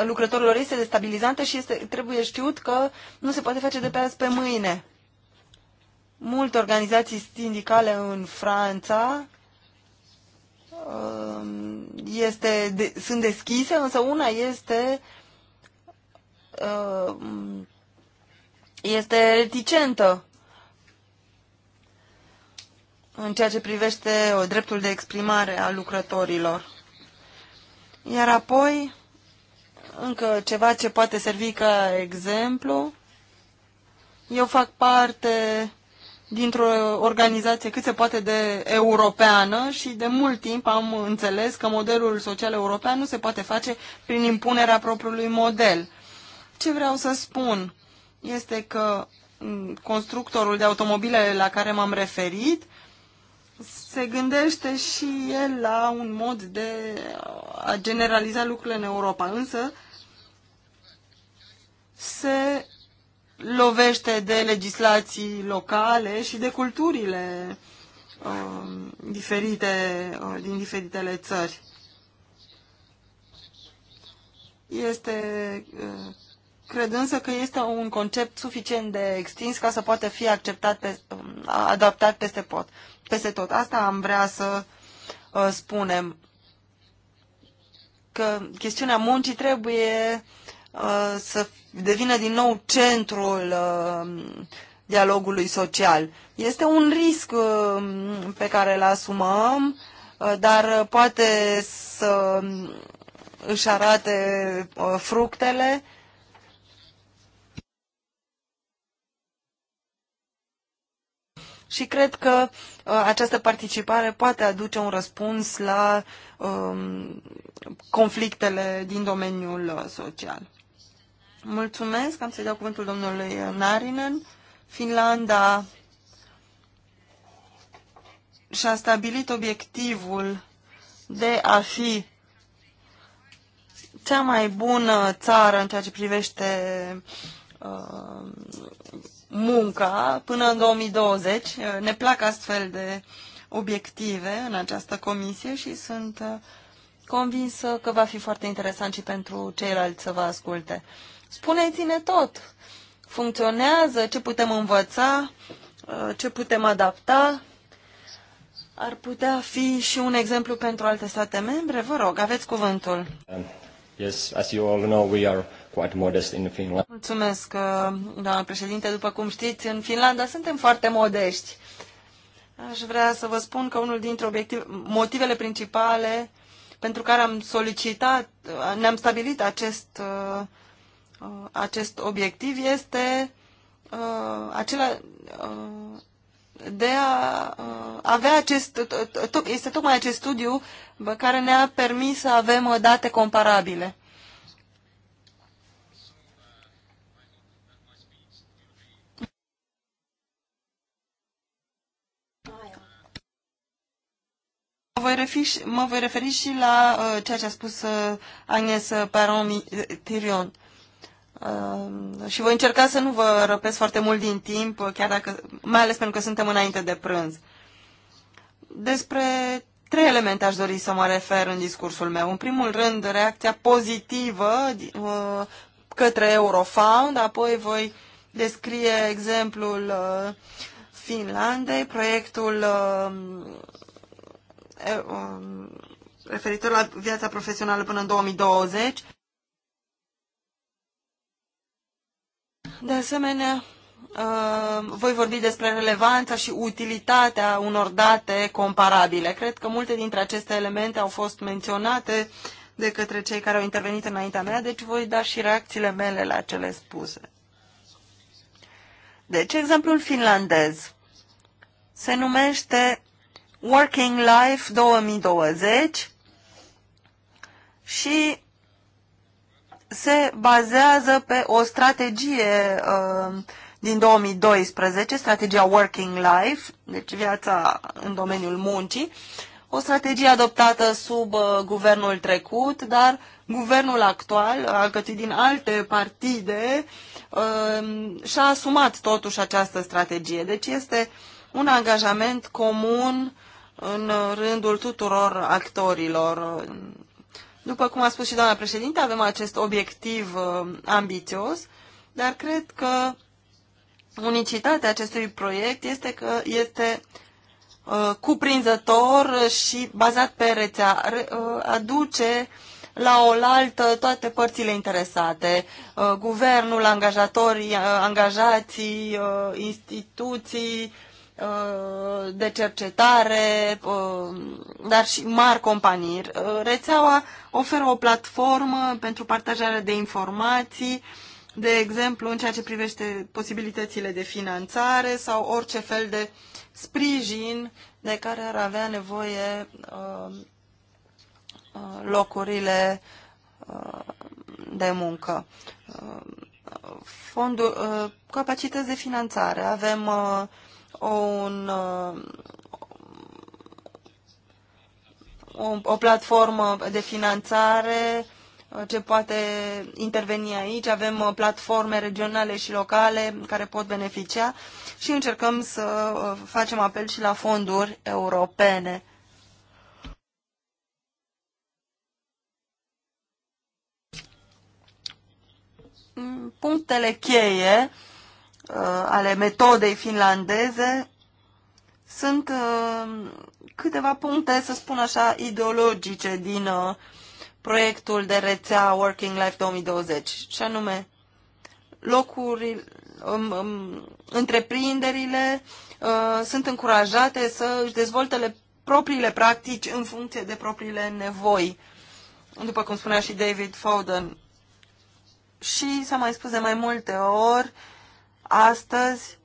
S3: ă, lucrătorilor este destabilizantă și este, trebuie știut că nu se poate face de pe azi pe mâine. Multe organizații sindicale în Franța ă, este, de, sunt deschise, însă una este ă, este reticentă în ceea ce privește dreptul de exprimare a lucrătorilor. Iar apoi, încă ceva ce poate servi ca exemplu, eu fac parte dintr-o organizație cât se poate de europeană și de mult timp am înțeles că modelul social european nu se poate face prin impunerea propriului model. Ce vreau să spun este că mm, constructorul de automobile la care m-am referit se gândește și el la un mod de a generaliza lucrurile în Europa, însă se lovește de legislații locale și de culturile uh, diferite uh, din diferitele țări. Este uh, Cred însă că este un concept suficient de extins ca să poată fi acceptat pe, um, adaptat peste, pot, peste tot. Asta am vrea să uh, spunem. Că chestiunea muncii trebuie uh, să devină din nou centrul uh, dialogului social. Este un risc uh, pe care îl asumăm, uh, dar poate să își arate uh, fructele și cred că uh, această participare poate aduce un răspuns la um, conflictele din domeniul uh, social. Mulțumesc, am să-i dau cuvântul domnului Narinen. Finlanda și-a stabilit obiectivul de a fi cea mai bună țară în ceea ce privește uh, munca până în 2020. Eh, ne plac astfel de obiective în această comisie și sunt eh, convinsă că va fi foarte interesant și pentru ceilalți să vă asculte. Spuneți-ne tot. Funcționează? Ce putem învăța? Eh, ce putem adapta? Ar putea fi și un exemplu pentru alte state membre? Vă rog, aveți cuvântul.
S2: Um, yes, as you all know, we are quite modest in Finland.
S3: Mulțumesc, uh, doamna președinte. După cum știți, în Finlanda suntem foarte modești. Aș vrea să vă spun că unul dintre obiective, motivele principale pentru care am solicitat, uh, ne-am stabilit acest, uh, acest obiectiv este acela de a avea acest, este tocmai acest studiu care ne-a permis să avem date comparabile. voi referi, mă voi referi și la uh, ceea ce a spus uh, Agnes uh, Paron-Tirion. Uh, și voi încerca să nu vă răpesc foarte mult din timp, uh, chiar dacă, mai ales pentru că suntem înainte de prânz. Despre trei elemente aș dori să mă refer în discursul meu. În primul rând, reacția pozitivă uh, către Eurofound, apoi voi descrie exemplul uh, Finlandei, proiectul uh, Um, referitor la viața profesională până în 2020. De asemenea, voi vorbi despre relevanța și utilitatea unor date comparabile. Cred că multe dintre aceste elemente au fost menționate de către cei care au intervenit înaintea mea, deci voi da și reacțiile mele la cele spuse. Deci, exemplul finlandez se numește Working Life 2020 și se bazează pe o strategie uh, din 2012, strategia Working Life, deci viața în domeniul muncii, o strategie adoptată sub uh, guvernul trecut, dar guvernul actual, alcătuit din alte partide, uh, și-a asumat totuși această strategie. Deci este un angajament comun în rândul tuturor actorilor. După cum a spus și doamna președinte, avem acest obiectiv uh, ambițios, dar cred că unicitatea acestui proiect este că este uh, cuprinzător și bazat pe rețea, uh, aduce la oaltă toate părțile interesate, guvernul, angajatorii, angajații, instituții, Uh, de cercetare, uh, dar și mari companii. Uh, rețeaua oferă o platformă pentru partajarea de informații, de exemplu, în ceea ce privește posibilitățile de finanțare sau orice fel de sprijin de care ar avea nevoie locurile de muncă. Fondul, capacități de finanțare. Avem uh, un, uh, o, o platformă de finanțare ce poate interveni aici. Avem uh, platforme regionale și locale care pot beneficia și încercăm să uh, facem apel și la fonduri europene. Punctele cheie Uh, ale metodei finlandeze sunt uh, câteva puncte, să spun așa, ideologice din uh, proiectul de rețea Working Life 2020, și anume locuri, um, um, întreprinderile sunt încurajate să își dezvolte propriile practici în funcție de propriile nevoi, după cum spunea și David Foden. Și s-a mai spus de mai multe ori, uh, Astăzi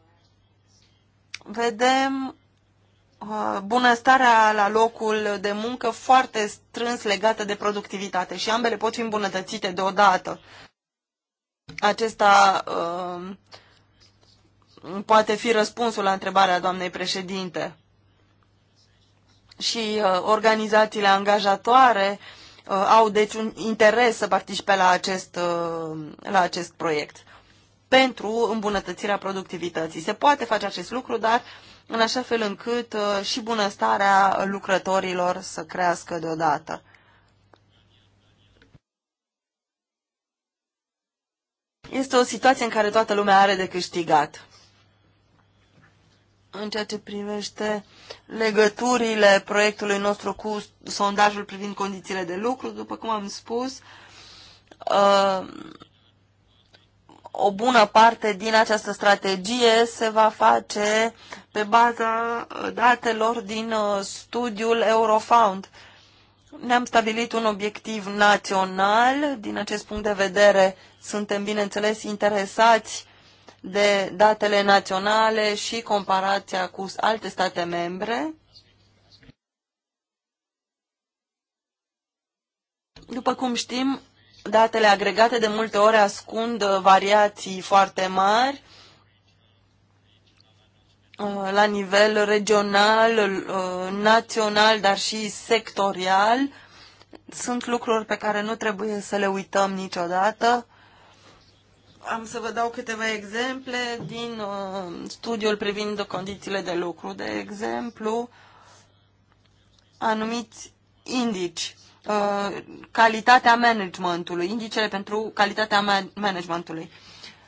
S3: vedem uh, bunăstarea la locul de muncă foarte strâns legată de productivitate și ambele pot fi îmbunătățite deodată. Acesta uh, poate fi răspunsul la întrebarea doamnei președinte. Și uh, organizațiile angajatoare uh, au deci un interes să participe la acest, uh, la acest proiect pentru îmbunătățirea productivității. Se poate face acest lucru, dar în așa fel încât uh, și bunăstarea lucrătorilor să crească deodată. Este o situație în care toată lumea are de câștigat. În ceea ce privește legăturile proiectului nostru cu sondajul privind condițiile de lucru, după cum am spus, uh, o bună parte din această strategie se va face pe baza uh, datelor din uh, studiul Eurofound. Ne-am stabilit un obiectiv național. Din acest punct de vedere, suntem, bineînțeles, interesați de datele naționale și comparația cu alte state membre. După cum știm, datele agregate de multe ori ascund uh, variații foarte mari uh, la nivel regional, uh, național, dar și sectorial. Sunt lucruri pe care nu trebuie să le uităm niciodată. Am să vă dau câteva exemple din studiul privind condițiile de lucru. De exemplu, anumiți indici Uh, calitatea managementului, indicele pentru calitatea managementului.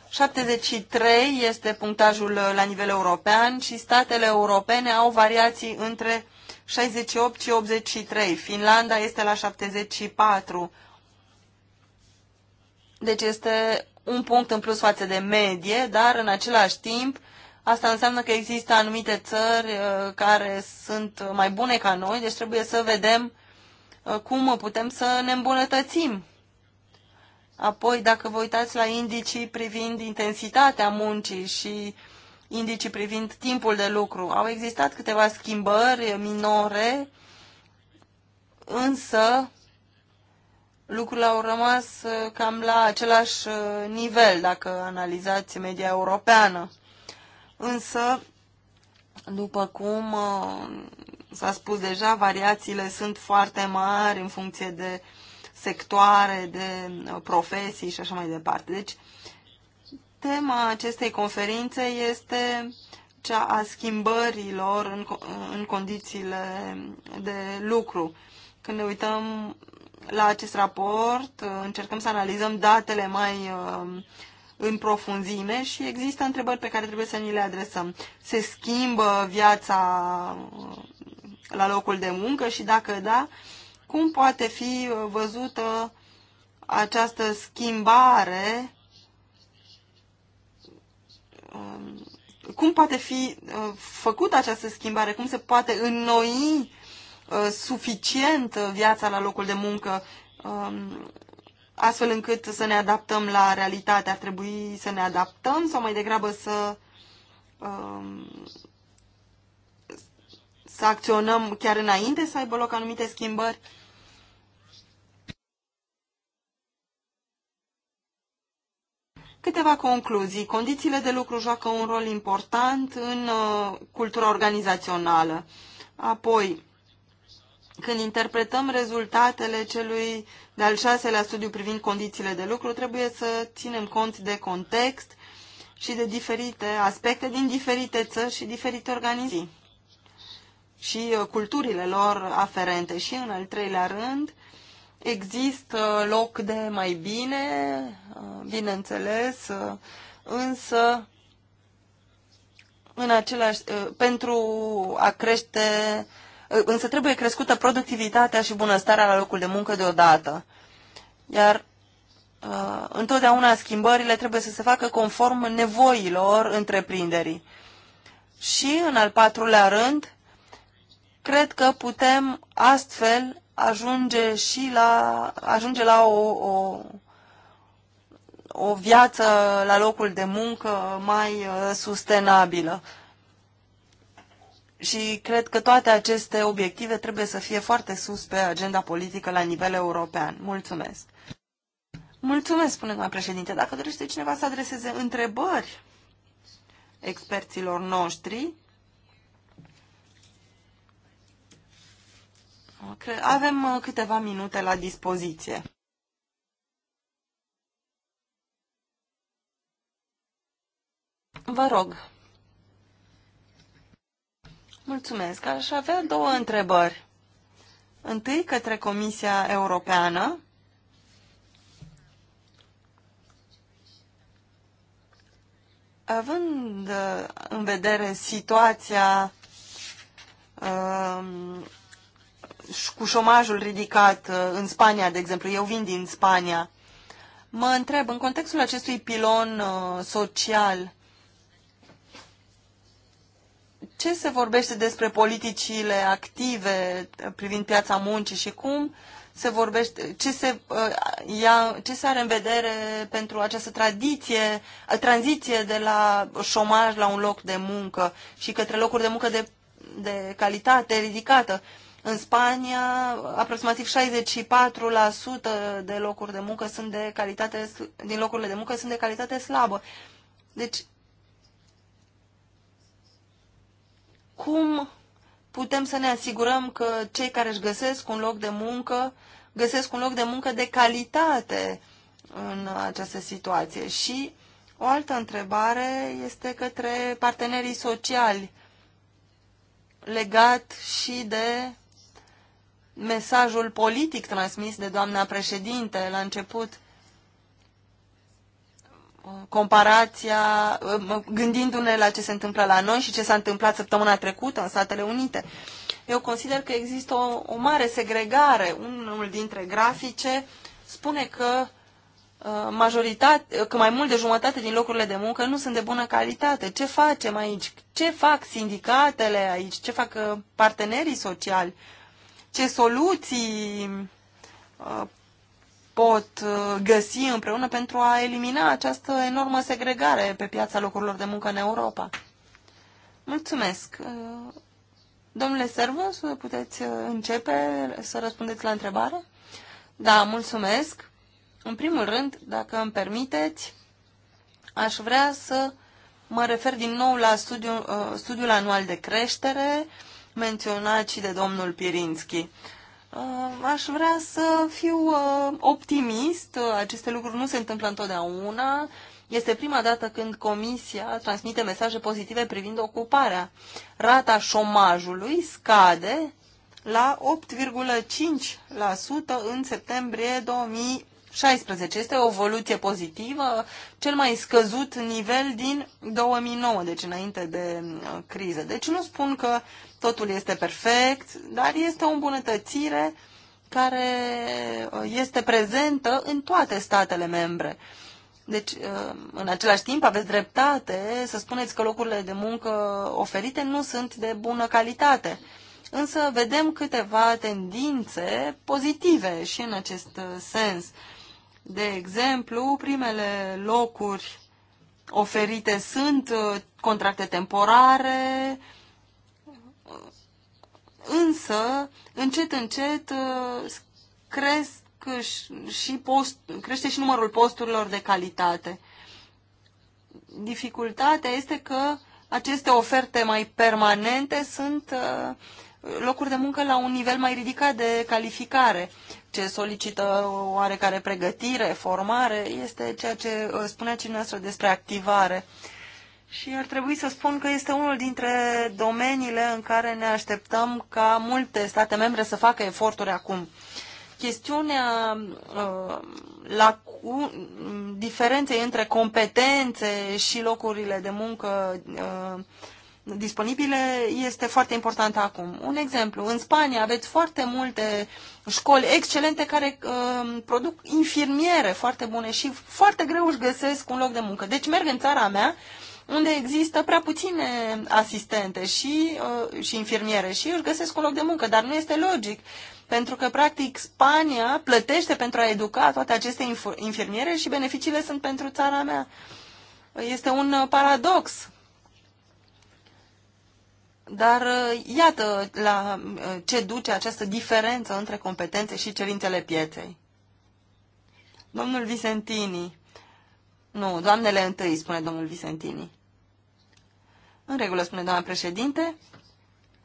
S3: 73 este punctajul uh, la nivel european și statele europene au variații între 68 și 83. Finlanda este la 74. Deci este un punct în plus față de medie, dar în același timp asta înseamnă că există anumite țări uh, care sunt mai bune ca noi, deci trebuie să vedem Uh, cum putem să ne îmbunătățim. Apoi, dacă vă uitați la indicii privind intensitatea muncii și indicii privind timpul de lucru, au existat câteva schimbări minore, însă lucrurile au rămas uh, cam la același uh, nivel, dacă analizați media europeană. Însă, după cum s-a spus deja, variațiile sunt foarte mari în funcție de sectoare, de uh, profesii și așa mai departe. Deci, tema acestei conferințe este cea a schimbărilor în, în condițiile de lucru. Când ne uităm la acest raport, uh, încercăm să analizăm datele mai uh, în profunzime și există întrebări pe care trebuie să ni le adresăm. Se schimbă viața la locul de muncă și dacă da, cum poate fi uh, văzută această schimbare um, cum poate fi uh, făcută această schimbare, cum se poate înnoi uh, suficient viața la locul de muncă um, astfel încât să ne adaptăm la realitate. Ar trebui să ne adaptăm sau mai degrabă să um, să acționăm chiar înainte să aibă loc anumite schimbări? Câteva concluzii. Condițiile de lucru joacă un rol important în uh, cultura organizațională. Apoi, când interpretăm rezultatele celui de-al șaselea studiu privind condițiile de lucru, trebuie să ținem cont de context și de diferite aspecte din diferite țări și diferite organizații și uh, culturile lor aferente. Și în al treilea rând, există loc de mai bine, uh, bineînțeles, uh, însă în același, pentru a crește, însă trebuie crescută productivitatea și bunăstarea la locul de muncă deodată. Iar întotdeauna schimbările trebuie să se facă conform nevoilor întreprinderii. Și, în al patrulea rând, Cred că putem astfel ajunge și la, ajunge la o, o, o viață la locul de muncă mai uh, sustenabilă. Și cred că toate aceste obiective trebuie să fie foarte sus pe agenda politică la nivel european. Mulțumesc! Mulțumesc, spune doamna președinte. Dacă dorește cineva să adreseze întrebări experților noștri, Avem uh, câteva minute la dispoziție. Vă rog. Mulțumesc. Aș avea două întrebări. Întâi către Comisia Europeană. Având uh, în vedere situația um, cu șomajul ridicat uh, în Spania, de exemplu. Eu vin din Spania. Mă întreb, în contextul acestui pilon uh, social, ce se vorbește despre politicile active uh, privind piața muncii și cum se vorbește, ce se, ia, ce se are în vedere pentru această tradiție, tranziție de la șomaj la un loc de muncă și către locuri de muncă de, de calitate ridicată? Uh, în Spania, aproximativ 64% de locuri de muncă sunt de calitate, din locurile de muncă sunt de calitate slabă. Deci, cum putem să ne asigurăm că cei care își găsesc un loc de muncă, găsesc un loc de muncă de calitate în această situație? Și o altă întrebare este către partenerii sociali legat și de mesajul politic transmis de doamna președinte la început, comparația, gândindu-ne la ce se întâmplă la noi și ce s-a întâmplat săptămâna trecută în Statele Unite. Eu consider că există o, o mare segregare. Unul dintre grafice spune că uh, majoritate, că mai mult de jumătate din locurile de muncă nu sunt de bună calitate. Ce facem aici? Ce fac sindicatele aici? Ce fac uh, partenerii sociali? Uh, ce soluții uh, pot uh, găsi împreună pentru a elimina această enormă segregare pe piața locurilor de muncă în Europa. Mulțumesc. Uh, domnule Servus, puteți începe să răspundeți la întrebare? Da, mulțumesc. În primul rând, dacă îmi permiteți, aș vrea să mă refer din nou la studiul, studiul anual de creștere menționat și de domnul Pirinski. Uh, aș vrea să fiu uh, optimist. Aceste lucruri nu se întâmplă întotdeauna. Este prima dată când Comisia transmite mesaje pozitive privind ocuparea. Rata șomajului scade la 8,5% în septembrie 2016. Este o evoluție pozitivă, cel mai scăzut nivel din 2009, deci înainte de uh, criză. Deci nu spun că totul este perfect, dar este o îmbunătățire care uh, este prezentă în toate statele membre. Deci, uh, în același timp, aveți dreptate să spuneți că locurile de muncă oferite nu sunt de bună calitate. Însă vedem câteva tendințe pozitive și în acest uh, sens. De exemplu, primele locuri oferite sunt contracte temporare, însă încet, încet uh, cresc și post, crește și numărul posturilor de calitate. Dificultatea este că aceste oferte mai permanente sunt uh, locuri de muncă la un nivel mai ridicat de calificare. Ce solicită oarecare pregătire, formare, este ceea ce uh, spunea cineva despre activare. Uh, și ar trebui să spun că este unul dintre domeniile în care ne așteptăm ca multe state membre să facă eforturi acum. Chestiunea uh, la cu, diferenței între competențe și locurile de muncă uh, disponibile este foarte importantă acum. Un exemplu, în Spania aveți foarte multe școli excelente care uh, produc infirmiere foarte bune și foarte greu își găsesc un loc de muncă. Deci merg în țara mea uh, unde există prea puține asistente și, uh, și infirmiere și își găsesc un loc de muncă, dar nu este logic. Pentru că, practic, Spania plătește pentru a educa toate aceste infirmiere și beneficiile sunt pentru țara mea. Este un uh, paradox. Dar uh, iată la ce duce această diferență între competențe și cerințele pieței. Domnul Vicentini, nu, doamnele întâi, spune domnul Vicentini. În regulă, spune doamna președinte.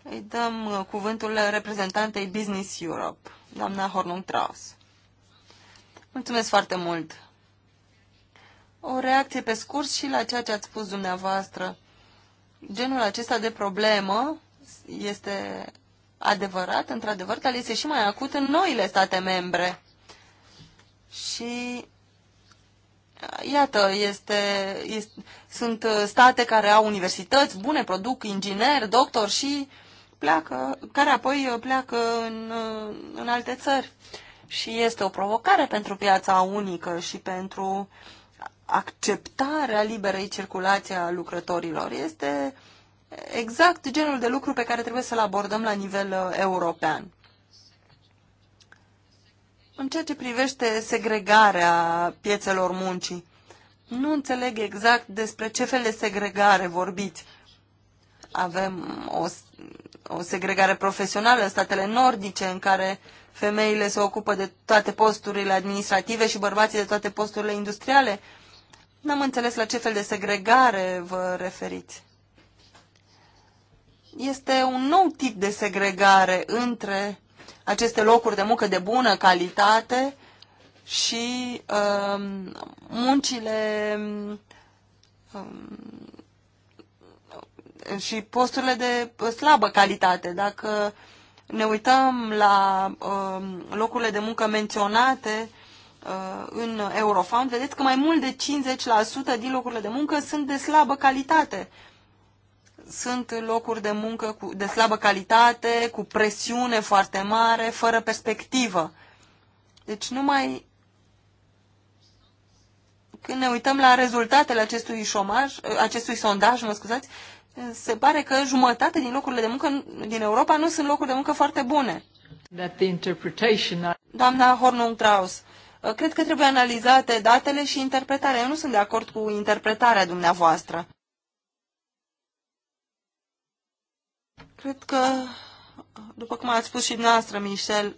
S3: Îi dăm uh, cuvântul reprezentantei Business Europe, doamna Hornung Traus. Mulțumesc foarte mult. O reacție pe scurs și la ceea ce ați spus dumneavoastră. Genul acesta de problemă este adevărat, într-adevăr, dar este și mai acut în noile state membre. Și Iată, este, este, sunt uh, state care au universități bune, produc ingineri, doctori și pleacă, care apoi uh, pleacă în, uh, în alte țări. Și este o provocare pentru piața unică și pentru acceptarea liberei circulații a lucrătorilor. Este exact genul de lucru pe care trebuie să-l abordăm la nivel european. În ceea ce privește segregarea piețelor muncii, nu înțeleg exact despre ce fel de segregare vorbiți. Avem o, o segregare profesională în statele nordice în care femeile se ocupă de toate posturile administrative și bărbații de toate posturile industriale. N-am înțeles la ce fel de segregare vă referiți. Este un nou tip de segregare între aceste locuri de muncă de bună calitate și uh, muncile uh, și posturile de slabă calitate. Dacă ne uităm la uh, locurile de muncă menționate uh, în Eurofound, vedeți că mai mult de 50% din locurile de muncă sunt de slabă calitate. Uh, sunt locuri de muncă cu, de slabă calitate, cu presiune foarte mare, fără perspectivă. Deci numai când ne uităm la rezultatele acestui șomaj, acestui sondaj, mă scuzați, se pare că jumătate din locurile de muncă din Europa nu sunt locuri de muncă foarte bune. Doamna Hornung Traus, cred că trebuie analizate datele și interpretarea. Eu nu sunt de acord cu interpretarea dumneavoastră. Cred că, după cum ați spus și dumneavoastră, Michel,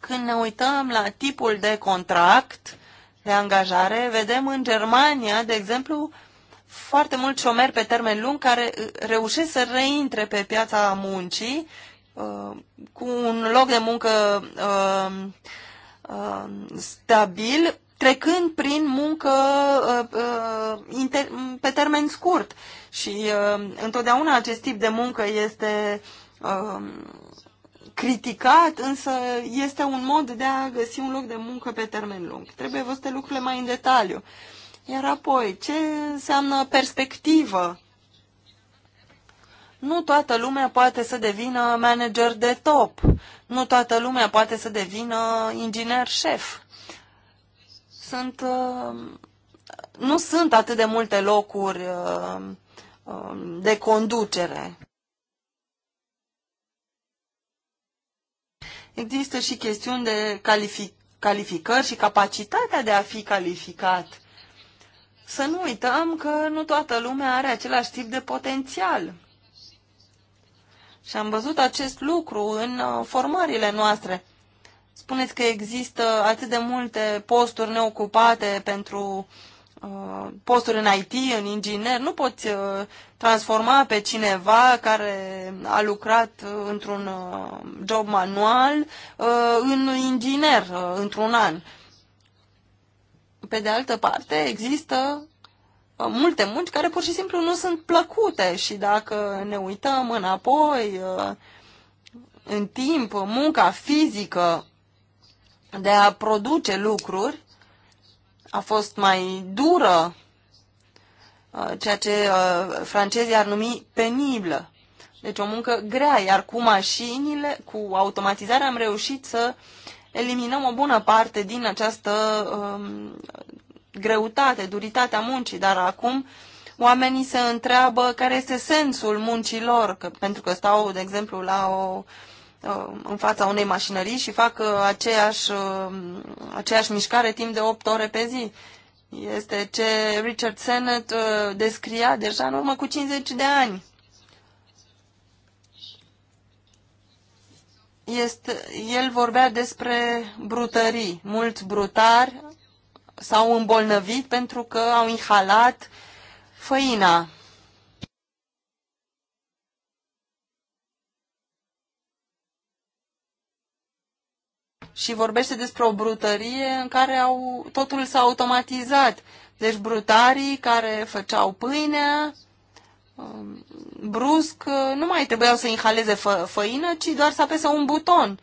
S3: când ne uităm la tipul de contract de angajare, vedem în Germania, de exemplu, foarte mulți șomeri pe termen lung care uh, reușesc să reintre pe piața muncii uh, cu un loc de muncă uh, stabil trecând prin muncă uh, uh, pe termen scurt. Și uh, întotdeauna acest tip de muncă este criticat, însă este un mod de a găsi un loc de muncă pe termen lung. Trebuie văzute lucrurile mai în detaliu. Iar apoi, ce înseamnă perspectivă? Nu toată lumea poate să devină manager de top. Nu toată lumea poate să devină inginer șef sunt, uh, nu sunt atât de multe locuri uh, uh, de conducere. Există și chestiuni de calific calificări și capacitatea de a fi calificat. Să nu uităm că nu toată lumea are același tip de potențial. Și am văzut acest lucru în formările noastre. Spuneți că există atât de multe posturi neocupate pentru uh, posturi în IT, în inginer. Nu poți uh, transforma pe cineva care a lucrat uh, într-un job manual în inginer într-un an. Pe de altă parte, există multe munci care pur și simplu nu sunt plăcute și dacă ne uităm înapoi, în timp, munca fizică de a produce lucruri a fost mai dură, uh, ceea ce uh, francezii ar numi penibilă. Deci o muncă grea, iar cu mașinile, cu automatizarea am reușit să eliminăm o bună parte din această um, greutate, duritatea muncii, dar acum oamenii se întreabă care este sensul muncilor, că, pentru că stau, de exemplu, la o uh, Uh, în fața unei mașinării și fac uh, aceeași, uh, aceeași mișcare timp de 8 ore pe zi. Este ce Richard Sennett descria deja în urmă cu 50 de ani. Este, el vorbea despre brutării. Mulți brutari s-au îmbolnăvit pentru că au inhalat făina și vorbește despre o brutărie în care au, totul s-a automatizat. Deci brutarii care făceau pâinea, um, brusc, nu mai trebuiau să inhaleze fă, făină, ci doar să apese un buton.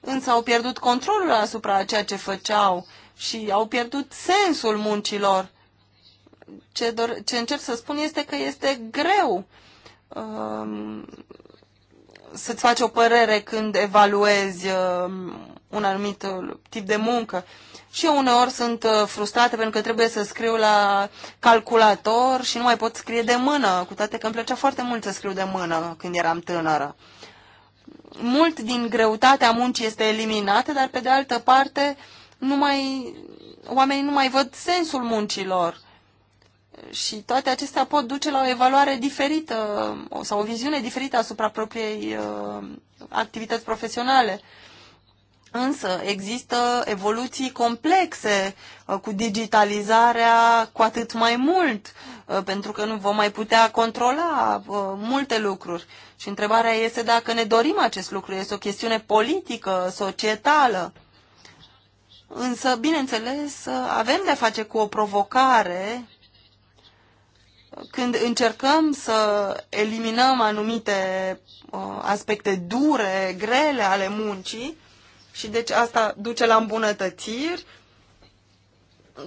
S3: Însă au pierdut controlul asupra ceea ce făceau și au pierdut sensul muncilor. Ce, dor, ce încerc să spun este că este greu um, să-ți faci o părere când evaluezi uh, un anumit uh, tip de muncă. Și eu uneori sunt uh, frustrată pentru că trebuie să scriu la calculator și nu mai pot scrie de mână, cu toate că îmi plăcea foarte mult să scriu de mână când eram tânără. Mult din greutatea muncii este eliminată, dar pe de altă parte nu mai, oamenii nu mai văd sensul muncilor. Și toate acestea pot duce la o evaluare diferită sau o viziune diferită asupra propriei uh, activități profesionale. Însă există evoluții complexe uh, cu digitalizarea cu atât mai mult, uh, pentru că nu vom mai putea controla uh, multe lucruri. Și întrebarea este dacă ne dorim acest lucru. Este o chestiune politică, societală. Însă, bineînțeles, uh, avem de-a face cu o provocare când încercăm să eliminăm anumite uh, aspecte dure, grele ale muncii, și deci asta duce la îmbunătățiri,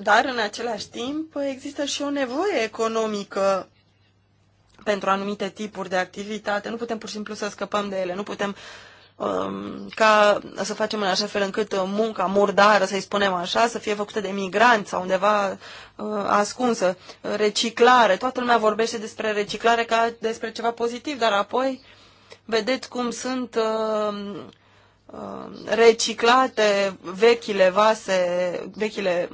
S3: dar în același timp există și o nevoie economică pentru anumite tipuri de activitate. Nu putem pur și simplu să scăpăm de ele, nu putem Um, ca să facem în așa fel încât munca murdară, să-i spunem așa, să fie făcută de migranți sau undeva uh, ascunsă, reciclare. Toată lumea vorbește despre reciclare ca despre ceva pozitiv, dar apoi vedeți cum sunt um, um, reciclate vechile vase, vechile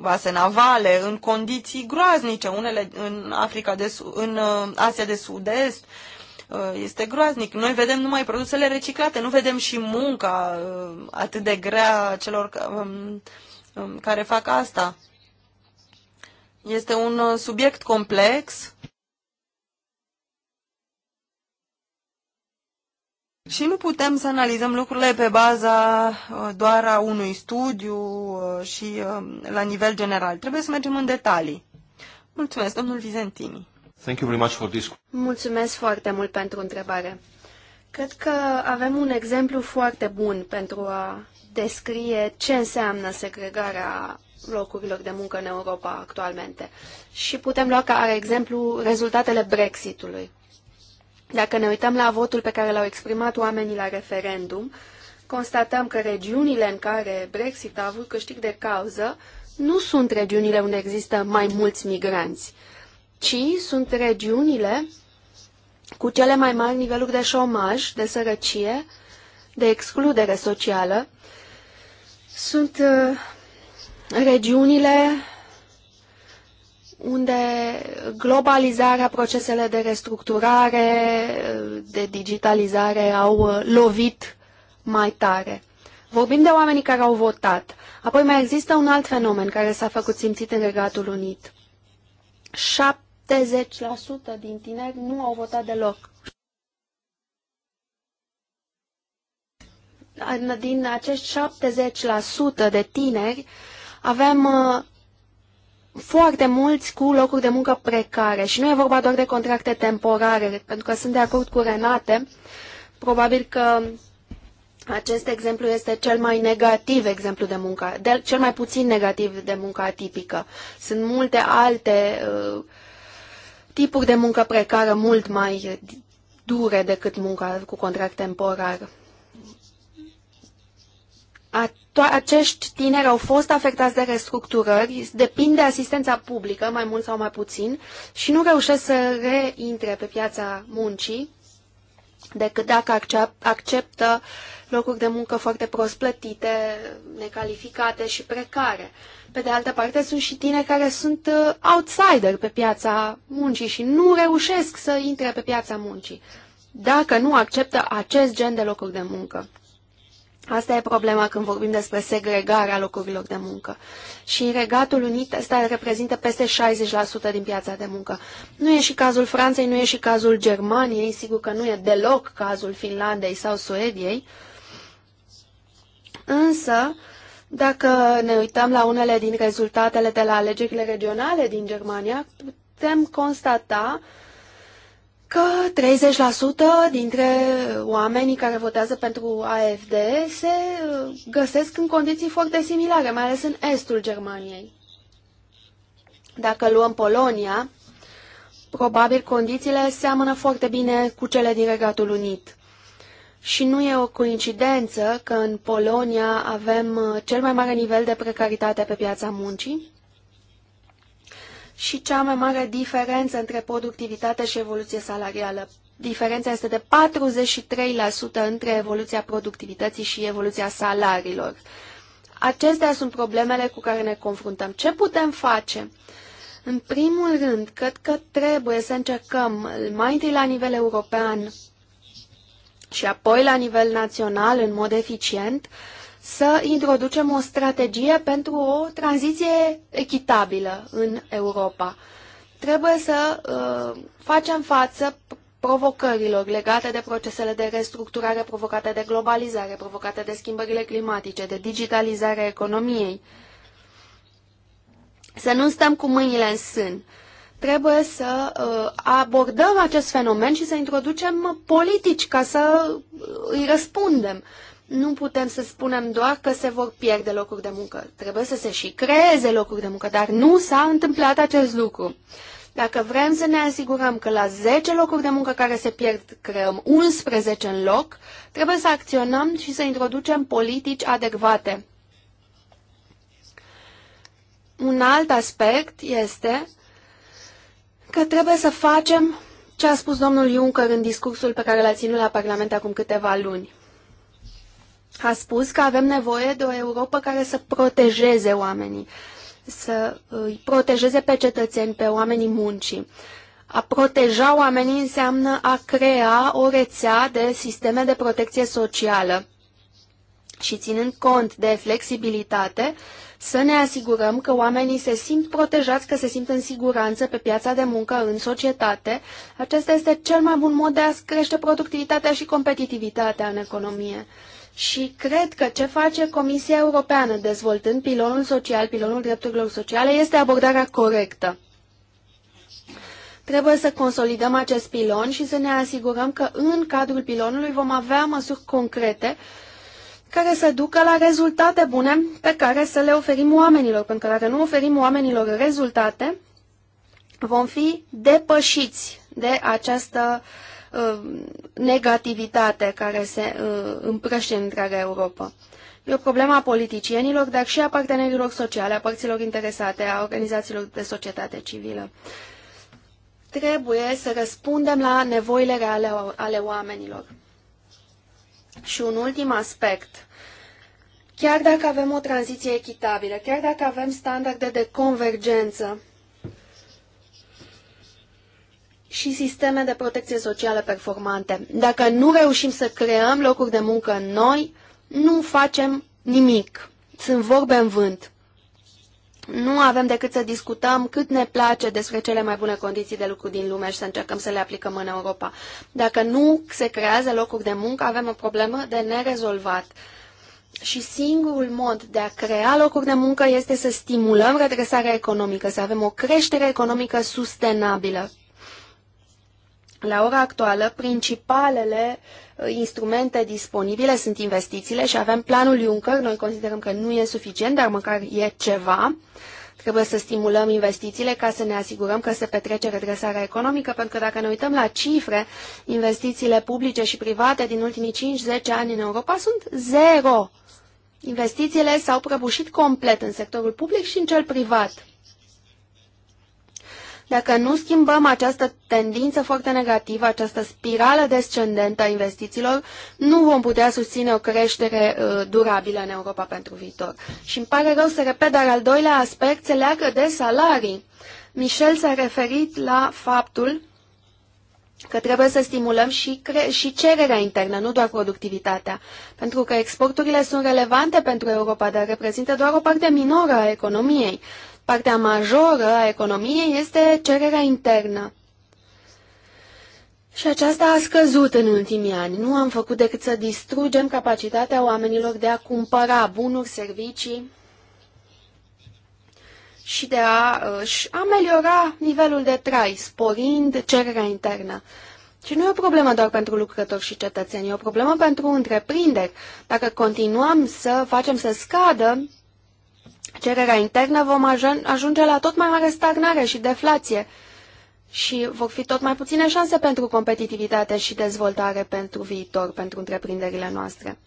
S3: vase navale în condiții groaznice, unele în Africa de în uh, Asia de Sud-Est, Uh, este groaznic. Noi vedem numai produsele reciclate, nu vedem și munca uh, atât de grea celor um, um, care fac asta. Este un uh, subiect complex. Și nu putem să analizăm lucrurile pe baza doar a unui studiu și la nivel general. Trebuie să mergem în detalii.
S1: Mulțumesc, domnul Vizentini.
S3: Thank you very much for this.
S1: Mulțumesc foarte mult pentru întrebare. Cred că avem un exemplu foarte bun pentru a descrie ce înseamnă segregarea locurilor de muncă în Europa actualmente. Și putem lua ca exemplu rezultatele Brexitului. Dacă ne uităm la votul pe care l-au exprimat oamenii la referendum, constatăm că regiunile în care Brexit a avut câștig de cauză nu sunt regiunile unde există mai mulți migranți ci sunt regiunile cu cele mai mari niveluri de șomaj, de sărăcie, de excludere socială. Sunt uh, regiunile unde globalizarea, procesele de restructurare, uh, de digitalizare au uh, lovit mai tare. Vorbim de oamenii care au votat. Apoi mai există un alt fenomen care s-a făcut simțit în Regatul Unit. Șap- 70% din tineri nu au votat deloc. Din acești 70% de tineri avem uh, foarte mulți cu locuri de muncă precare și nu e vorba doar de contracte temporare, pentru că sunt de acord cu Renate, probabil că acest exemplu este cel mai negativ exemplu de muncă, de, cel mai puțin negativ de muncă atipică. Sunt multe alte uh, tipuri de muncă precară mult mai dure decât munca cu contract temporar. acești tineri au fost afectați de restructurări, depind de asistența publică, mai mult sau mai puțin, și nu reușesc să reintre pe piața muncii decât dacă acceptă uh, locuri de muncă foarte prost plătite, necalificate și precare. Pe de altă parte, sunt și tineri care sunt uh, outsider pe piața muncii și nu reușesc să intre pe piața muncii dacă nu acceptă acest gen de locuri de muncă. Asta e problema când vorbim despre segregarea locurilor de muncă. Și în Regatul Unit asta reprezintă peste 60% din piața de muncă. Nu e și cazul Franței, nu e și cazul Germaniei, sigur că nu e deloc cazul Finlandei sau Suediei, Însă, dacă ne uităm la unele din rezultatele de la alegerile regionale din Germania, putem constata că 30% dintre oamenii care votează pentru AFD se uh, găsesc în condiții foarte similare, mai ales în estul Germaniei. Dacă luăm Polonia, probabil condițiile seamănă foarte bine cu cele din Regatul Unit. Și nu e o coincidență că în Polonia avem uh, cel mai mare nivel de precaritate pe piața muncii și cea mai mare diferență între productivitate și evoluție salarială. Diferența este de 43% între evoluția productivității și evoluția salariilor. Acestea sunt problemele cu care ne confruntăm. Ce putem face? În primul rând, cred că trebuie să încercăm mai întâi la nivel european și apoi la nivel național, în mod eficient, să introducem o strategie pentru o tranziție echitabilă în Europa. Trebuie să uh, facem față provocărilor legate de procesele de restructurare provocate de globalizare, provocate de schimbările climatice, de digitalizarea economiei. Să nu stăm cu mâinile în sân. Uh, Trebuie să uh, abordăm acest fenomen și să introducem politici ca să uh, îi răspundem. Nu putem să spunem doar că se vor pierde locuri de muncă. Trebuie să se și creeze locuri de muncă, dar nu s-a întâmplat acest lucru. Dacă vrem să ne asigurăm că la 10 locuri de muncă care se pierd creăm 11 în loc, trebuie să acționăm și să introducem politici adecvate. Un alt aspect este că trebuie să facem ce a spus domnul Juncker în discursul pe care l-a ținut la Parlament acum câteva luni. A spus că avem nevoie de o Europa care să protejeze oamenii, să îi protejeze pe cetățeni, pe oamenii muncii. A proteja oamenii înseamnă a crea o rețea de sisteme de protecție socială și ținând cont de flexibilitate, să ne asigurăm că oamenii se simt protejați, că se simt în siguranță pe piața de muncă, în societate. Acesta este cel mai bun mod de a crește productivitatea și competitivitatea în economie. Și cred că ce face Comisia Europeană, dezvoltând pilonul social, pilonul drepturilor sociale, este abordarea corectă. Trebuie să consolidăm acest pilon și să ne asigurăm că în cadrul pilonului vom avea măsuri concrete care să ducă la rezultate bune pe care să le oferim oamenilor, pentru că dacă nu oferim oamenilor rezultate, vom fi depășiți de această uh, negativitate care se uh, împrăște în întreaga Europa. E o problemă a politicienilor, dar și a partenerilor sociale, a părților interesate, a organizațiilor de societate civilă. Trebuie să răspundem la nevoile reale ale oamenilor. Și un ultim aspect. Chiar dacă avem o tranziție echitabilă, chiar dacă avem standarde de convergență și sisteme de protecție socială performante, dacă nu reușim să creăm locuri de muncă noi, nu facem nimic. Sunt vorbe în vânt. Nu avem decât să discutăm cât ne place despre cele mai bune condiții de lucru din lume și să încercăm să le aplicăm în Europa. Dacă nu se creează locuri de muncă, avem o problemă de nerezolvat. Și singurul mod de a crea locuri de muncă este să stimulăm redresarea economică, să avem o creștere economică sustenabilă. La ora actuală, principalele uh, instrumente disponibile sunt investițiile și avem planul Juncker. Noi considerăm că nu e suficient, dar măcar e ceva. Trebuie să stimulăm investițiile ca să ne asigurăm că se petrece redresarea economică, pentru că dacă ne uităm la cifre, investițiile publice și private din ultimii 5-10 ani în Europa sunt zero. Investițiile s-au prăbușit complet în sectorul public și în cel privat. Dacă nu schimbăm această tendință foarte negativă, această spirală descendentă a investițiilor, nu vom putea susține o creștere uh, durabilă în Europa pentru viitor. Și îmi pare rău să repet, dar al doilea aspect se leagă de salarii. Michel s-a referit la faptul că trebuie să stimulăm și, și cererea internă, nu doar productivitatea. Pentru că exporturile sunt relevante pentru Europa, dar reprezintă doar o parte minoră a economiei. Partea majoră a economiei este cererea internă. Și aceasta a scăzut în ultimii ani. Nu am făcut decât să distrugem capacitatea oamenilor de a cumpăra bunuri, servicii și de a și ameliora nivelul de trai, sporind cererea internă. Și nu e o problemă doar pentru lucrători și cetățeni, e o problemă pentru întreprinderi. Dacă continuăm să facem să scadă cererea internă, vom ajunge la tot mai mare stagnare și deflație și vor fi tot mai puține șanse pentru competitivitate și dezvoltare pentru viitor, pentru întreprinderile noastre.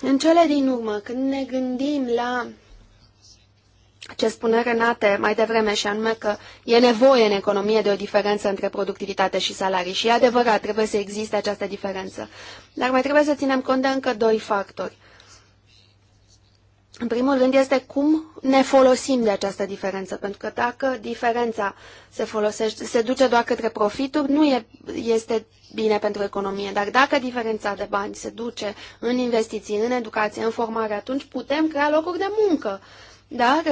S1: În cele din urmă, când ne gândim la ce spune Renate mai devreme și anume că e nevoie în economie de o diferență între productivitate și salarii și e adevărat, trebuie să existe această diferență. Dar mai trebuie să ținem cont de încă doi factori. În primul rând este cum ne folosim de această diferență, pentru că dacă diferența se folosește, se duce doar către profituri, nu e, este bine pentru economie, dar dacă diferența de bani se duce în investiții, în educație, în formare, atunci putem crea locuri de muncă. Dar,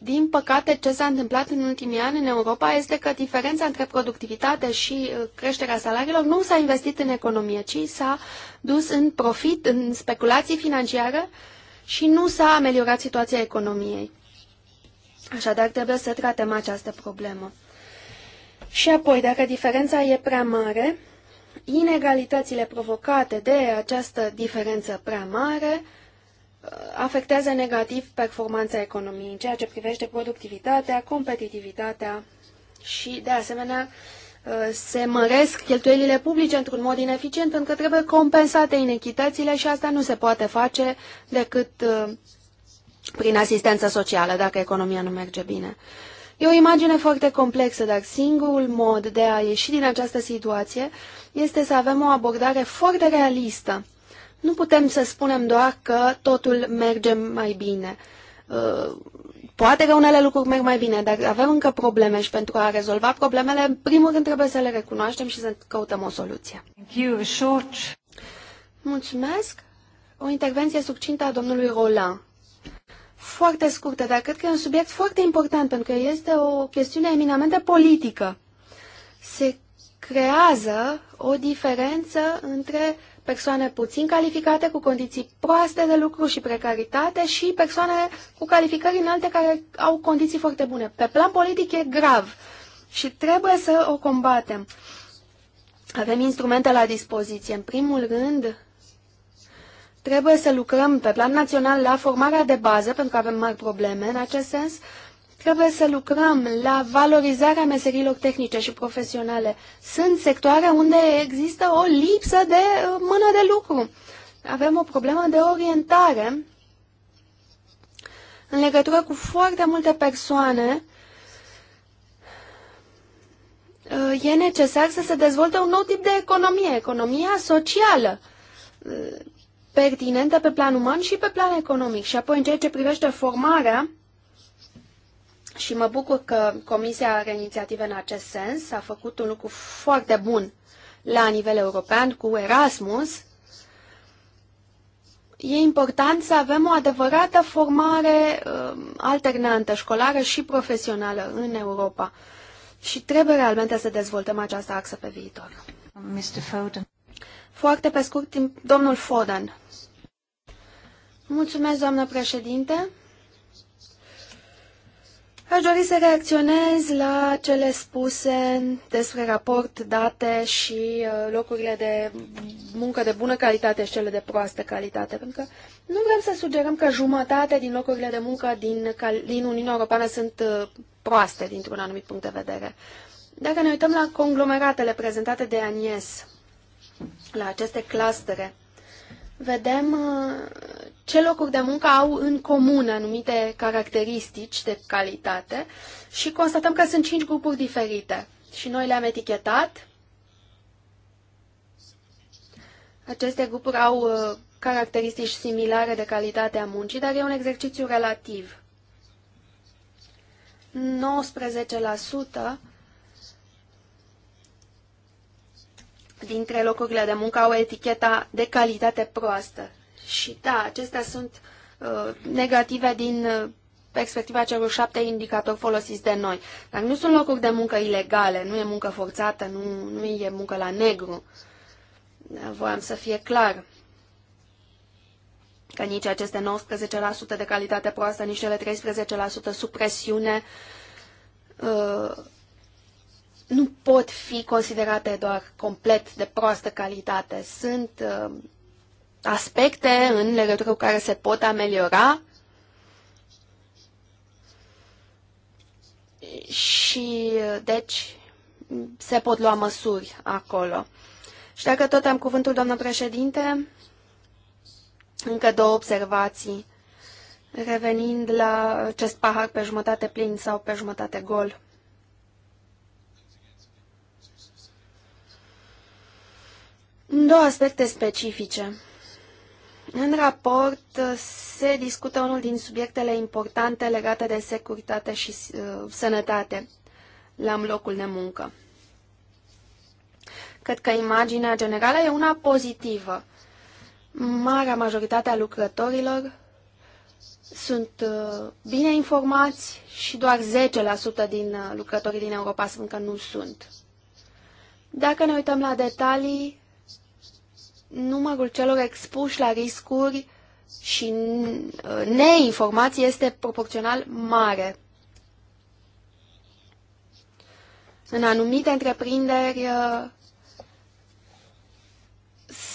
S1: din păcate, ce s-a întâmplat în ultimii ani în Europa este că diferența între productivitate și uh, creșterea salariilor nu s-a investit în economie, ci s-a dus în profit, în speculații financiare, și nu s-a ameliorat situația economiei. Așadar, trebuie să tratăm această problemă. Și apoi, dacă diferența e prea mare, inegalitățile provocate de această diferență prea mare uh, afectează negativ performanța economiei în ceea ce privește productivitatea, competitivitatea și, de asemenea, Uh, se măresc cheltuielile publice într-un mod ineficient, încă trebuie compensate inechitățile și asta nu se poate face decât uh, prin asistență socială, dacă economia nu merge bine. E o imagine foarte complexă, dar singurul mod de a ieși din această situație este să avem o abordare foarte realistă. Nu putem să spunem doar că totul merge mai bine. Uh, Poate că unele lucruri merg mai bine, dar avem încă probleme și pentru a rezolva problemele, în primul rând trebuie să le recunoaștem și să căutăm o soluție. Mulțumesc. O intervenție succintă a domnului Roland. Foarte scurtă, dar cred că e un subiect foarte important, pentru că este o chestiune eminamente politică. Se creează o diferență între persoane puțin calificate, cu condiții proaste de lucru și precaritate și persoane cu calificări înalte care au condiții foarte bune. Pe plan politic e grav și trebuie să o combatem. Avem instrumente la dispoziție. În primul rând, trebuie să lucrăm pe plan național la formarea de bază, pentru că avem mari probleme în acest sens, Trebuie să lucrăm la valorizarea meserilor tehnice și profesionale. Sunt sectoare unde există o lipsă de uh, mână de lucru. Avem o problemă de orientare în legătură cu foarte multe persoane uh, e necesar să se dezvolte un nou tip de economie, economia socială, uh, pertinentă pe plan uman și pe plan economic. Și apoi, în ceea ce privește formarea, și mă bucur că Comisia are inițiative în acest sens. A făcut un lucru foarte bun la nivel european cu Erasmus. E important să avem o adevărată formare um, alternantă, școlară și profesională în Europa. Și trebuie realmente să dezvoltăm această axă pe viitor. Mr. Foden. Foarte pe scurt, domnul Foden. Mulțumesc, doamnă președinte. Aș dori să reacționez la cele spuse despre raport, date și uh, locurile de muncă de bună calitate și cele de proastă calitate, pentru că nu vrem să sugerăm că jumătate din locurile de muncă din, din Uniunea Europeană sunt uh, proaste dintr-un anumit punct de vedere. Dacă ne uităm la conglomeratele prezentate de Anies, la aceste clustere, vedem uh, ce locuri de muncă au în comun anumite caracteristici de calitate și constatăm că sunt cinci grupuri diferite și noi le-am etichetat. Aceste grupuri au uh, caracteristici similare de calitate a muncii, dar e un exercițiu relativ. 19% dintre locurile de muncă au eticheta de calitate proastă. Și da, acestea sunt uh, negative din uh, perspectiva celor șapte indicatori folosiți de noi. Dar nu sunt locuri de muncă ilegale, nu e muncă forțată, nu, nu e muncă la negru. Da, voiam să fie clar că nici aceste 19% de calitate proastă, nici cele 13% supresiune uh, nu pot fi considerate doar complet de proastă calitate. Sunt uh, aspecte în legătură cu care se pot ameliora și deci se pot lua măsuri acolo. Și dacă tot am cuvântul, doamnă președinte, încă două observații, revenind la acest pahar pe jumătate plin sau pe jumătate gol. Două aspecte specifice. În raport uh, se discută unul din subiectele importante legate de securitate și uh, sănătate la locul de muncă. Cred că imaginea generală e una pozitivă. Marea majoritate a lucrătorilor sunt uh, bine informați și doar 10% din lucrătorii din Europa spun că nu sunt. Dacă ne uităm la detalii, numărul celor expuși la riscuri și uh, neinformații este proporțional mare. În anumite întreprinderi uh,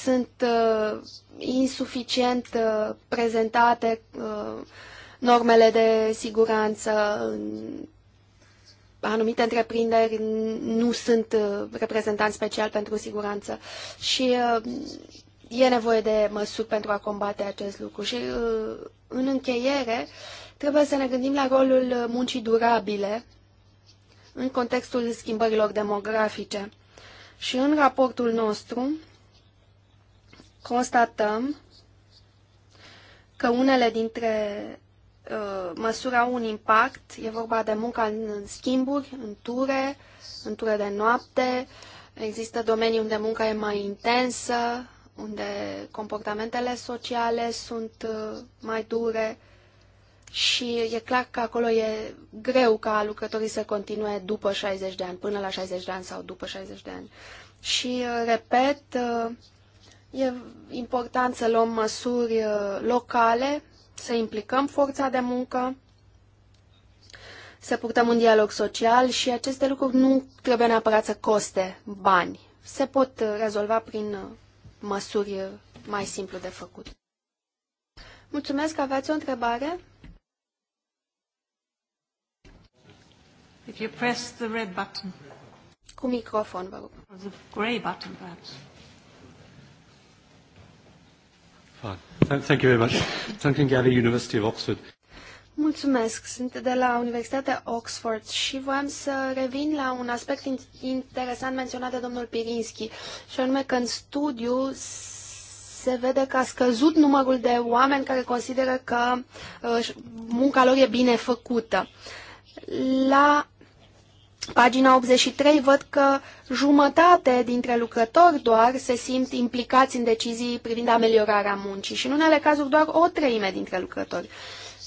S1: sunt uh, insuficient prezentate normele de siguranță în anumite întreprinderi nu sunt uh, reprezentanți special pentru siguranță și uh, e nevoie de măsuri pentru a combate acest lucru. Și uh, în încheiere, trebuie să ne gândim la rolul muncii durabile în contextul schimbărilor demografice. Și în raportul nostru constatăm că unele dintre Uh, măsura un impact. E vorba de munca în schimburi, în ture, în ture de noapte. Există domenii unde munca e mai intensă, unde comportamentele sociale sunt uh, mai dure și e clar că acolo e greu ca lucrătorii să continue după 60 de ani, până la 60 de ani sau după 60 de ani. Și, uh, repet, e important să luăm măsuri locale să implicăm forța de muncă, să purtăm un dialog social și aceste lucruri nu trebuie neapărat să coste bani. Se pot rezolva prin măsuri mai simplu de făcut. Mulțumesc, aveți o întrebare? If you press the red button. Cu microfon, vă rog. the gray button, perhaps.
S3: Thank you very much. University of Oxford.
S1: Mulțumesc. Sunt de la Universitatea Oxford și voiam să revin la un aspect interesant menționat de domnul Pirinski, și anume că în studiu se vede că a scăzut numărul de oameni care consideră că uh, munca lor e bine făcută. La Pagina 83 văd că jumătate dintre lucrători doar se simt implicați în decizii privind ameliorarea muncii și în unele cazuri doar o treime dintre lucrători.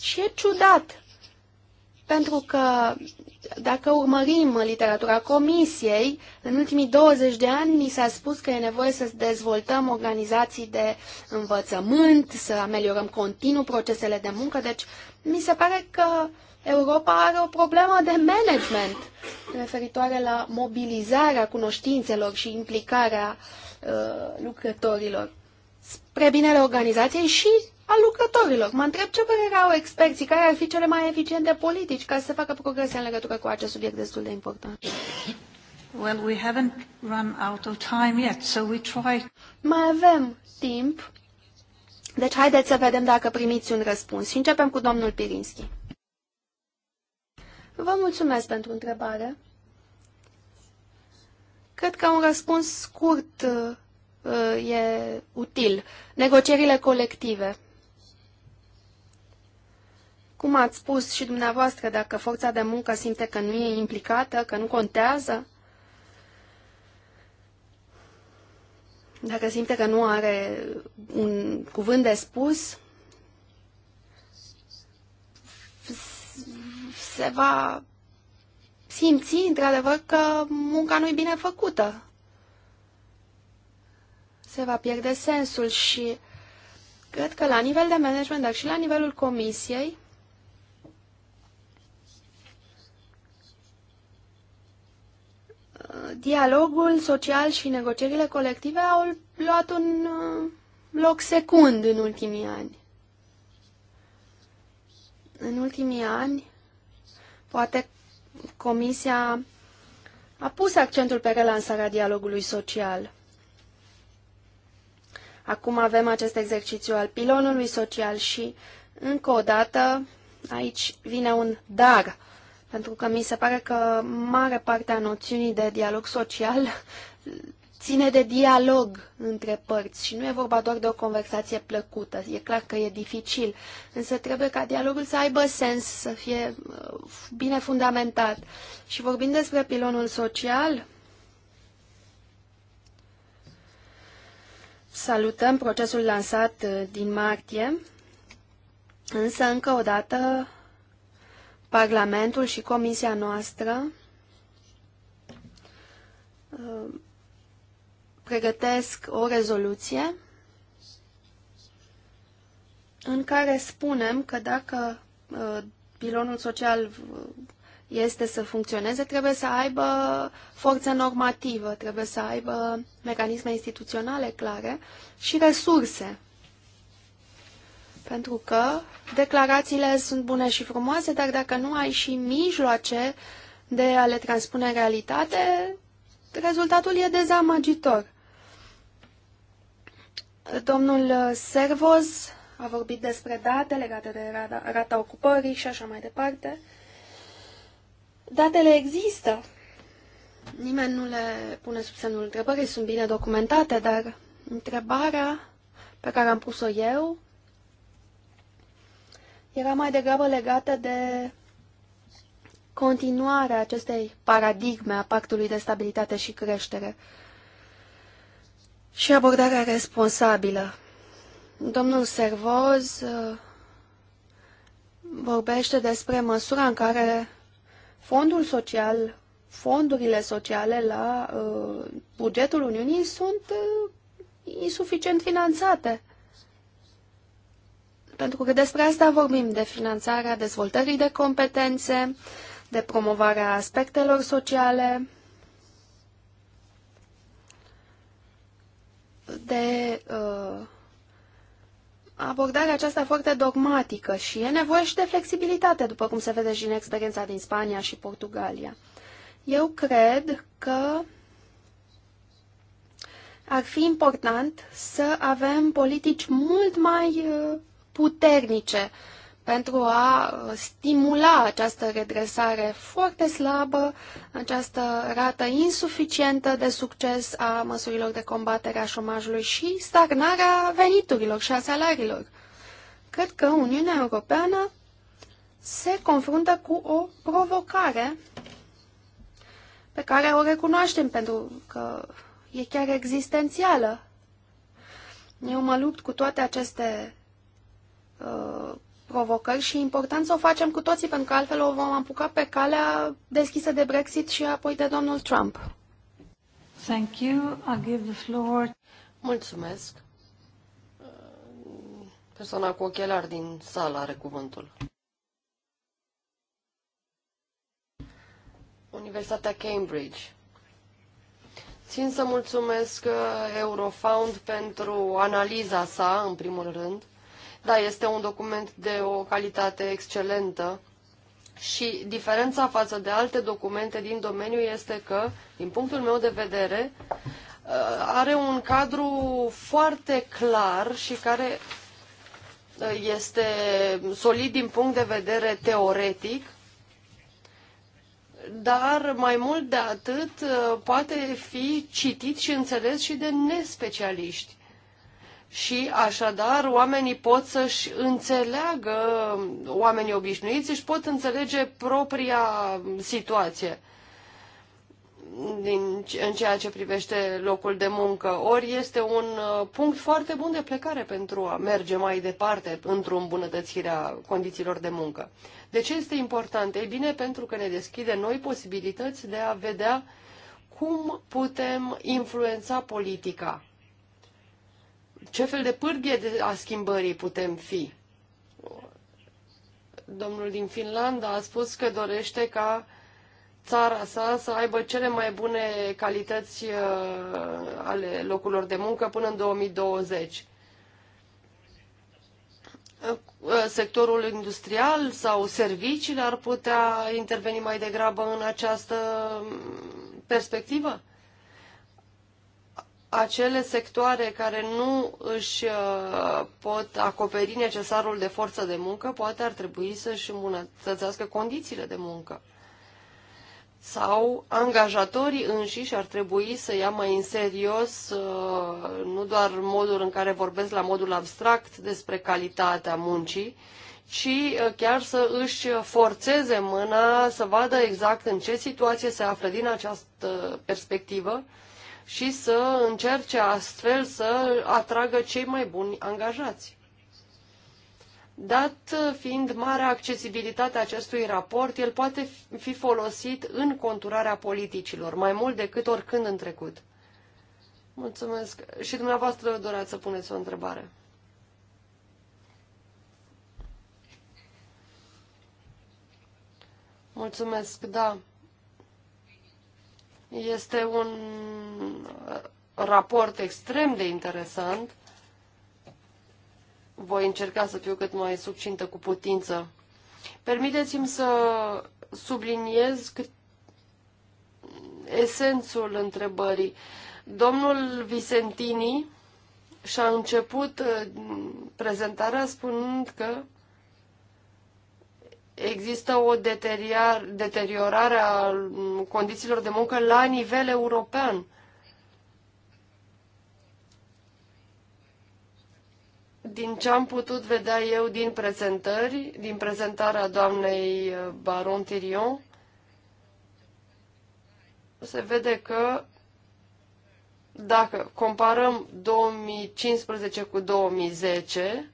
S1: Și e ciudat, pentru că dacă urmărim literatura comisiei, în ultimii 20 de ani mi s-a spus că e nevoie să dezvoltăm organizații de învățământ, să ameliorăm continuu procesele de muncă, deci mi se pare că uh, Europa are o problemă de management referitoare la mobilizarea cunoștințelor și implicarea uh, lucrătorilor spre binele organizației și a lucrătorilor. Mă întreb ce părere au experții, care ar fi cele mai eficiente politici ca să se facă progrese în legătură cu acest subiect destul de important. Well, we haven't run out of time yet, so we try. Mai avem timp. Deci haideți să vedem dacă primiți un răspuns. Și începem cu domnul Pirinski. Vă mulțumesc pentru întrebare. Cred că un răspuns scurt uh, e util. Negocierile colective. Cum ați spus și dumneavoastră, dacă forța de muncă simte că nu e implicată, că nu contează, dacă simte că nu are un cuvânt de spus, se va simți, într-adevăr, că munca nu e bine făcută. Se va pierde sensul și cred că la nivel de management, dar și la nivelul comisiei, dialogul social și negocierile colective au luat un uh, loc secund în ultimii ani. În ultimii ani, Poate Comisia a pus accentul pe relansarea dialogului social. Acum avem acest exercițiu al pilonului social și, încă o dată, aici vine un dar, pentru că mi se pare că mare parte a noțiunii de dialog social ține de dialog între părți și nu e vorba doar de o conversație plăcută. E clar că e dificil, însă trebuie ca dialogul să aibă sens, să fie uh, bine fundamentat. Și vorbind despre pilonul social, salutăm procesul lansat uh, din martie, însă încă o dată Parlamentul și Comisia noastră uh, pregătesc o rezoluție în care spunem că dacă uh, pilonul social uh, este să funcționeze, trebuie să aibă forță normativă, trebuie să aibă mecanisme instituționale clare și resurse. Pentru că declarațiile sunt bune și frumoase, dar dacă nu ai și mijloace de a le transpune în realitate, rezultatul e dezamăgitor. Domnul uh, Servoz a vorbit despre date legate de rata, rata ocupării și așa mai departe. Datele există. Nimeni nu le pune sub semnul întrebării, sunt bine documentate, dar întrebarea pe care am pus-o eu era mai degrabă legată de continuarea acestei paradigme a Pactului de Stabilitate și Creștere. Uh, și abordarea responsabilă. Domnul Servoz uh, vorbește despre măsura în care fondul social, fondurile sociale la uh, bugetul Uniunii sunt uh, insuficient finanțate. Pentru că despre asta vorbim, de finanțarea dezvoltării de competențe, de promovarea aspectelor sociale, de uh, abordarea aceasta foarte dogmatică și e nevoie și de flexibilitate, după cum se vede și în experiența din Spania și Portugalia. Eu cred că ar fi important să avem politici mult mai uh, puternice uh, pentru a uh, stimula această redresare foarte slabă, această rată insuficientă de succes a măsurilor de combatere a șomajului și stagnarea veniturilor și a salariilor. Cred că Uniunea Europeană se confruntă cu o provocare pe care o recunoaștem pentru că e chiar existențială. Eu mă lupt cu toate aceste uh, provocări și e important să o facem cu toții, pentru că altfel o vom apuca pe calea deschisă de Brexit și apoi de domnul Trump.
S2: Thank you. I'll give the floor. Mulțumesc. Persoana cu ochelari din sală are cuvântul. Universitatea Cambridge. Țin să mulțumesc Eurofound pentru analiza sa, în primul rând. Da, este un document de o calitate excelentă și diferența față de alte documente din domeniu este că, din punctul meu de vedere, uh, are un cadru foarte clar și care uh, este solid din punct de vedere teoretic, dar mai mult de atât uh, poate fi citit și înțeles și de nespecialiști și așadar oamenii pot să-și înțeleagă, oamenii obișnuiți își pot înțelege propria situație din, în ceea ce privește locul de muncă. Ori este un uh, punct foarte bun de plecare pentru a merge mai departe într-o îmbunătățire a condițiilor de muncă. De ce este important? Ei bine, pentru că ne deschide noi posibilități de a vedea cum putem influența politica ce fel de pârghie a schimbării putem fi? Domnul din Finlanda a spus că dorește ca țara sa să aibă cele mai bune calități uh, ale locurilor de muncă până în 2020 uh, sectorul industrial sau serviciile ar putea interveni mai degrabă în această perspectivă? acele sectoare care nu își uh, pot acoperi necesarul de forță de muncă, poate ar trebui să-și îmbunătățească condițiile de muncă. Sau angajatorii înșiși ar trebui să ia mai în serios uh, nu doar modul în care vorbesc la modul abstract despre calitatea muncii, ci uh, chiar să își forțeze mâna să vadă exact în ce situație se află din această perspectivă și să încerce astfel să atragă cei mai buni angajați. Dat fiind marea accesibilitate acestui raport, el poate fi folosit în conturarea politicilor, mai mult decât oricând în trecut. Mulțumesc. Și dumneavoastră doreați să puneți o întrebare. Mulțumesc, da. Este un raport extrem de interesant. Voi încerca să fiu cât mai succintă cu putință. Permiteți-mi să subliniez cât esențul întrebării. Domnul Vicentini și-a început uh, prezentarea spunând că există o deteriorare a mm, condițiilor de muncă la nivel european. Din ce am putut vedea eu din prezentări, din prezentarea doamnei uh, Baron Tirion, se vede că dacă comparăm 2015 cu 2010,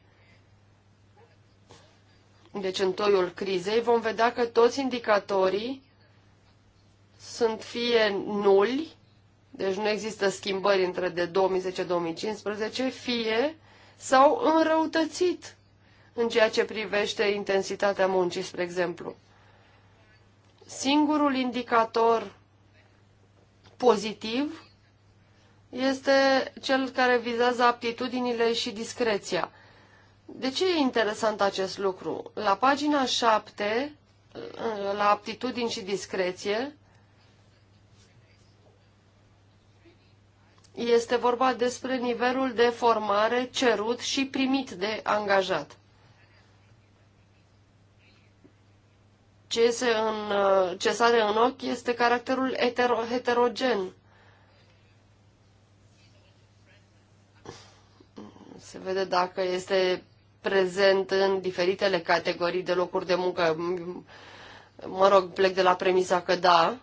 S2: deci în toiul crizei vom vedea că toți indicatorii sunt fie nuli, deci nu există schimbări între de 2010-2015, fie s-au înrăutățit în ceea ce privește intensitatea muncii, spre exemplu. Singurul indicator pozitiv este cel care vizează aptitudinile și discreția – de ce e interesant acest lucru? La pagina 7, la aptitudini și discreție, este vorba despre nivelul de formare cerut și primit de angajat. Ce, se în, ce sare în ochi este caracterul hetero, heterogen. Se vede dacă este prezent în diferitele categorii de locuri de muncă. Mă rog, plec de la premisa că da.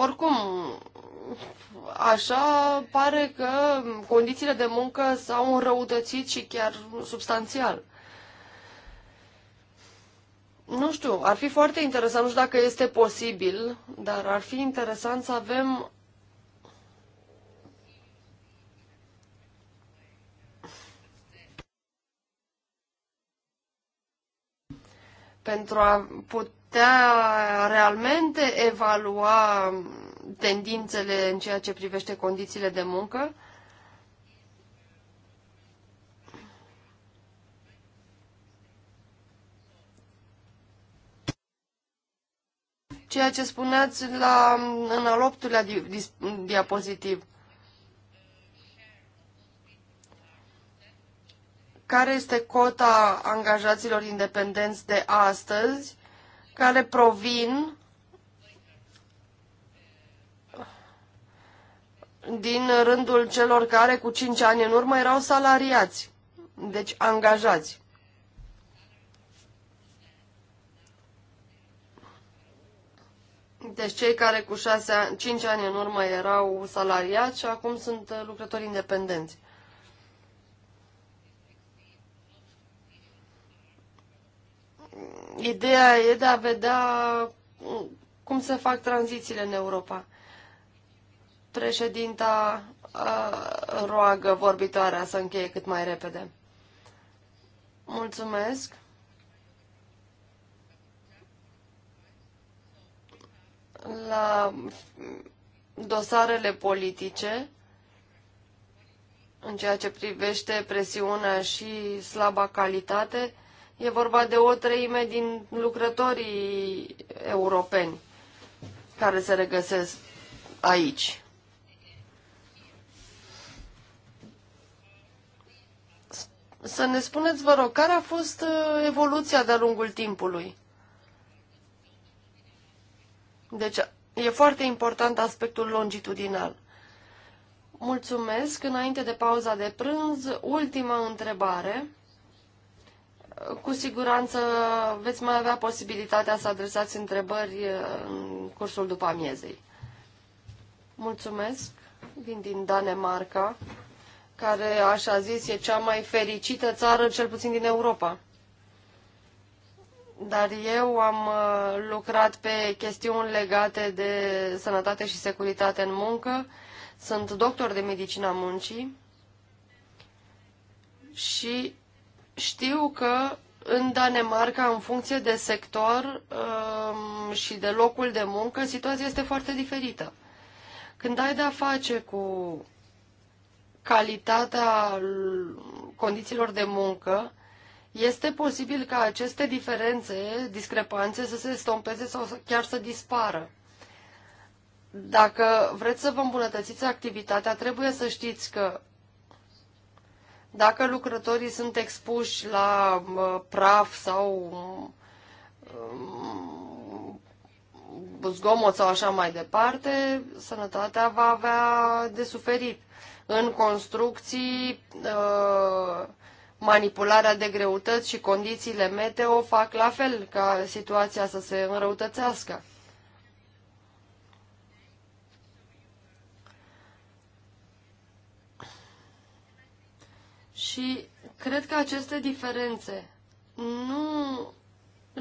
S2: Oricum, așa pare că condițiile de muncă s-au înrăutățit și chiar substanțial. Nu știu, ar fi foarte interesant, nu știu dacă este posibil, dar ar fi interesant să avem pentru a putea realmente evalua tendințele în ceea ce privește condițiile de muncă, ceea ce spuneați la, în al optulea di, di, diapozitiv. Care este cota angajaților independenți de astăzi care provin din rândul celor care cu 5 ani în urmă erau salariați, deci angajați. Deci cei care cu 6 ani, 5 ani în urmă erau salariați și acum sunt uh, lucrători independenți. Ideea e de a vedea uh, cum se fac tranzițiile în Europa. Președinta uh, roagă vorbitoarea să încheie cât mai repede. Mulțumesc! la dosarele politice, în ceea ce privește presiunea și slaba calitate, e vorba de o treime din lucrătorii europeni care se regăsesc aici. Să ne spuneți, vă rog, care a fost uh, evoluția de-a lungul timpului? Deci e foarte important aspectul longitudinal. Mulțumesc. Înainte de pauza de prânz, ultima întrebare. Cu siguranță veți mai avea posibilitatea să adresați întrebări uh, în cursul după amiezei. Mulțumesc. Vin din Danemarca, care, așa zis, e cea mai fericită țară, cel puțin din Europa dar eu am uh, lucrat pe chestiuni legate de sănătate și securitate în muncă. Sunt doctor de medicina muncii și știu că în Danemarca, în funcție de sector um, și de locul de muncă, situația este foarte diferită. Când ai de-a face cu calitatea condițiilor de muncă, este posibil ca aceste diferențe, discrepanțe să se stompeze sau chiar să dispară. Dacă vreți să vă îmbunătățiți activitatea, trebuie să știți că dacă lucrătorii sunt expuși la praf sau zgomot sau așa mai departe, sănătatea va avea de suferit. În construcții, ă, Manipularea de greutăți și condițiile meteo fac la fel ca situația să se înrăutățească. Și cred că aceste diferențe nu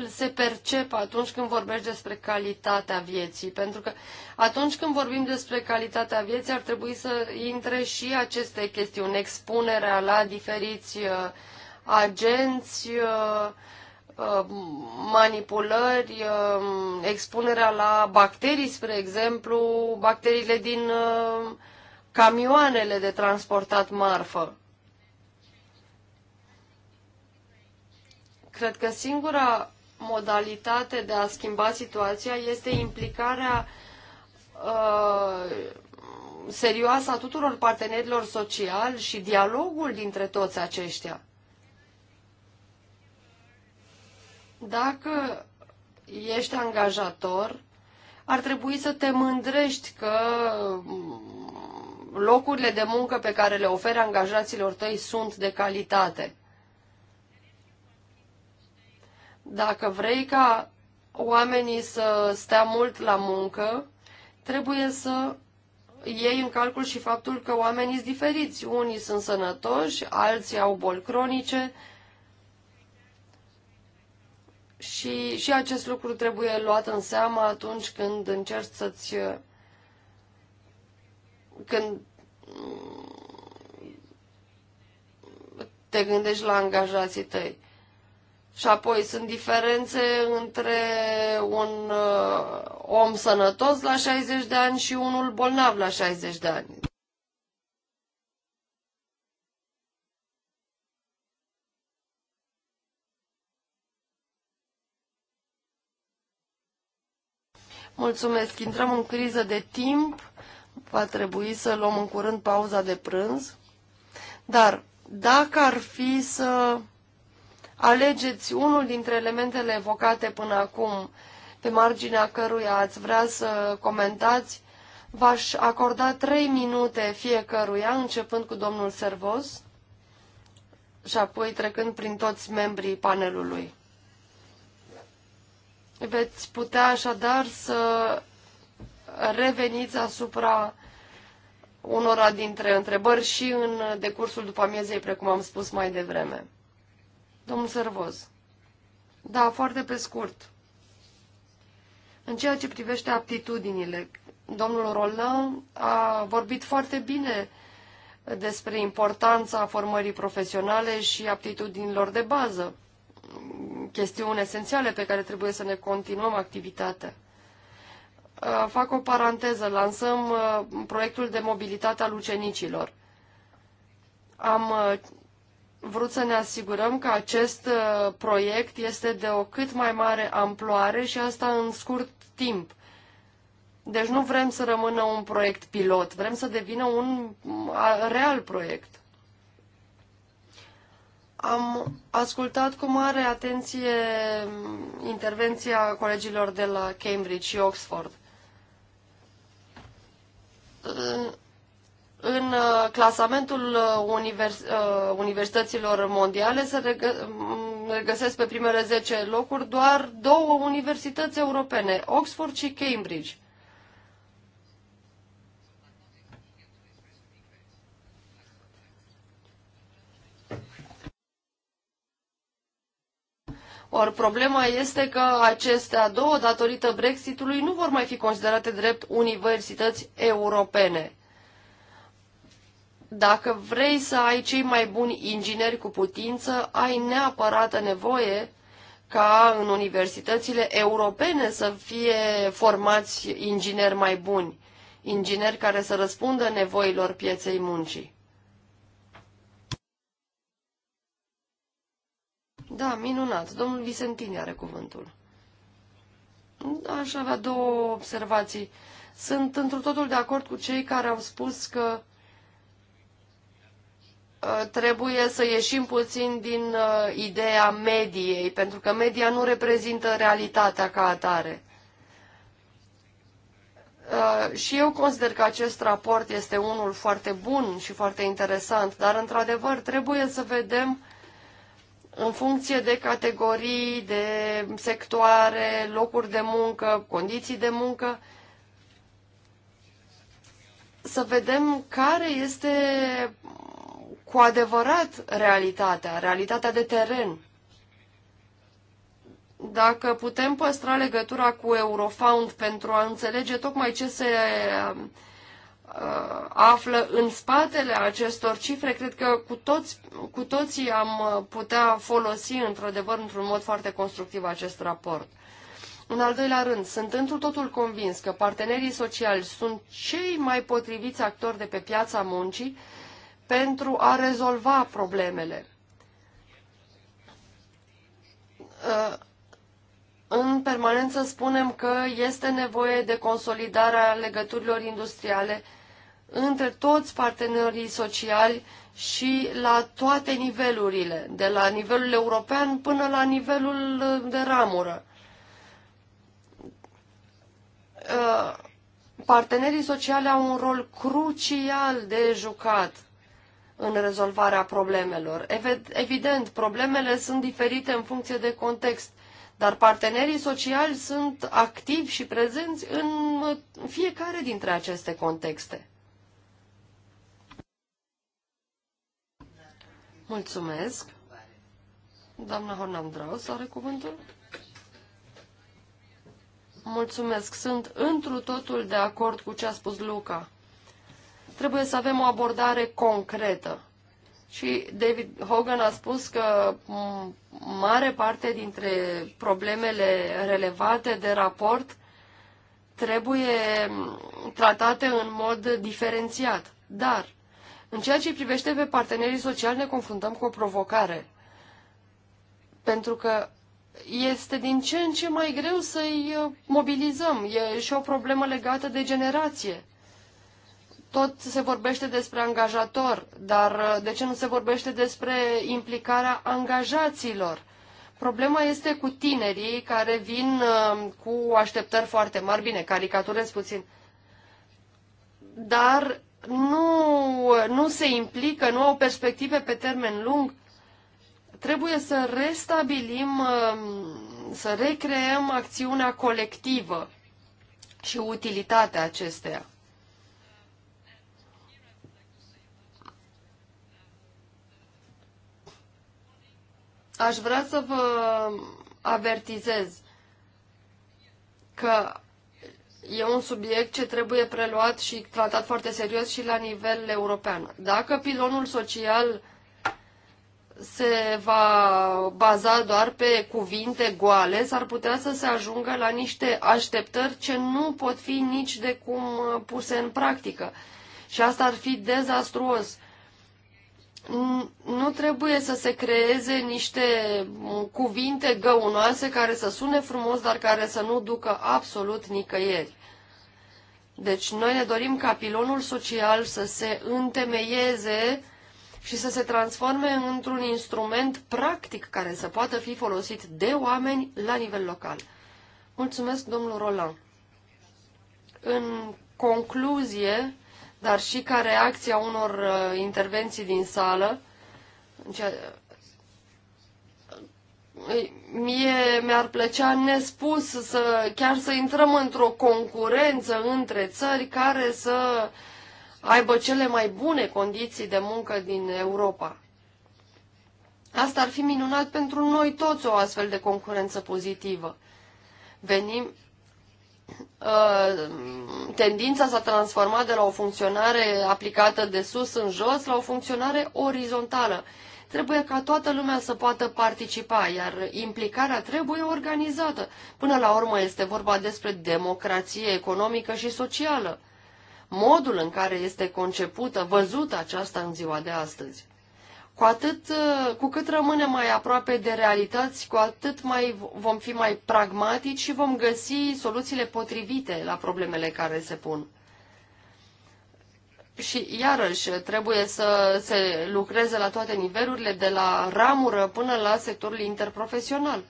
S2: se percep atunci când vorbești despre calitatea vieții. Pentru că atunci când vorbim despre calitatea vieții, ar trebui să intre și aceste chestiuni, expunerea la diferiți uh, agenți, uh, uh, manipulări, expunerea la bacterii, spre exemplu, bacteriile din camioanele de transportat marfă. Cred că singura modalitate de a schimba situația este implicarea uh, serioasă a tuturor partenerilor sociali și dialogul dintre toți aceștia. Dacă ești angajator, ar trebui să te mândrești că mm, locurile de muncă pe care le oferi angajaților tăi sunt de calitate. Dacă vrei ca oamenii să stea mult la muncă, trebuie să iei în calcul și faptul că oamenii sunt diferiți. Unii sunt sănătoși, alții au boli cronice și, și acest lucru trebuie luat în seamă atunci când încerci să-ți... când te gândești la angajații tăi. Și apoi sunt diferențe între un uh, om sănătos la 60 de ani și unul bolnav la 60 de ani. Mulțumesc, intrăm în criză de timp, va trebui să luăm în curând pauza de prânz, dar dacă ar fi să Alegeți unul dintre elementele evocate până acum, pe marginea căruia ați vrea să comentați. V-aș acorda trei minute fiecăruia, începând cu domnul Servos și apoi trecând prin toți membrii panelului. Veți putea așadar să reveniți asupra unora dintre întrebări și în decursul după amiezei, precum am spus mai devreme. Domnul Servoz. Da, foarte pe scurt. În ceea ce privește aptitudinile, domnul Roland a vorbit foarte bine despre importanța formării profesionale și aptitudinilor de bază, chestiuni esențiale pe care trebuie să ne continuăm activitatea. Fac o paranteză, lansăm proiectul de mobilitate al ucenicilor. Am vrut să ne asigurăm că acest uh, proiect este de o cât mai mare amploare și asta în scurt timp. Deci nu vrem să rămână un proiect pilot, vrem să devină un real proiect. Am ascultat cu mare atenție intervenția colegilor de la Cambridge și Oxford uh, în uh, clasamentul uh, univers, uh, universităților mondiale se regă, mm, regăsesc pe primele 10 locuri doar două universități europene, Oxford și Cambridge. Or, problema este că acestea două, datorită Brexitului, nu vor mai fi considerate drept universități europene. Dacă vrei să ai cei mai buni ingineri cu putință, ai neapărat nevoie ca în universitățile europene să fie formați ingineri mai buni, ingineri care să răspundă nevoilor pieței muncii. Da, minunat. Domnul Vicentini are cuvântul. Aș avea două observații. Sunt într totul de acord cu cei care au spus că Uh, trebuie să ieșim puțin din uh, ideea mediei, pentru că media nu reprezintă realitatea ca atare. Uh, și eu consider că acest raport este unul foarte bun și foarte interesant, dar într-adevăr trebuie să vedem în funcție de categorii, de sectoare, locuri de muncă, condiții de muncă, să vedem care este cu adevărat realitatea, realitatea de teren. Dacă putem păstra legătura cu Eurofound pentru a înțelege tocmai ce se uh, află în spatele acestor cifre, cred că cu, toți, cu toții am putea folosi într-adevăr într-un mod foarte constructiv acest raport. În al doilea rând, sunt într totul convins că partenerii sociali sunt cei mai potriviți actori de pe piața muncii pentru a rezolva problemele. Uh, în permanență spunem că este nevoie de consolidarea legăturilor industriale între toți partenerii sociali și la toate nivelurile, de la nivelul european până la nivelul uh, de ramură. Uh, partenerii sociali au un rol crucial de jucat în rezolvarea problemelor. Evident, problemele sunt diferite în funcție de context, dar partenerii sociali sunt activi și prezenți în fiecare dintre aceste contexte. Mulțumesc. Doamna Hornam Draus are cuvântul. Mulțumesc. Sunt întru totul de acord cu ce a spus Luca. Trebuie să avem o abordare concretă. Și David Hogan a spus că mare parte dintre problemele relevate de raport trebuie tratate în mod diferențiat. Dar, în ceea ce privește pe partenerii sociali, ne confruntăm cu o provocare. Pentru că este din ce în ce mai greu să-i uh, mobilizăm. E și o problemă legată de generație tot se vorbește despre angajator, dar uh, de ce nu se vorbește despre implicarea angajaților? Problema este cu tinerii care vin uh, cu așteptări foarte mari, bine, caricaturez puțin, dar nu, nu se implică, nu au perspective pe termen lung. Trebuie să restabilim, um, să recreăm acțiunea colectivă și utilitatea acesteia. aș vrea să vă avertizez că e un subiect ce trebuie preluat și tratat foarte serios și la nivel european. Dacă pilonul social se va baza doar pe cuvinte goale, s-ar putea să se ajungă la niște așteptări ce nu pot fi nici de cum puse în practică. Și asta ar fi dezastruos Mm, nu trebuie să se creeze niște mm, cuvinte găunoase care să sune frumos, dar care să nu ducă absolut nicăieri. Deci noi ne dorim ca pilonul social să se întemeieze și să se transforme într-un instrument practic care să poată fi folosit de oameni la nivel local. Mulțumesc, domnul Roland. În concluzie, dar și ca reacția unor unor uh, intervenții din sală. Mie mi-ar plăcea nespus să chiar să intrăm într-o concurență între țări care să aibă cele mai bune condiții de muncă din Europa. Asta ar fi minunat pentru noi toți o astfel de concurență pozitivă. Venim, Uh, tendința s-a transformat de la o funcționare aplicată de sus în jos la o funcționare orizontală. Trebuie ca toată lumea să poată participa, iar implicarea trebuie organizată. Până la urmă este vorba despre democrație economică și socială. Modul în care este concepută, văzută aceasta în ziua de astăzi. Cu atât, cu cât rămânem mai aproape de realități, cu atât mai vom fi mai pragmatici și vom găsi soluțiile potrivite la problemele care se pun. Și iarăși trebuie să se lucreze la toate nivelurile, de la ramură până la sectorul interprofesional.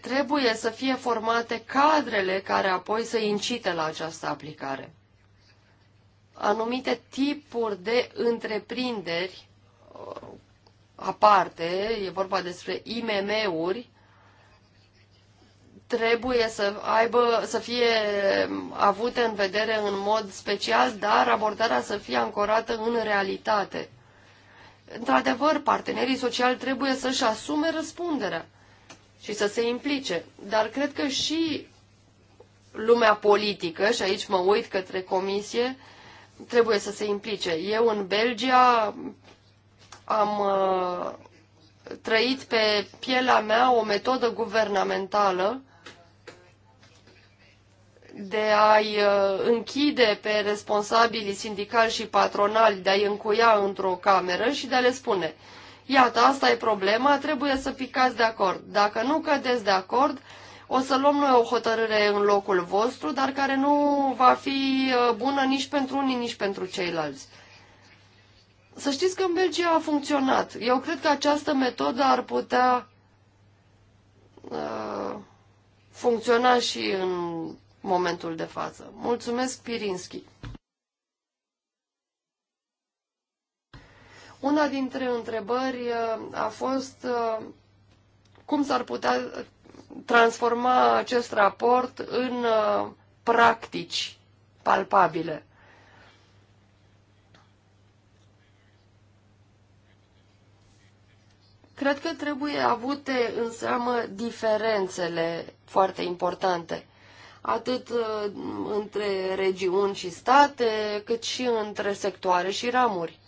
S2: Trebuie să fie formate cadrele care apoi să incite la această aplicare anumite tipuri de întreprinderi uh, aparte, e vorba despre IMM-uri, trebuie să aibă, să fie avute în vedere în mod special, dar abordarea să fie ancorată în realitate. Într-adevăr, partenerii sociali trebuie să-și asume răspunderea și să se implice, dar cred că și lumea politică, și aici mă uit către comisie, trebuie să se implice. Eu în Belgia am uh, trăit pe pielea mea o metodă guvernamentală de a-i uh, închide pe responsabilii sindicali și patronali, de a-i încuia într-o cameră și de a le spune iată, asta e problema, trebuie să picați de acord. Dacă nu cădeți de acord, o să luăm noi o hotărâre în locul vostru, dar care nu va fi uh, bună nici pentru unii, nici pentru ceilalți. Să știți că în Belgia a funcționat. Eu cred că această metodă ar putea uh, funcționa și în momentul de față. Mulțumesc, Pirinski. Una dintre întrebări uh, a fost uh, cum s-ar putea transforma acest raport în uh, practici palpabile. Cred că trebuie avute în seamă diferențele foarte importante, atât uh, între regiuni și state, cât și între sectoare și ramuri.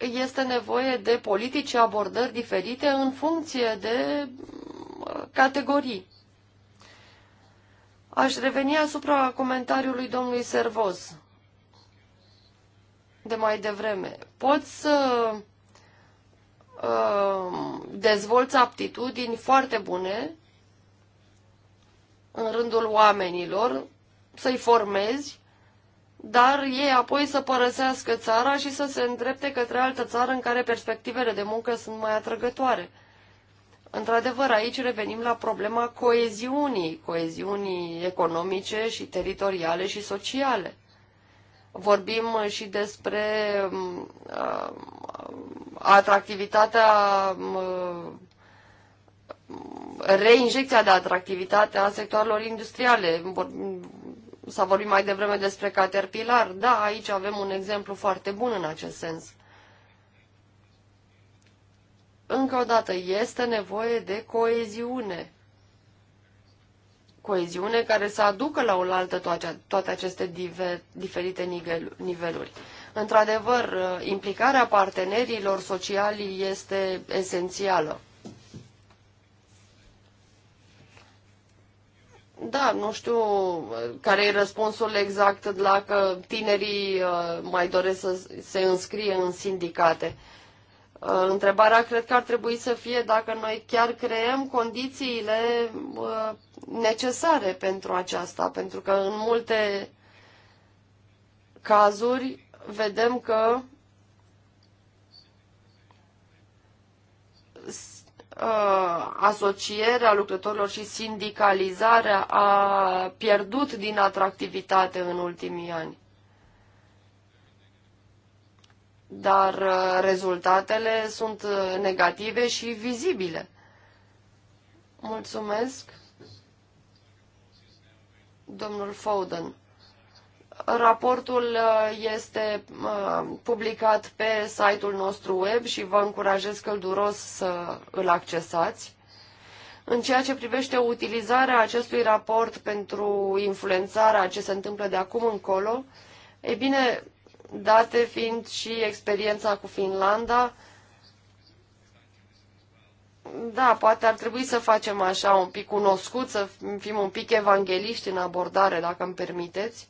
S2: este nevoie de politici și abordări diferite în funcție de uh, categorii. Aș reveni asupra comentariului domnului Servoz de mai devreme. Poți să uh, dezvolți aptitudini foarte bune în rândul oamenilor, să-i formezi dar ei apoi să părăsească țara și să se îndrepte către altă țară în care perspectivele de muncă sunt mai atrăgătoare. Într-adevăr, aici revenim la problema coeziunii, coeziunii economice și teritoriale și sociale. Vorbim și despre uh, atractivitatea, uh, reinjecția de atractivitate a sectoarelor industriale. Vorbim, S-a vorbit mai devreme despre Caterpillar. Da, aici avem un exemplu foarte bun în acest sens. Încă o dată, este nevoie de coeziune. Coeziune care să aducă la oaltă toate aceste diferite niveluri. Într-adevăr, implicarea partenerilor sociali este esențială. Da, nu știu care e răspunsul exact dacă tinerii uh, mai doresc să se înscrie în sindicate. Uh, întrebarea cred că ar trebui să fie dacă noi chiar creăm condițiile uh, necesare pentru aceasta, pentru că în multe cazuri vedem că Uh, asocierea lucrătorilor și sindicalizarea a pierdut din atractivitate în ultimii ani. Dar uh, rezultatele sunt uh, negative și vizibile. Mulțumesc, domnul Foden. Raportul uh, este uh, publicat pe site-ul nostru web și vă încurajez călduros să îl accesați. În ceea ce privește utilizarea acestui raport pentru influențarea ce se întâmplă de acum încolo, ei bine, date fiind și experiența cu Finlanda, da, poate ar trebui să facem așa un pic cunoscut, să fim un pic evangeliști în abordare, dacă îmi permiteți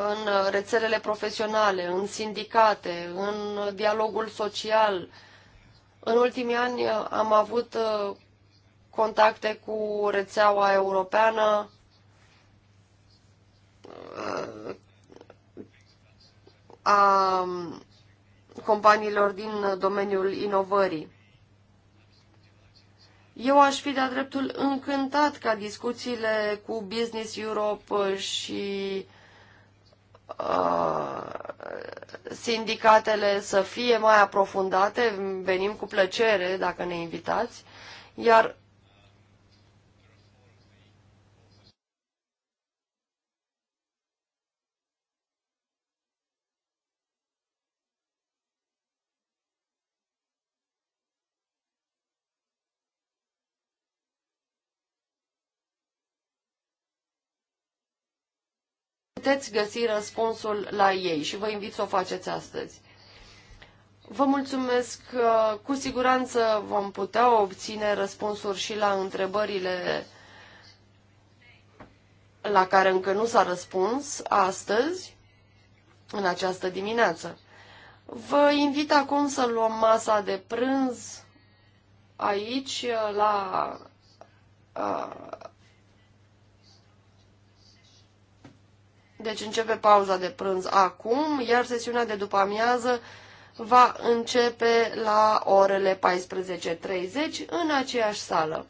S2: în uh, rețelele profesionale, în sindicate, în dialogul social. În ultimii ani uh, am avut uh, contacte cu rețeaua europeană a companiilor din domeniul inovării. Eu aș fi de-a dreptul încântat ca discuțiile cu Business Europe și Uh, sindicatele să fie mai aprofundate, venim cu plăcere dacă ne invitați, iar puteți găsi răspunsul la ei și vă invit să o faceți astăzi. Vă mulțumesc. Uh, cu siguranță vom putea obține răspunsuri și la întrebările la care încă nu s-a răspuns astăzi, în această dimineață. Vă invit acum să luăm masa de prânz aici, uh, la uh, Deci începe pauza de prânz acum, iar sesiunea de după amiază va începe la orele 14.30 în aceeași sală.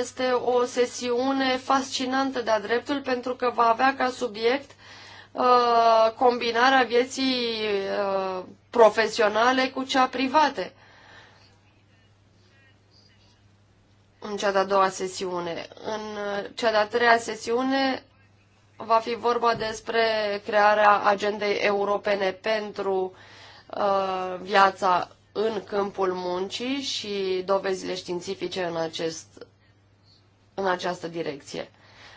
S2: Este o sesiune fascinantă de-a dreptul pentru că va avea ca subiect uh, combinarea vieții uh, profesionale cu cea private. în cea de-a doua sesiune. În uh, cea de-a treia sesiune va fi vorba despre crearea agendei europene pentru uh, viața în câmpul muncii și dovezile științifice în, acest, în această direcție.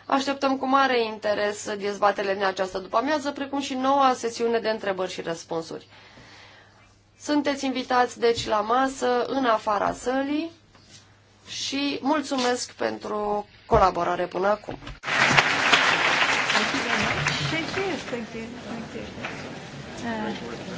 S2: Așteptăm cu mare interes dezbaterile în această după-amiază, precum și noua sesiune de întrebări și răspunsuri. Sunteți invitați, deci, la masă, în afara sălii, și mulțumesc pentru colaborare până acum. Thank you. Thank you. Thank you. Thank
S1: you. Uh,